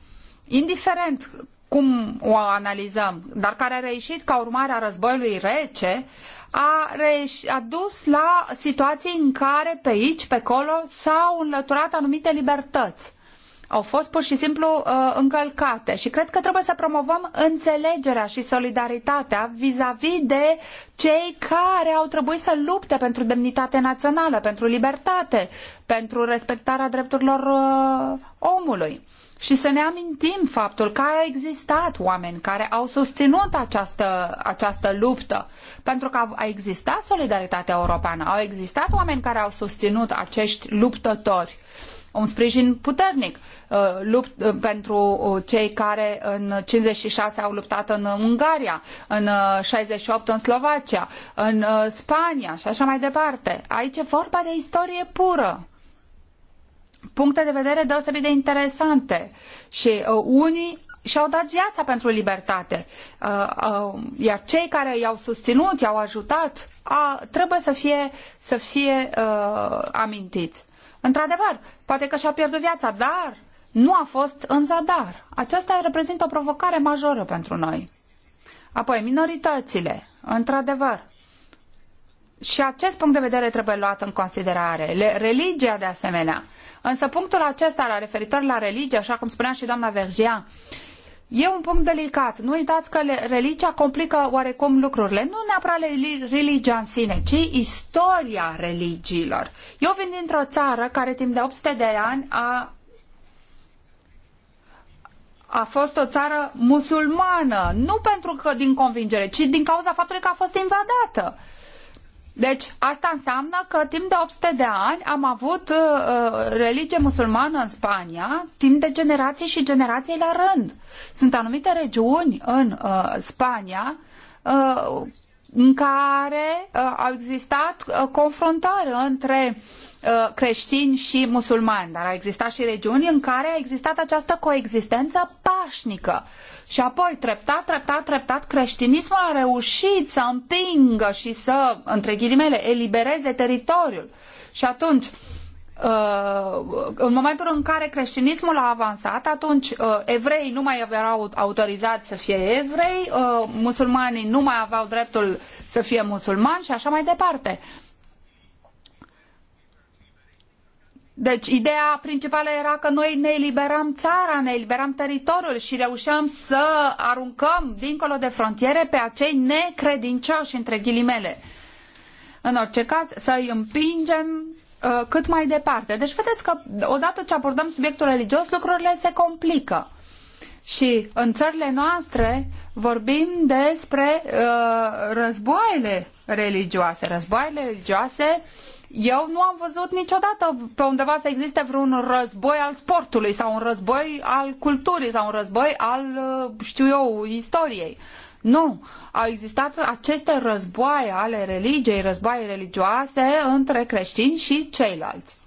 indiferent cum o analizăm, dar care a reieșit ca urmare a războiului rece, a, reieș, a dus la situații în care pe aici, pe acolo, s-au înlăturat anumite libertăți au fost pur și simplu uh, încălcate și cred că trebuie să promovăm înțelegerea și solidaritatea vis-a-vis de cei care au trebuit să lupte pentru demnitate națională, pentru libertate, pentru respectarea drepturilor uh, omului. Și să ne amintim faptul că a existat oameni care au susținut această, această luptă, pentru că a existat solidaritatea europeană, au existat oameni care au susținut acești luptători un sprijin puternic uh, lupt, uh, pentru uh, cei care în 56 au luptat în Ungaria, în 68 în Slovacia, în Spania și așa mai departe. Aici e vorba de istorie pură puncte de vedere deosebit de interesante și uh, unii și-au dat viața pentru libertate. Uh, uh, iar cei care i-au susținut, i-au ajutat, a, trebuie să fie, să fie uh, amintiți. Într-adevăr, Poate că și-a pierdut viața, dar nu a fost în zadar. Aceasta reprezintă o provocare majoră pentru noi. Apoi, minoritățile, într-adevăr. Și acest punct de vedere trebuie luat în considerare. Religia, de asemenea. Însă punctul acesta, referitor la religie, așa cum spunea și doamna Vergia, uh, E un punct delicat. Nu uitați că religia complică oarecum lucrurile. Nu neapărat religia în sine, ci istoria religiilor. Eu vin dintr-o țară care timp de 800 de ani a a fost o țară musulmană, nu pentru că din convingere, ci din cauza faptului că a fost invadată. Uh, deci, asta înseamnă că timp de 800 de ani am avut uh, uh, religie musulmană în Spania, timp de generații și generații la rând. Sunt anumite regiuni în uh, Spania uh, în care uh, au existat uh, confruntări între uh, creștini și musulmani, dar au existat și regiuni în care a existat această coexistență pașnică. Și apoi, treptat, treptat, treptat, creștinismul a reușit să împingă și să, între ghilimele, elibereze teritoriul. Și atunci, uh, Uh, în momentul în care creștinismul a avansat, atunci uh, evrei nu mai erau autorizați să fie evrei, uh, musulmanii nu mai aveau dreptul să fie musulmani și așa mai departe. Deci ideea principală era că noi ne eliberam țara, ne eliberam teritoriul și reușeam să aruncăm dincolo de frontiere pe acei necredincioși, între ghilimele. În orice caz, să îi împingem Uh, cât mai departe. Deci vedeți că odată ce abordăm subiectul religios, lucrurile se complică. Și în țările noastre vorbim despre uh, războaiele religioase. Războaiele religioase eu nu am văzut niciodată pe undeva să existe vreun război al sportului sau un război al culturii sau un război al, uh, știu eu, istoriei. Nu. Au existat aceste războaie ale religiei, războaie religioase între creștini și ceilalți.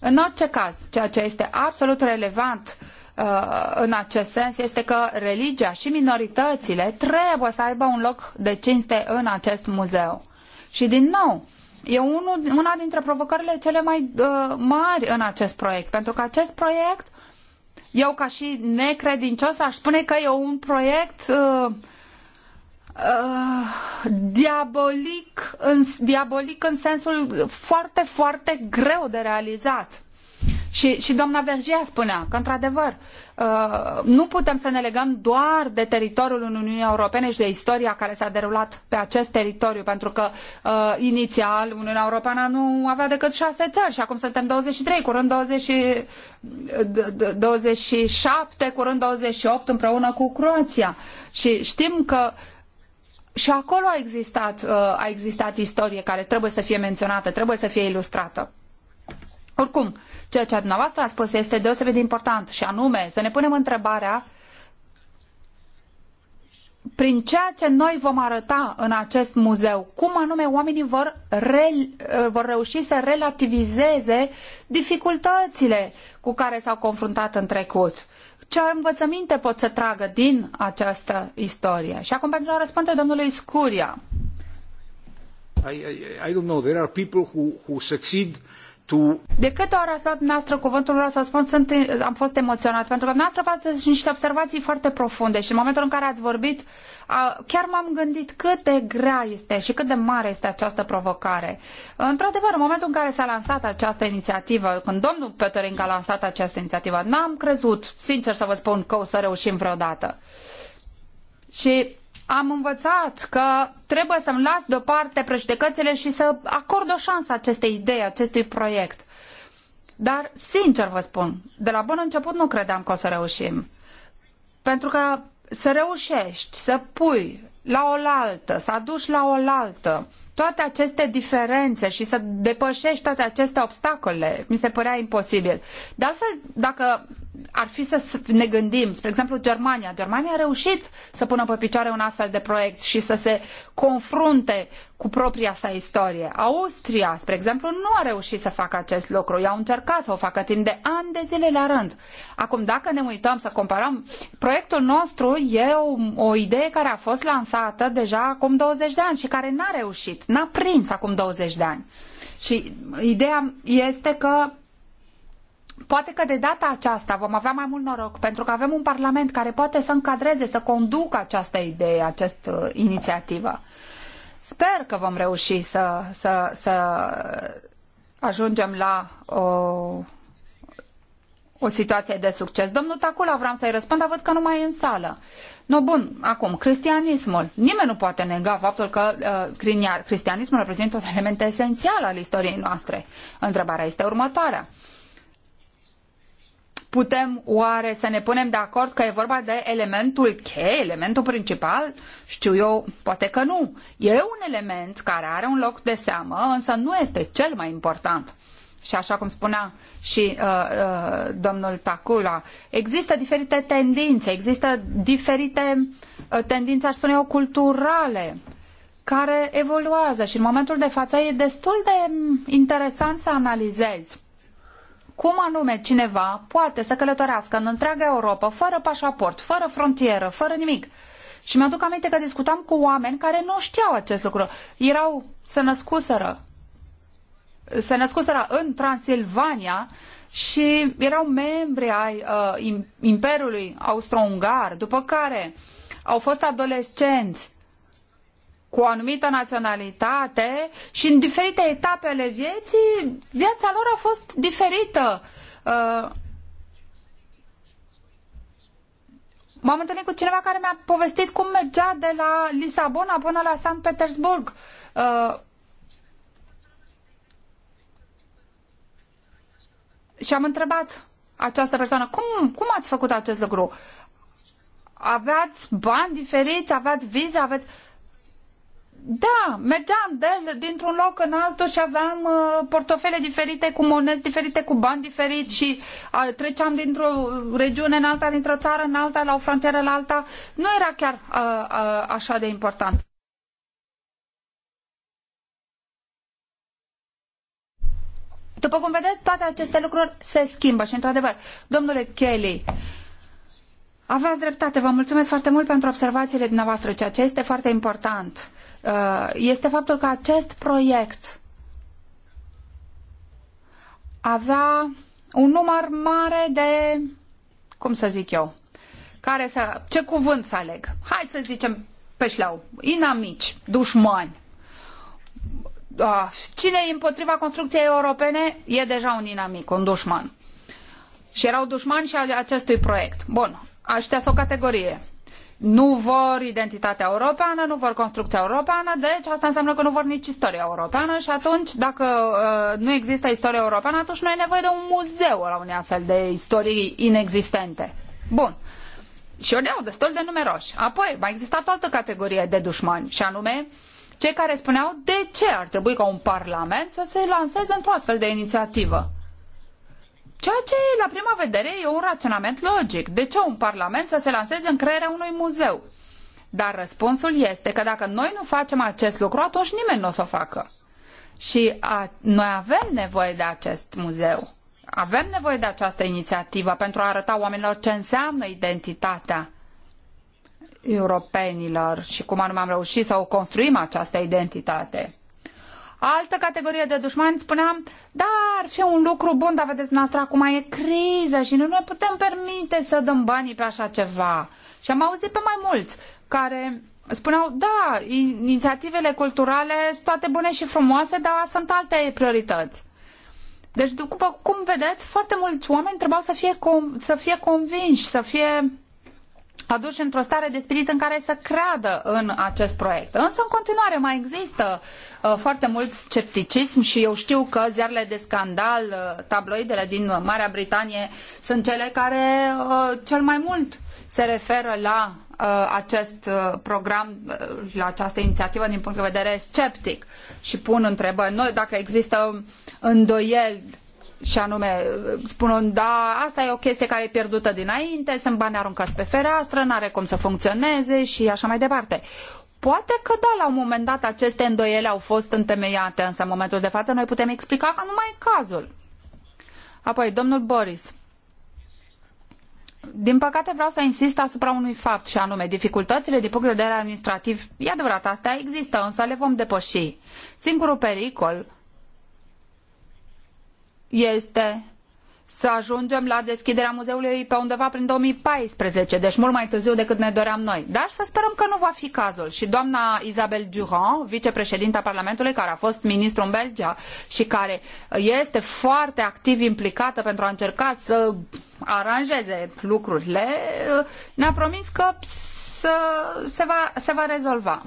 În orice caz, ceea ce este absolut relevant uh, în acest sens este că religia și minoritățile trebuie să aibă un loc de cinste în acest muzeu. Și din nou, e unul, una dintre provocările cele mai uh, mari în acest proiect, pentru că acest proiect, eu ca și necredincios aș spune că e un proiect uh, Uh, diabolic, în, diabolic în sensul foarte, foarte greu de realizat. Și, și doamna Vergia spunea că, într-adevăr, uh, nu putem să ne legăm doar de teritoriul Uniunii Europene și de istoria care s-a derulat pe acest teritoriu, pentru că, uh, inițial, Uniunea Europeană nu avea decât șase țări și acum suntem 23, curând 20, 27, curând 28 împreună cu Croația. Și știm că uh, și acolo a existat, uh, a existat istorie care trebuie să fie menționată, trebuie să fie ilustrată. Oricum, ceea ce dumneavoastră a spus este deosebit de important și anume să ne punem întrebarea prin ceea ce noi vom arăta în acest muzeu, cum anume oamenii vor, re, uh, vor reuși să relativizeze dificultățile cu care s-au confruntat în trecut ce învățăminte pot să tragă din această istorie? Și acum pentru a răspunde domnului Scuria. I, I, I don't know. There are people who, who succeed tu. De câte ori ați luat dumneavoastră cuvântul, vreau să spun, sunt, am fost emoționat, pentru că dumneavoastră faceți niște observații foarte profunde și în momentul în care ați vorbit, chiar m-am gândit cât de grea este și cât de mare este această provocare. Într-adevăr, în momentul în care s-a lansat această inițiativă, când domnul Petering a lansat această inițiativă, n-am crezut, sincer să vă spun, că o să reușim vreodată. Și am învățat că trebuie să-mi las deoparte prejudecățile și să acord o șansă acestei idei, acestui proiect. Dar, sincer vă spun, de la bun început nu credeam că o să reușim. Pentru că să reușești să pui la oaltă, să aduci la oaltă toate aceste diferențe și să depășești toate aceste obstacole. Mi se părea imposibil. De altfel, dacă ar fi să ne gândim, spre exemplu, Germania. Germania a reușit să pună pe picioare un astfel de proiect și să se confrunte cu propria sa istorie. Austria, spre exemplu, nu a reușit să facă acest lucru. I-au încercat să o facă timp de ani de zile la rând. Acum, dacă ne uităm să comparăm, proiectul nostru e o, o idee care a fost lansată deja acum 20 de ani și care n-a reușit n-a prins acum 20 de ani. Și ideea este că Poate că de data aceasta vom avea mai mult noroc, pentru că avem un parlament care poate să încadreze, să conducă această idee, această uh, inițiativă. Sper că vom reuși să, să, să ajungem la o uh, o situație de succes. Domnul Tacula, vreau să-i răspund, dar văd că nu mai e în sală. No, bun, acum, cristianismul, Nimeni nu poate nega faptul că uh, cristianismul reprezintă un element esențial al istoriei noastre. Întrebarea este următoarea. Putem oare să ne punem de acord că e vorba de elementul cheie, elementul principal? Știu eu, poate că nu. E un element care are un loc de seamă, însă nu este cel mai important. Uh, și așa cum spunea și uh, uh, domnul Tacula, există diferite tendințe, există diferite uh, tendințe, aș spune eu, culturale care evoluează și în momentul de față e destul de mm, interesant să analizezi cum anume cineva poate să călătorească în întreaga Europa fără pașaport, fără frontieră, fără nimic. Și mi-aduc aminte că discutam cu oameni care nu știau acest lucru. Erau, se născuseră se născuseră în Transilvania și erau membri ai uh, Imperiului Austro-Ungar, după care au fost adolescenți cu o anumită naționalitate și în diferite etape ale vieții, viața lor a fost diferită. Uh, M-am întâlnit cu cineva care mi-a povestit cum mergea de la Lisabona până la San Petersburg. Uh, și am întrebat această persoană, cum, cum ați făcut acest lucru? Aveați bani diferiți, aveați vize, aveți... Da, mergeam de, dintr-un loc în altul și aveam uh, portofele diferite, cu monezi diferite, cu bani diferiți și uh, treceam dintr-o regiune în alta, dintr-o țară în alta, la o frontieră la alta. Nu era chiar uh, uh, așa de important. După cum vedeți, toate aceste lucruri se schimbă și, într-adevăr, domnule Kelly, aveți dreptate. Vă mulțumesc foarte mult pentru observațiile dumneavoastră. Ceea ce este foarte important uh, este faptul că acest proiect avea un număr mare de, cum să zic eu, care să, ce cuvânt să aleg? Hai să zicem pe șleau, inamici, dușmani. Da. cine e împotriva construcției europene e deja un inamic, un dușman. Și erau dușmani și ale acestui proiect. Bun, aceștia sunt o categorie. Nu vor identitatea europeană, nu vor construcția europeană, deci asta înseamnă că nu vor nici istoria europeană și atunci, dacă uh, nu există istoria europeană, atunci nu e nevoie de un muzeu la unei astfel de istorii inexistente. Bun. Și erau destul de numeroși. Apoi, mai existat o altă categorie de dușmani, și anume uh, cei care spuneau de ce ar trebui ca un parlament să se lanseze într-o astfel de inițiativă. Ceea ce, la prima vedere, e un raționament logic. De ce un parlament să se lanseze în crearea unui muzeu? Dar răspunsul este că dacă noi nu facem acest lucru, atunci nimeni nu o să o facă. Și a, noi avem nevoie de acest muzeu. Avem nevoie de această inițiativă pentru a arăta oamenilor ce înseamnă identitatea europenilor și cum anume am reușit să o construim această identitate. Altă categorie de dușmani spuneam, da, ar fi un lucru bun, dar vedeți noastră, acum e criză și nu ne putem permite să dăm banii pe așa ceva. Și am auzit pe mai mulți care spuneau, da, inițiativele culturale sunt toate bune și frumoase, dar sunt alte priorități. Deci, după cum vedeți, foarte mulți oameni trebuiau să fie, com- să fie convinși, să fie aduși într-o stare de spirit în care să creadă în acest proiect. Însă, în continuare, mai există uh, foarte mult scepticism și eu știu că ziarele de scandal, uh, tabloidele din Marea Britanie sunt cele care uh, cel mai mult se referă la uh, acest uh, program, uh, la această inițiativă din punct de vedere sceptic și pun întrebări noi dacă există îndoieli și anume spunând, da, asta e o chestie care e pierdută dinainte, sunt bani aruncați pe fereastră, nu are cum să funcționeze și așa mai departe. Poate că da, la un moment dat aceste îndoiele au fost întemeiate, însă în momentul de față noi putem explica că nu mai e cazul. Apoi, domnul Boris. Din păcate vreau să insist asupra unui fapt și anume dificultățile din punct de vedere administrativ, e adevărat, astea există, însă le vom depăși. Singurul pericol este să ajungem la deschiderea muzeului pe undeva prin 2014, deci mult mai târziu decât ne doream noi. Dar să sperăm că nu va fi cazul. Și doamna Isabel Durand, vicepreședinta Parlamentului, care a fost ministru în Belgia și care este foarte activ implicată pentru a încerca să aranjeze lucrurile, ne-a promis că se va, se va rezolva.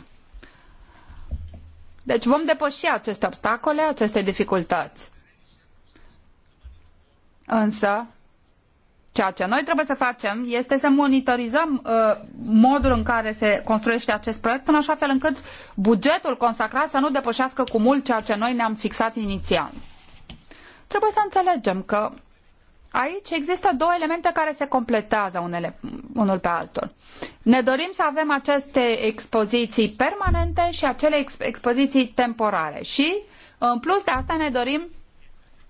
Deci vom depăși aceste obstacole, aceste dificultăți. Însă, ceea ce noi trebuie să facem este să monitorizăm uh, modul în care se construiește acest proiect, în așa fel încât bugetul consacrat să nu depășească cu mult ceea ce noi ne-am fixat inițial. Trebuie să înțelegem că aici există două elemente care se completează unele, unul pe altul. Ne dorim să avem aceste expoziții permanente și acele expoziții temporare și, în plus de asta, ne dorim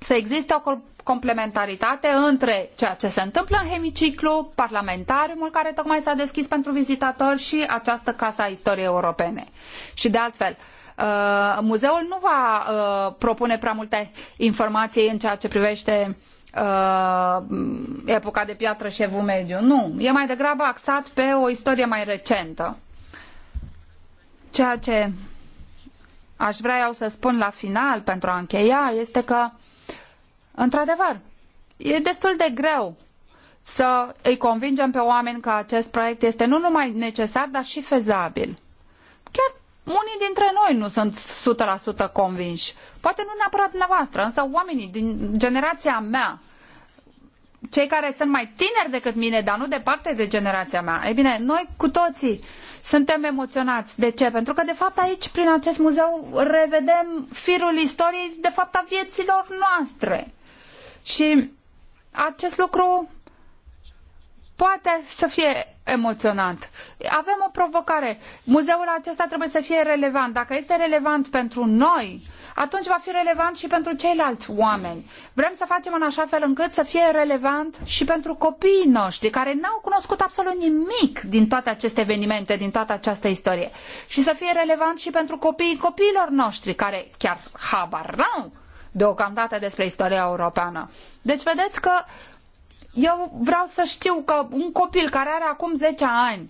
să existe o complementaritate între ceea ce se întâmplă în hemiciclu, parlamentarul care tocmai s-a deschis pentru vizitatori și această casă a Istoriei Europene. Și de altfel, uh, muzeul nu va uh, propune prea multe informații în ceea ce privește uh, epoca de piatră și evul mediu. Nu, e mai degrabă axat pe o istorie mai recentă. Ceea ce aș vrea eu să spun la final pentru a încheia este că uh, Într-adevăr, e destul de greu să îi convingem pe oameni că acest proiect este nu numai necesar, dar și fezabil. Chiar unii dintre noi nu sunt 100% convinși. Poate nu neapărat dumneavoastră, însă oamenii din generația mea, cei care sunt mai tineri decât mine, dar nu departe de generația mea, e bine, noi cu toții suntem emoționați. De ce? Pentru că, de fapt, aici, prin acest muzeu, revedem firul istoriei, de fapt, a vieților noastre. Și acest lucru poate să fie emoționant. Avem o provocare. Muzeul acesta trebuie să fie relevant. Dacă este relevant pentru noi, atunci va fi relevant și pentru ceilalți oameni. Vrem să facem în așa fel încât să fie relevant și pentru copiii noștri, care n-au cunoscut absolut nimic din toate aceste evenimente, din toată această istorie. Și să fie relevant și pentru copiii copiilor noștri, care chiar habar n-au deocamdată despre istoria europeană. Deci vedeți că eu vreau să știu că un copil care are acum 10 ani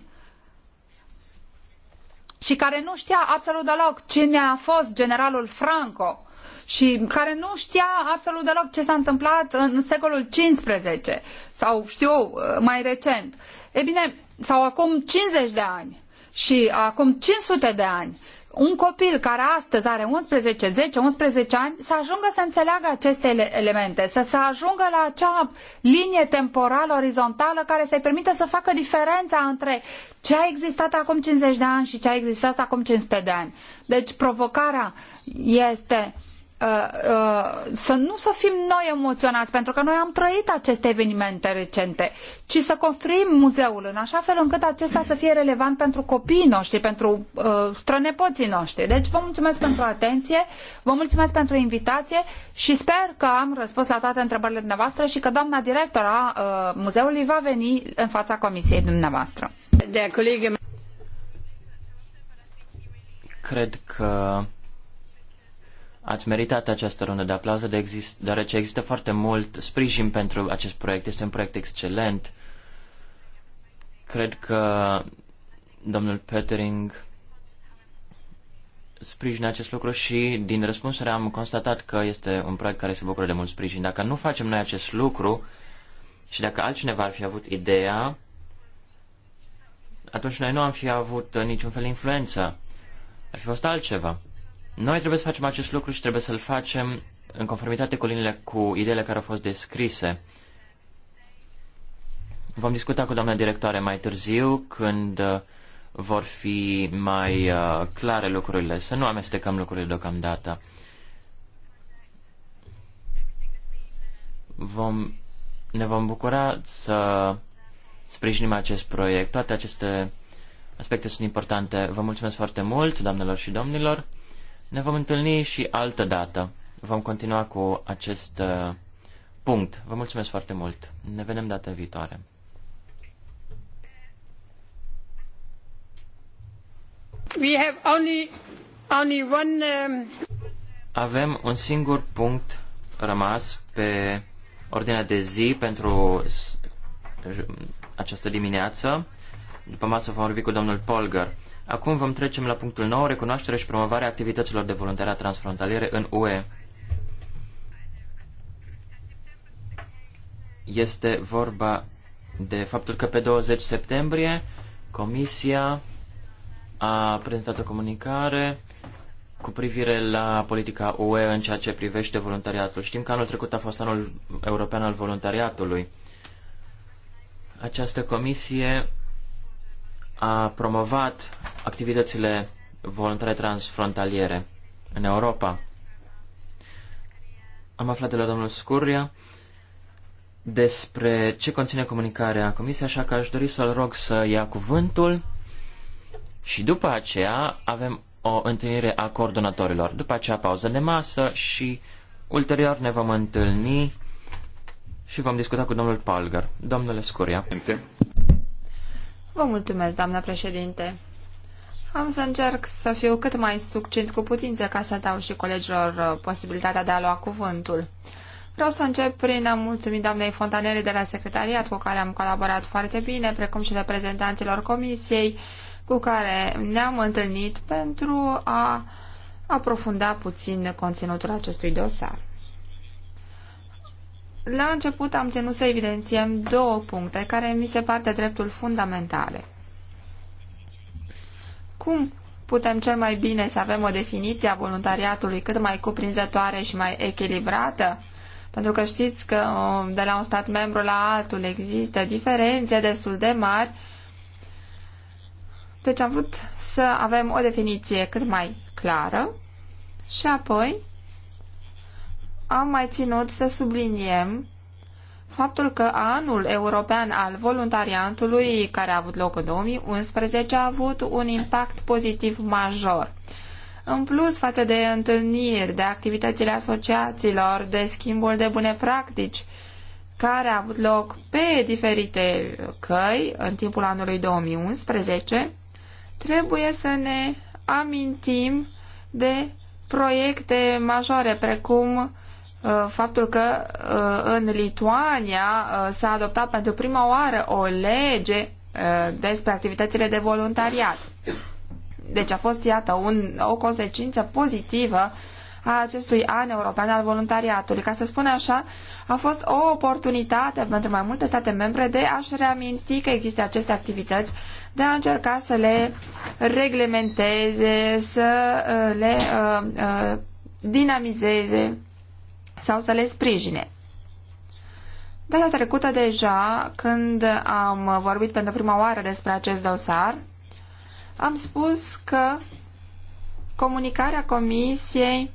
și care nu știa absolut deloc cine a fost generalul Franco și care nu știa absolut deloc ce s-a întâmplat în secolul 15 sau știu mai recent. E bine, sau acum 50 de ani și acum 500 de ani un copil care astăzi are 11, 10, 11 ani să ajungă să înțeleagă aceste elemente, să se ajungă la acea linie temporală, orizontală, care să-i permită să facă diferența între ce a existat acum 50 de ani și ce a existat acum 500 de ani. Deci provocarea este uh, Uh, uh, să nu să fim noi emoționați, pentru că noi am trăit aceste evenimente recente, ci să construim muzeul în așa fel încât acesta să fie relevant pentru copiii noștri, pentru uh, strănepoții noștri. Deci vă mulțumesc pentru atenție, vă mulțumesc pentru invitație și sper că am răspuns la toate întrebările dumneavoastră și că doamna director a uh, muzeului va veni în fața comisiei dumneavoastră. Cred că Ați meritat această rundă de aplauze, de exist, deoarece există foarte mult sprijin pentru acest proiect. Este un proiect excelent. Cred că domnul Petering sprijină acest lucru și din răspunsuri am constatat că este un proiect care se bucură de mult sprijin. Dacă nu facem noi acest lucru și dacă altcineva ar fi avut ideea, atunci noi nu am fi avut niciun fel de influență. Ar fi fost altceva. Noi trebuie să facem acest lucru și trebuie să-l facem în conformitate cu linile cu ideile care au fost descrise. Vom discuta cu doamna directoare mai târziu, când uh, vor fi mai uh, clare lucrurile, să nu amestecăm lucrurile deocamdată. Vom, ne vom bucura să sprijinim acest proiect. Toate aceste aspecte sunt importante. Vă mulțumesc foarte mult, doamnelor și domnilor. Ne vom întâlni și altă dată. Vom continua cu acest uh, punct. Vă mulțumesc foarte mult. Ne vedem data viitoare. We have only, only one, um... Avem un singur punct rămas pe ordinea de zi pentru această dimineață. După masă vom vorbi cu domnul Polgar. Acum vom trece la punctul 9, recunoașterea și promovarea activităților de voluntariat transfrontaliere în UE. Este vorba de faptul că pe 20 septembrie Comisia a prezentat o comunicare cu privire la politica UE în ceea ce privește voluntariatul. Știm că anul trecut a fost anul european al voluntariatului. Această comisie a promovat activitățile voluntare transfrontaliere în Europa. Am aflat de la domnul Scurria despre ce conține comunicarea Comisiei, așa că aș dori să-l rog să ia cuvântul și după aceea avem o întâlnire a coordonatorilor. După aceea pauză de masă și ulterior ne vom întâlni și vom discuta cu domnul Palgar. Domnule Scuria. Vă mulțumesc, doamnă președinte. Am să încerc să fiu cât mai succint cu putință ca să dau și colegilor uh, posibilitatea de a lua cuvântul. Vreau să încep prin a mulțumi doamnei Fontanele de la secretariat cu care am colaborat foarte bine, precum și reprezentanților comisiei cu care ne-am întâlnit pentru a aprofunda puțin conținutul acestui dosar. La început am cenut să evidențiem două puncte care mi se par de dreptul fundamentale. Cum putem cel mai bine să avem o definiție a voluntariatului cât mai cuprinzătoare și mai echilibrată? Pentru că știți că de la un stat membru la altul există diferențe destul de mari. Deci am vrut să avem o definiție cât mai clară și apoi am mai ținut să subliniem faptul că anul european al voluntariatului, care a avut loc în 2011, a avut un impact pozitiv major. În plus, față de întâlniri, de activitățile asociațiilor, de schimbul de bune practici, care a avut loc pe diferite căi în timpul anului 2011, trebuie să ne amintim de proiecte majore precum Uh, faptul că uh, în Lituania uh, s-a adoptat pentru prima oară o lege despre activitățile de voluntariat. Deci a fost, iată, un, o consecință pozitivă a acestui an european al voluntariatului. Ca să spun așa, a fost o oportunitate pentru mai multe state membre de a-și reaminti că există aceste activități, de a încerca să le reglementeze, să le uh, uh, dinamizeze sau să le sprijine. Data trecută deja, când am vorbit pentru prima oară despre acest dosar, am spus că comunicarea comisiei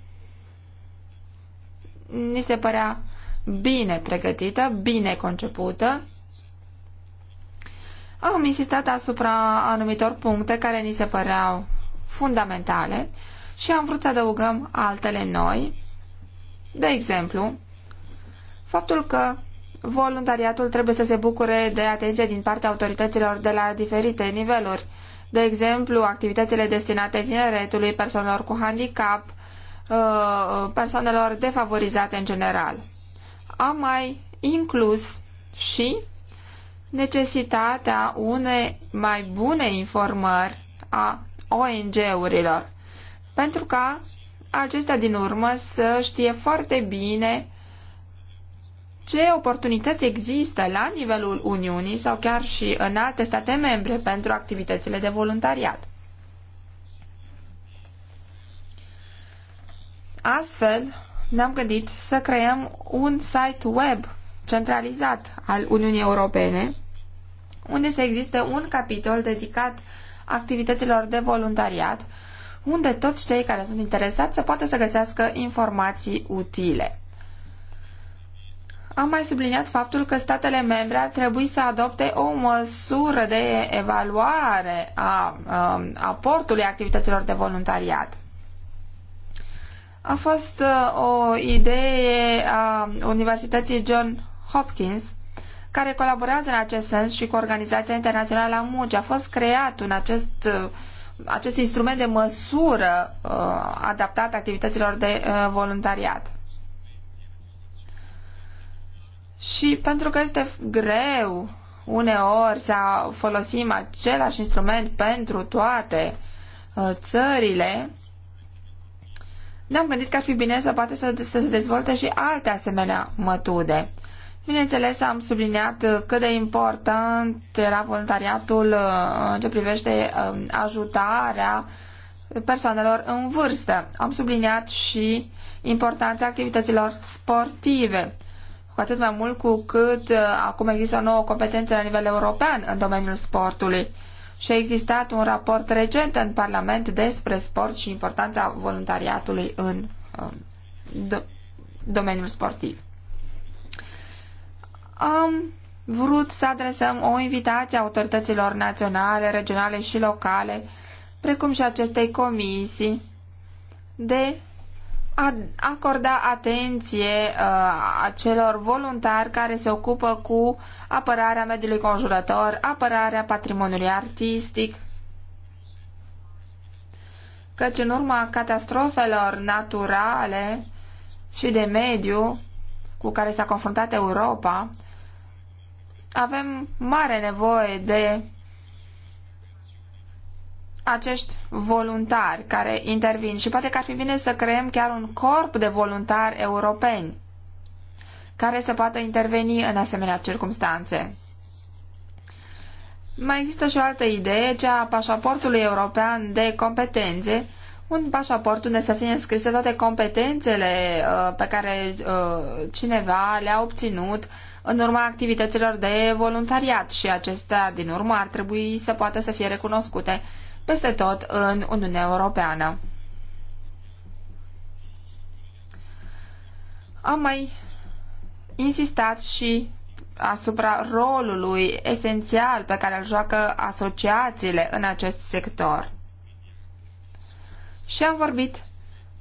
ni se părea bine pregătită, bine concepută. Am insistat asupra anumitor puncte care ni se păreau fundamentale și am vrut să adăugăm altele noi de exemplu, faptul că voluntariatul trebuie să se bucure de atenție din partea autorităților de la diferite niveluri, de exemplu, activitățile destinate tineretului, persoanelor cu handicap, uh, persoanelor defavorizate în general. Am mai inclus și necesitatea unei mai bune informări a ONG-urilor, pentru ca acestea din urmă să știe foarte bine ce oportunități există la nivelul Uniunii sau chiar și în alte state membre pentru activitățile de voluntariat. Astfel, ne-am gândit să creăm un site web centralizat al Uniunii Europene, unde să existe un capitol dedicat activităților de voluntariat unde toți cei care sunt interesați să poată să găsească informații utile. Am mai subliniat faptul că statele membre ar trebui să adopte o măsură de evaluare a, um, aportului activităților de voluntariat. A fost uh, o idee a Universității John Hopkins care colaborează în acest sens și cu Organizația Internațională a Muncii. A fost creat un acest uh, acest instrument de măsură uh, adaptat activităților de uh, voluntariat. Și pentru că este greu uneori să folosim același instrument pentru toate uh, țările, ne-am gândit că ar fi bine să poate să, să se dezvolte și alte asemenea mătude. Bineînțeles, am subliniat cât de important era voluntariatul uh, în ce privește um, ajutarea persoanelor în vârstă. Am subliniat și importanța activităților sportive, cu atât mai mult cu cât uh, acum există o nouă competență la nivel european în domeniul sportului. Și a existat un raport recent în Parlament despre sport și importanța voluntariatului în um, domeniul sportiv am vrut să adresăm o invitație autorităților naționale, regionale și locale, precum și acestei comisii, de a acorda atenție uh, acelor voluntari care se ocupă cu apărarea mediului conjurător, apărarea patrimoniului artistic, căci în urma catastrofelor naturale și de mediu cu care s-a confruntat Europa, avem mare nevoie de acești voluntari care intervin și poate că ar fi bine să creăm chiar un corp de voluntari europeni care să poată interveni în asemenea circunstanțe. Mai există și o altă idee, cea a pașaportului european de competențe, un pașaport unde să fie înscrise toate competențele uh, pe care uh, cineva le-a obținut în urma activităților de voluntariat și acestea din urmă ar trebui să poată să fie recunoscute peste tot în Uniunea Europeană. Am mai insistat și asupra rolului esențial pe care îl joacă asociațiile în acest sector și am vorbit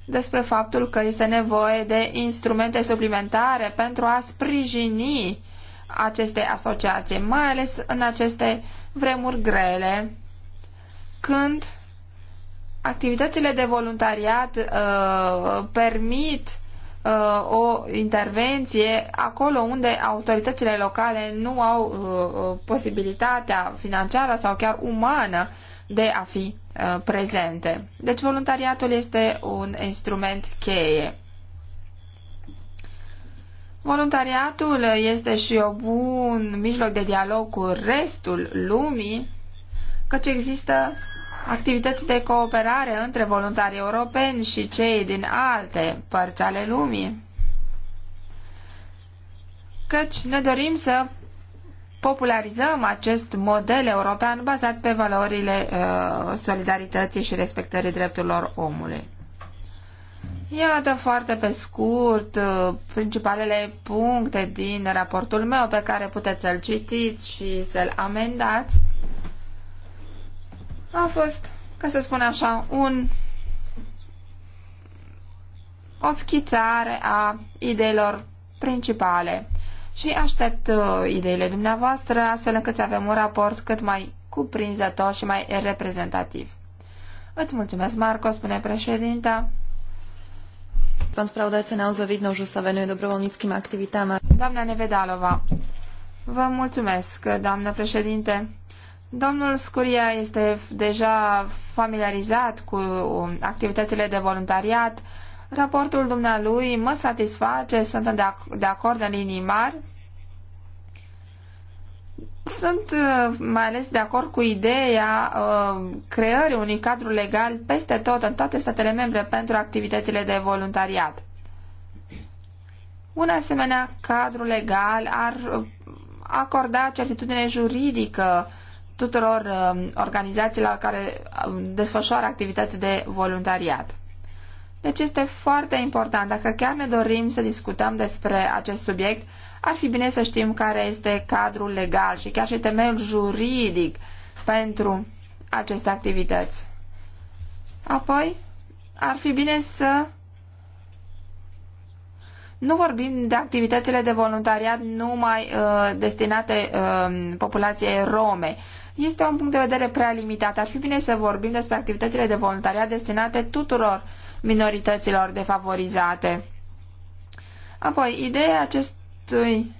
despre faptul că este nevoie de instrumente suplimentare pentru a sprijini aceste asociații, mai ales în aceste vremuri grele, când activitățile de voluntariat uh, permit uh, o intervenție acolo unde autoritățile locale nu au uh, uh posibilitatea financiară sau chiar umană de a fi Uh, prezente. Deci voluntariatul este un instrument cheie. Voluntariatul este și un bun mijloc de dialog cu restul lumii, căci există activități de cooperare între voluntari europeni și cei din alte părți ale lumii. Căci ne dorim să popularizăm acest model european bazat pe valorile uh, solidarității și respectării drepturilor omului. Iată foarte pe scurt uh, principalele puncte din raportul meu pe care puteți să-l citiți și să-l amendați. A fost, ca să spun așa, un o schițare a ideilor principale și aștept uh, ideile dumneavoastră astfel încât să avem un raport cât mai cuprinzător și mai reprezentativ. Îți mulțumesc, Marco, spune președinta. Pán spravodajca, naozaj vidno, že sa venuje dobrovoľníckým aktivitám. Doamna Nevedalova, vă mulțumesc, doamnă președinte. Domnul Scuria este deja familiarizat cu um, activitățile de voluntariat. Raportul dumnealui mă satisface, sunt de, ac- de acord în linii mari sunt uh, mai ales de acord cu ideea uh, creării unui cadru legal peste tot, în toate statele membre, pentru activitățile de voluntariat. Un asemenea cadru legal ar uh, acorda certitudine juridică tuturor uh, organizațiilor care uh, desfășoară activități de voluntariat. Deci este foarte important. Dacă chiar ne dorim să discutăm despre acest subiect, ar fi bine să știm care este cadrul legal și chiar și temeiul juridic pentru aceste activități. Apoi, ar fi bine să nu vorbim de activitățile de voluntariat numai uh, destinate uh, populației rome. Este un punct de vedere prea limitat. Ar fi bine să vorbim despre activitățile de voluntariat destinate tuturor uh, minorităților defavorizate. Apoi, ideea acestui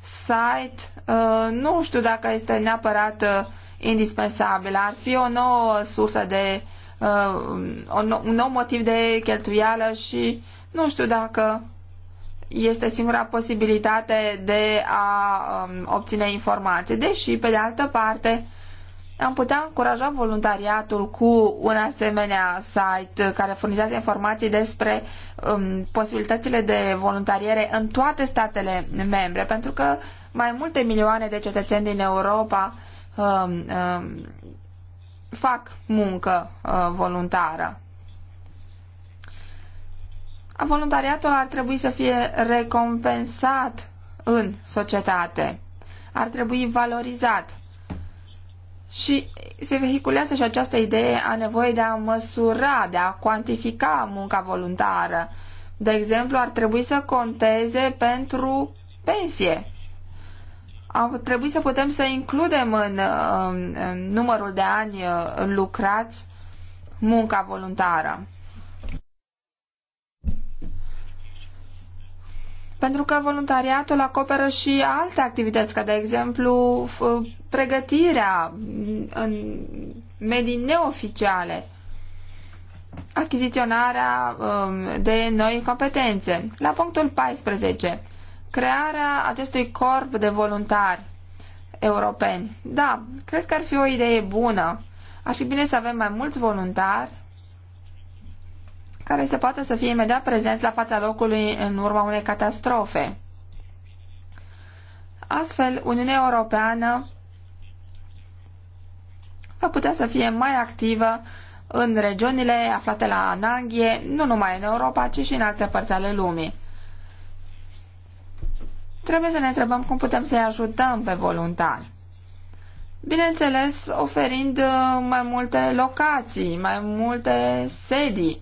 site, uh, nu știu dacă este neapărat uh, indispensabil Ar fi o nouă sursă de uh, un nou motiv de cheltuială și nu știu dacă este singura posibilitate de a um, obține informații. Deși, pe de altă parte, am putea încuraja voluntariatul cu un asemenea site care furnizează informații despre um, posibilitățile de voluntariere în toate statele membre, pentru că mai multe milioane de cetățeni din Europa um, um, fac muncă uh, voluntară. Voluntariatul ar trebui să fie recompensat în societate, ar trebui valorizat și se vehiculează și această idee a nevoie de a măsura, de a cuantifica munca voluntară. De exemplu, ar trebui să conteze pentru pensie. Ar trebui să putem să includem în, în numărul de ani uh, lucrați munca voluntară. pentru că voluntariatul acoperă și alte activități, ca de exemplu uh, pregătirea în medii neoficiale, achiziționarea um, de noi competențe. La punctul 14, crearea acestui corp de voluntari europeni. Da, cred că ar fi o idee bună. Ar fi bine să avem mai mulți voluntari care se poată să fie imediat prezenți la fața locului în urma unei catastrofe. Astfel, Uniunea Europeană va putea să fie mai activă în regiunile aflate la ananghie, nu numai în Europa, ci și în alte părți ale lumii. Trebuie să ne întrebăm cum putem să-i ajutăm pe voluntari. Bineînțeles, oferind uh, mai multe locații, mai multe sedii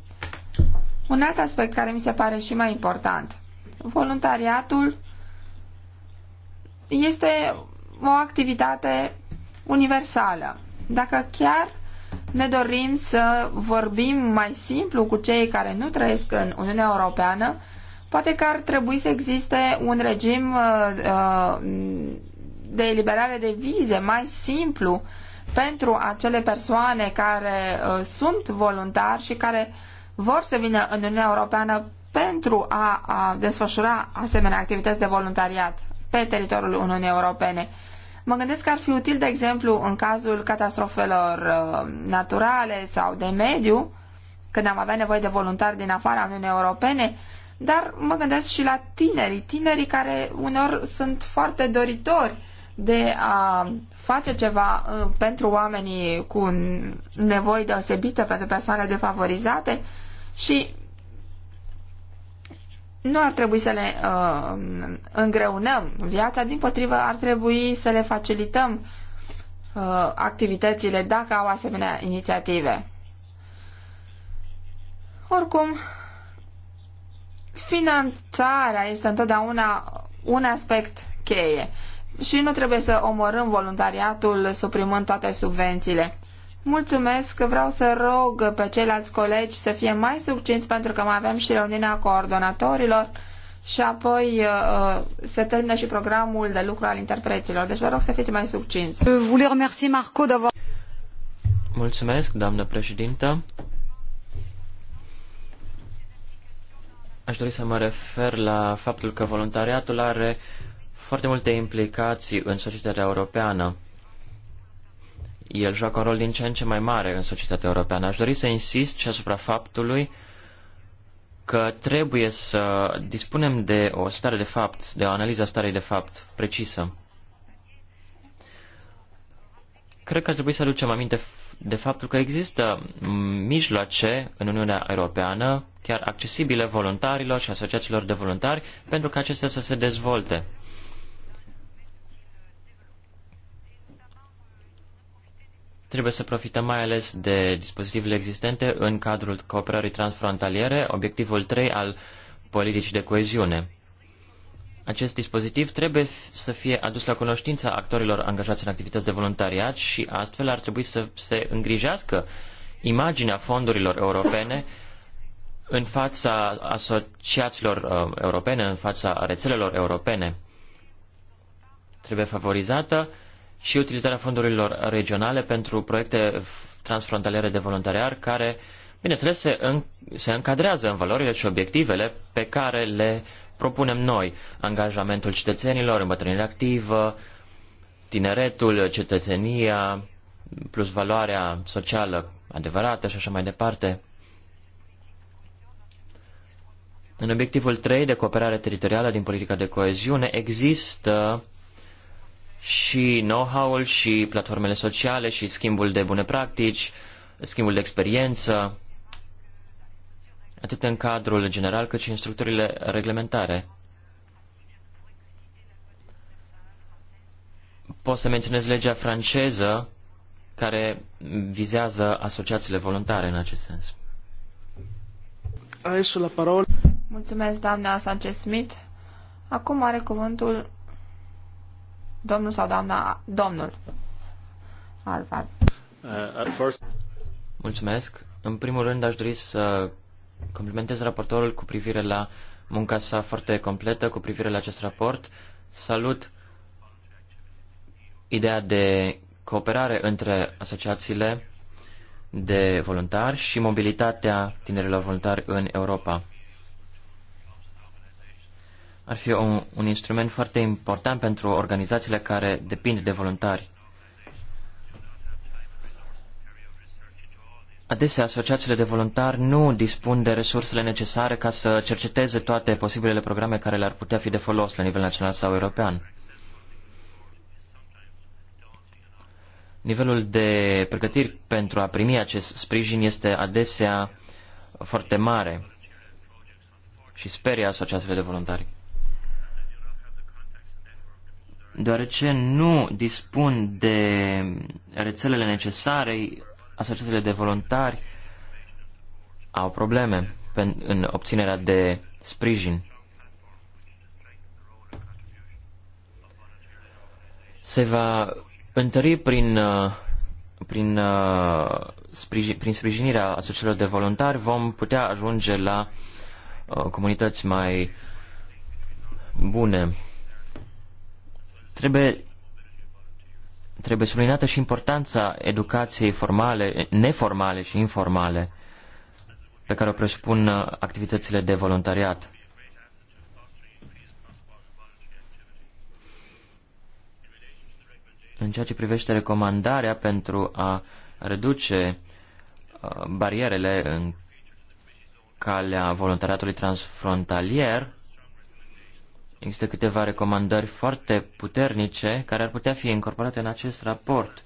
un alt aspect care mi se pare și mai important. Voluntariatul este o activitate universală. Dacă chiar ne dorim să vorbim mai simplu cu cei care nu trăiesc în Uniunea Europeană, poate că ar trebui să existe un regim uh, uh, de eliberare de vize mai simplu pentru acele persoane care uh, sunt voluntari și care vor să vină în Uniunea Europeană pentru a, a desfășura asemenea activități de voluntariat pe teritoriul Uniunii Europene. Mă gândesc că ar fi util, de exemplu, în cazul catastrofelor uh, naturale sau de mediu, când am avea nevoie de voluntari din afara Uniunii Europene, dar mă gândesc și la tinerii, tinerii care uneori sunt foarte doritori de a face ceva uh, pentru oamenii cu nevoi deosebite, pentru persoane defavorizate și nu ar trebui să le uh, îngreunăm viața, din potrivă ar trebui să le facilităm uh, activitățile dacă au asemenea inițiative. Oricum, finanțarea este întotdeauna un aspect cheie și nu trebuie să omorâm voluntariatul suprimând toate subvențiile. Mulțumesc, vreau să rog pe ceilalți colegi să fie mai succinți pentru că mai avem și reuniunea coordonatorilor și apoi uh, uh se termină și programul de lucru al interpreților. Deci vă rog să fiți mai succinți. Mulțumesc, doamnă președintă. Aș dori să mă refer la faptul că voluntariatul are foarte multe implicații în societatea europeană. El joacă un rol din ce în ce mai mare în societatea europeană. Aș dori să insist și asupra faptului că trebuie să dispunem de o stare de fapt, de o analiză a starei de fapt precisă. Cred că ar trebui să aducem aminte de faptul că există mijloace în Uniunea Europeană, chiar accesibile voluntarilor și asociațiilor de voluntari, pentru ca acestea să se dezvolte. Trebuie să profităm mai ales de dispozitivele existente în cadrul cooperării transfrontaliere, obiectivul 3 al politicii de coeziune. Acest dispozitiv trebuie să fie adus la cunoștința actorilor angajați în activități de voluntariat și astfel ar trebui să se îngrijească imaginea fondurilor europene în fața asociațiilor uh, europene, în fața rețelelor europene. Trebuie favorizată și utilizarea fondurilor regionale pentru proiecte transfrontaliere de voluntariat, care, bineînțeles, se, în, se încadrează în valorile și obiectivele pe care le propunem noi. Angajamentul cetățenilor, îmbătrânirea activă, tineretul, cetățenia, plus valoarea socială adevărată și așa mai departe. În obiectivul 3 de cooperare teritorială din politica de coeziune există și know-how-ul și platformele sociale și schimbul de bune practici, schimbul de experiență, atât în cadrul general cât și în structurile reglementare. Pot să menționez legea franceză care vizează asociațiile voluntare în acest sens. Adesso la parola. Mulțumesc, doamna Sanchez-Smith. Acum are cuvântul Domnul sau doamna, domnul Alvar. Uh, Mulțumesc. În primul rând aș dori să complimentez raportorul cu privire la munca sa foarte completă cu privire la acest raport. Salut ideea de cooperare între asociațiile de voluntari și mobilitatea tinerilor voluntari în Europa ar fi un, un instrument foarte important pentru organizațiile care depind de voluntari. Adesea, asociațiile de voluntari nu dispun de resursele necesare ca să cerceteze toate posibilele programe care le-ar putea fi de folos la nivel național sau european. Nivelul de pregătiri pentru a primi acest sprijin este adesea foarte mare și sperie asociațiile de voluntari. Deoarece nu dispun de rețelele necesare, asociațiile de voluntari au probleme în obținerea de sprijin. Se va întări prin, uh, prin, uh, prin sprijinirea asociațiilor de voluntari, vom putea ajunge la uh, comunități mai bune. Trebuie, trebuie subliniată și importanța educației formale, neformale și informale pe care o presupun activitățile de voluntariat. În ceea ce privește recomandarea pentru a reduce uh, barierele în calea voluntariatului transfrontalier, Există câteva recomandări foarte puternice care ar putea fi incorporate în acest raport.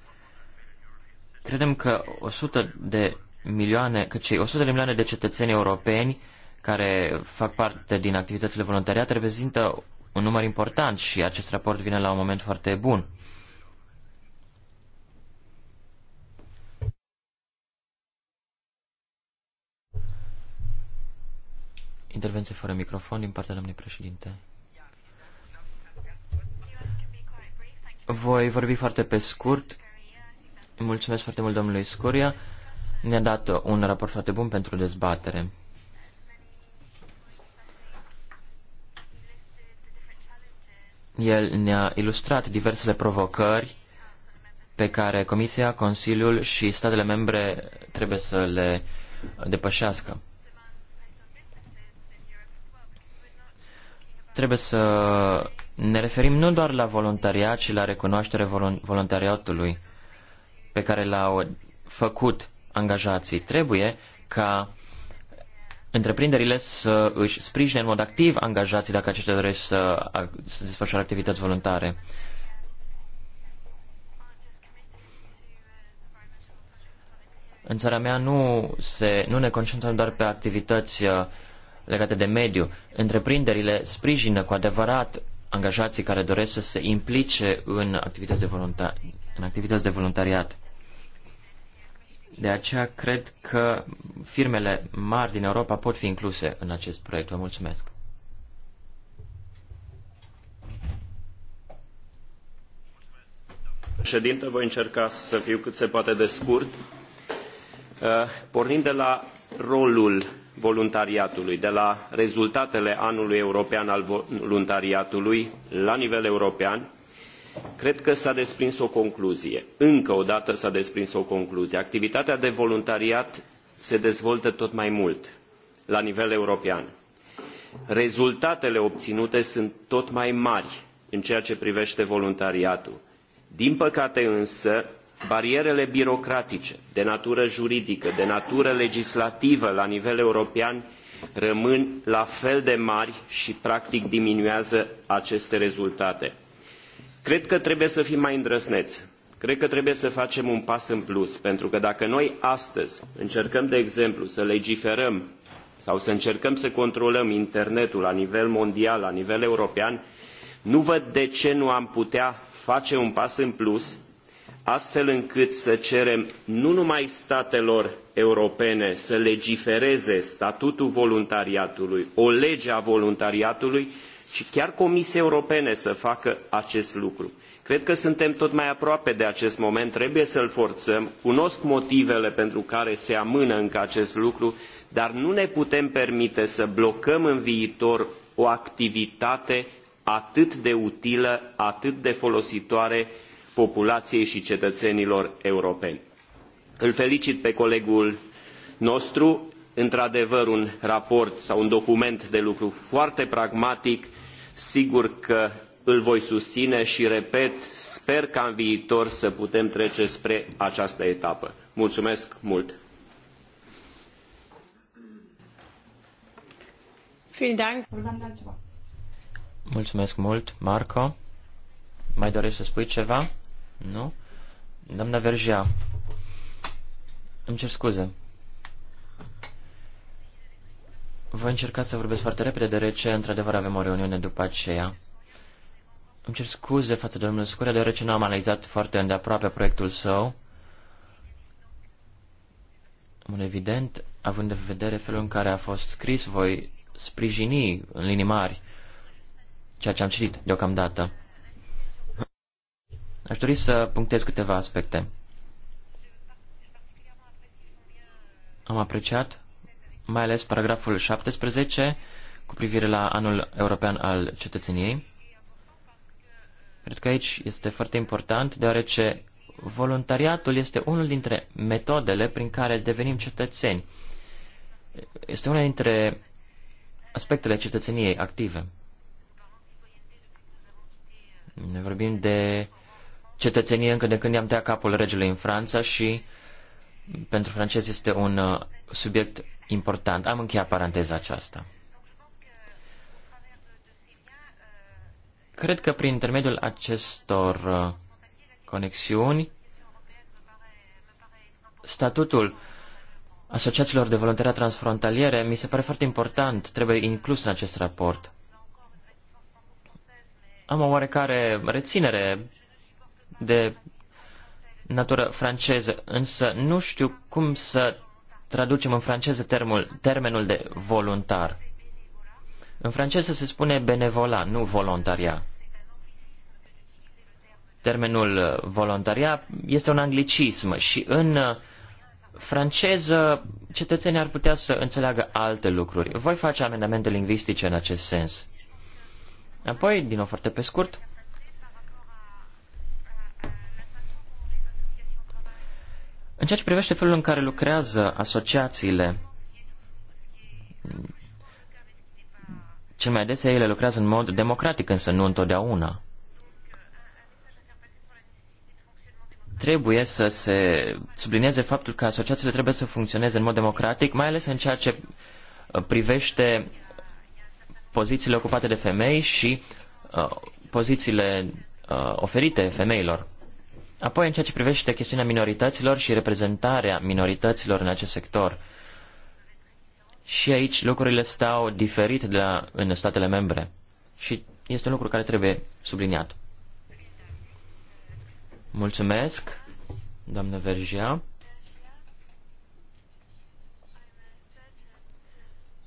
Credem că 100 de milioane, că cei 100 de milioane de cetățeni europeni care fac parte din activitățile voluntariate reprezintă un număr important și acest raport vine la un moment foarte bun. Intervenție fără microfon din partea domnului președinte. Voi vorbi foarte pe scurt. Mulțumesc foarte mult domnului Scuria. Ne-a dat un raport foarte bun pentru dezbatere. El ne-a ilustrat diversele provocări pe care Comisia, Consiliul și statele membre trebuie să le depășească. Trebuie să ne referim nu doar la voluntariat și la recunoașterea voluntariatului pe care l-au făcut angajații. Trebuie ca întreprinderile să își sprijine în mod activ angajații dacă aceștia doresc să, să desfășoare activități voluntare. În țara mea nu, se, nu ne concentrăm doar pe activități uh, legate de mediu. Întreprinderile sprijină cu adevărat angajații care doresc să se implice în activități de, voluntari, în activități de voluntariat. De aceea cred că firmele mari din Europa pot fi incluse în acest proiect. Vă mulțumesc! președinte, voi încerca să fiu cât se poate de scurt. Uh, pornind de la rolul voluntariatului, de la rezultatele anului european al voluntariatului la nivel european, cred că s-a desprins o concluzie. Încă o dată s-a desprins o concluzie. Activitatea de voluntariat se dezvoltă tot mai mult la nivel european. Rezultatele obținute sunt tot mai mari în ceea ce privește voluntariatul. Din păcate însă, barierele birocratice de natură juridică, de natură legislativă la nivel european rămân la fel de mari și practic diminuează aceste rezultate. Cred că trebuie să fim mai îndrăsneți. Cred că trebuie să facem un pas în plus, pentru că dacă noi astăzi încercăm, de exemplu, să legiferăm sau să încercăm să controlăm internetul la nivel mondial, la nivel european, nu văd de ce nu am putea face un pas în plus astfel încât să cerem nu numai statelor europene să legifereze statutul voluntariatului, o lege a voluntariatului, ci chiar Comisiei Europene să facă acest lucru. Cred că suntem tot mai aproape de acest moment, trebuie să-l forțăm, cunosc motivele pentru care se amână încă acest lucru, dar nu ne putem permite să blocăm în viitor o activitate atât de utilă, atât de folositoare populației și cetățenilor europeni. Îl felicit pe colegul nostru, într-adevăr un raport sau un document de lucru foarte pragmatic, sigur că îl voi susține și repet, sper ca în viitor să putem trece spre această etapă. Mulțumesc mult! Mulțumesc mult, Marco. Mai dorești să spui ceva? Nu? Doamna Vergea, îmi cer scuze. Voi încerca să vorbesc foarte repede, deoarece, într-adevăr, avem o reuniune după aceea. Îmi cer scuze față de domnul Scurea, deoarece nu am analizat foarte îndeaproape proiectul său. În evident, având în vedere felul în care a fost scris, voi sprijini în linii mari ceea ce am citit deocamdată. Aș dori să punctez câteva aspecte. Am apreciat mai ales paragraful 17 cu privire la anul european al cetățeniei. Cred că aici este foarte important, deoarece voluntariatul este unul dintre metodele prin care devenim cetățeni. Este unul dintre aspectele cetățeniei active. Ne vorbim de cetățenie încă de când i-am tăiat capul regelui în Franța și pentru francez este un uh, subiect important. Am încheiat paranteza aceasta. Cred că prin intermediul acestor uh, conexiuni, statutul asociațiilor de voluntariat transfrontaliere mi se pare foarte important, trebuie inclus în acest raport. Am o oarecare reținere de natură franceză, însă nu știu cum să traducem în franceză termul, termenul de voluntar. În franceză se spune benevola, nu voluntaria. Termenul uh, voluntaria este un anglicism și în uh, franceză cetățenii ar putea să înțeleagă alte lucruri. Voi face amendamente lingvistice în acest sens. Apoi, din o foarte pe scurt, În ceea ce privește felul în care lucrează asociațiile, cel mai adesea ele lucrează în mod democratic, însă nu întotdeauna. Trebuie să se sublinieze faptul că asociațiile trebuie să funcționeze în mod democratic, mai ales în ceea ce uh, privește pozițiile ocupate de femei și uh, pozițiile uh, oferite femeilor. Apoi, în ceea ce privește chestiunea minorităților și reprezentarea minorităților în acest sector, și aici lucrurile stau diferit de la, în statele membre. Și este un lucru care trebuie subliniat. Mulțumesc, doamnă Vergea.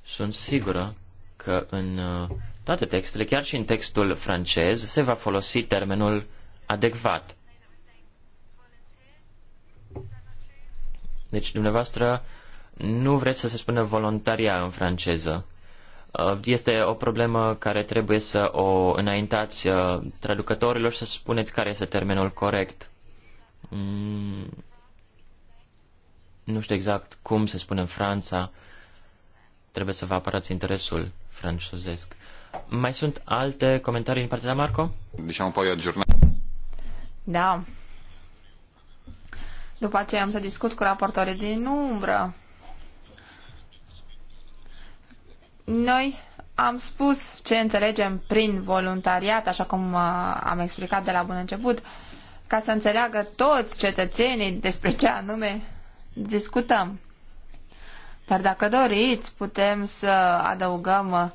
Sunt sigură că în uh, toate textele, chiar și în textul francez, se va folosi termenul adecvat. Deci, dumneavoastră, nu vreți să se spună voluntaria în franceză. Uh, este o problemă care trebuie să o înaintați uh, traducătorilor și să spuneți care este termenul corect. Mm, nu știu exact cum se spune în Franța. Trebuie să vă apărați interesul francezesc. Mai sunt alte comentarii din partea de Marco? Diciamo poi Da, după aceea am să discut cu raportorii din umbră. Noi am spus ce înțelegem prin voluntariat, așa cum uh, am explicat de la bun început, ca să înțeleagă toți cetățenii despre ce anume discutăm. Dar dacă doriți, putem să adăugăm uh,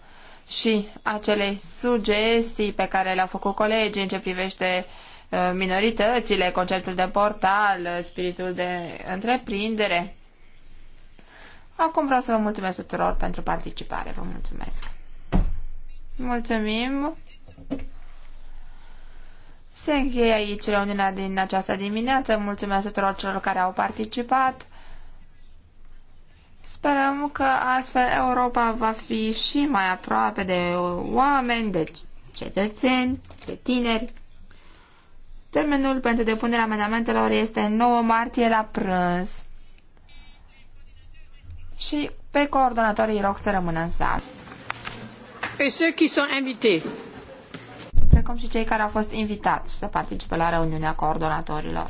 și acele sugestii pe care le-au făcut colegii în ce privește uh, Uh, minoritățile, conceptul de portal, uh, spiritul de întreprindere. Acum vreau să vă mulțumesc tuturor pentru participare. Vă mulțumesc. Mulțumim. Se încheie aici reuniunea din această dimineață. Mulțumesc tuturor celor care au participat. Sperăm că astfel Europa va fi și mai aproape de oameni, de cetățeni, de tineri. Termenul pentru depunerea amendamentelor este 9 martie la prânz. Și pe coordonatorii rog să rămână în sală. Pe cei care sunt invitați, Precum și cei care au fost invitați să participe la reuniunea coordonatorilor.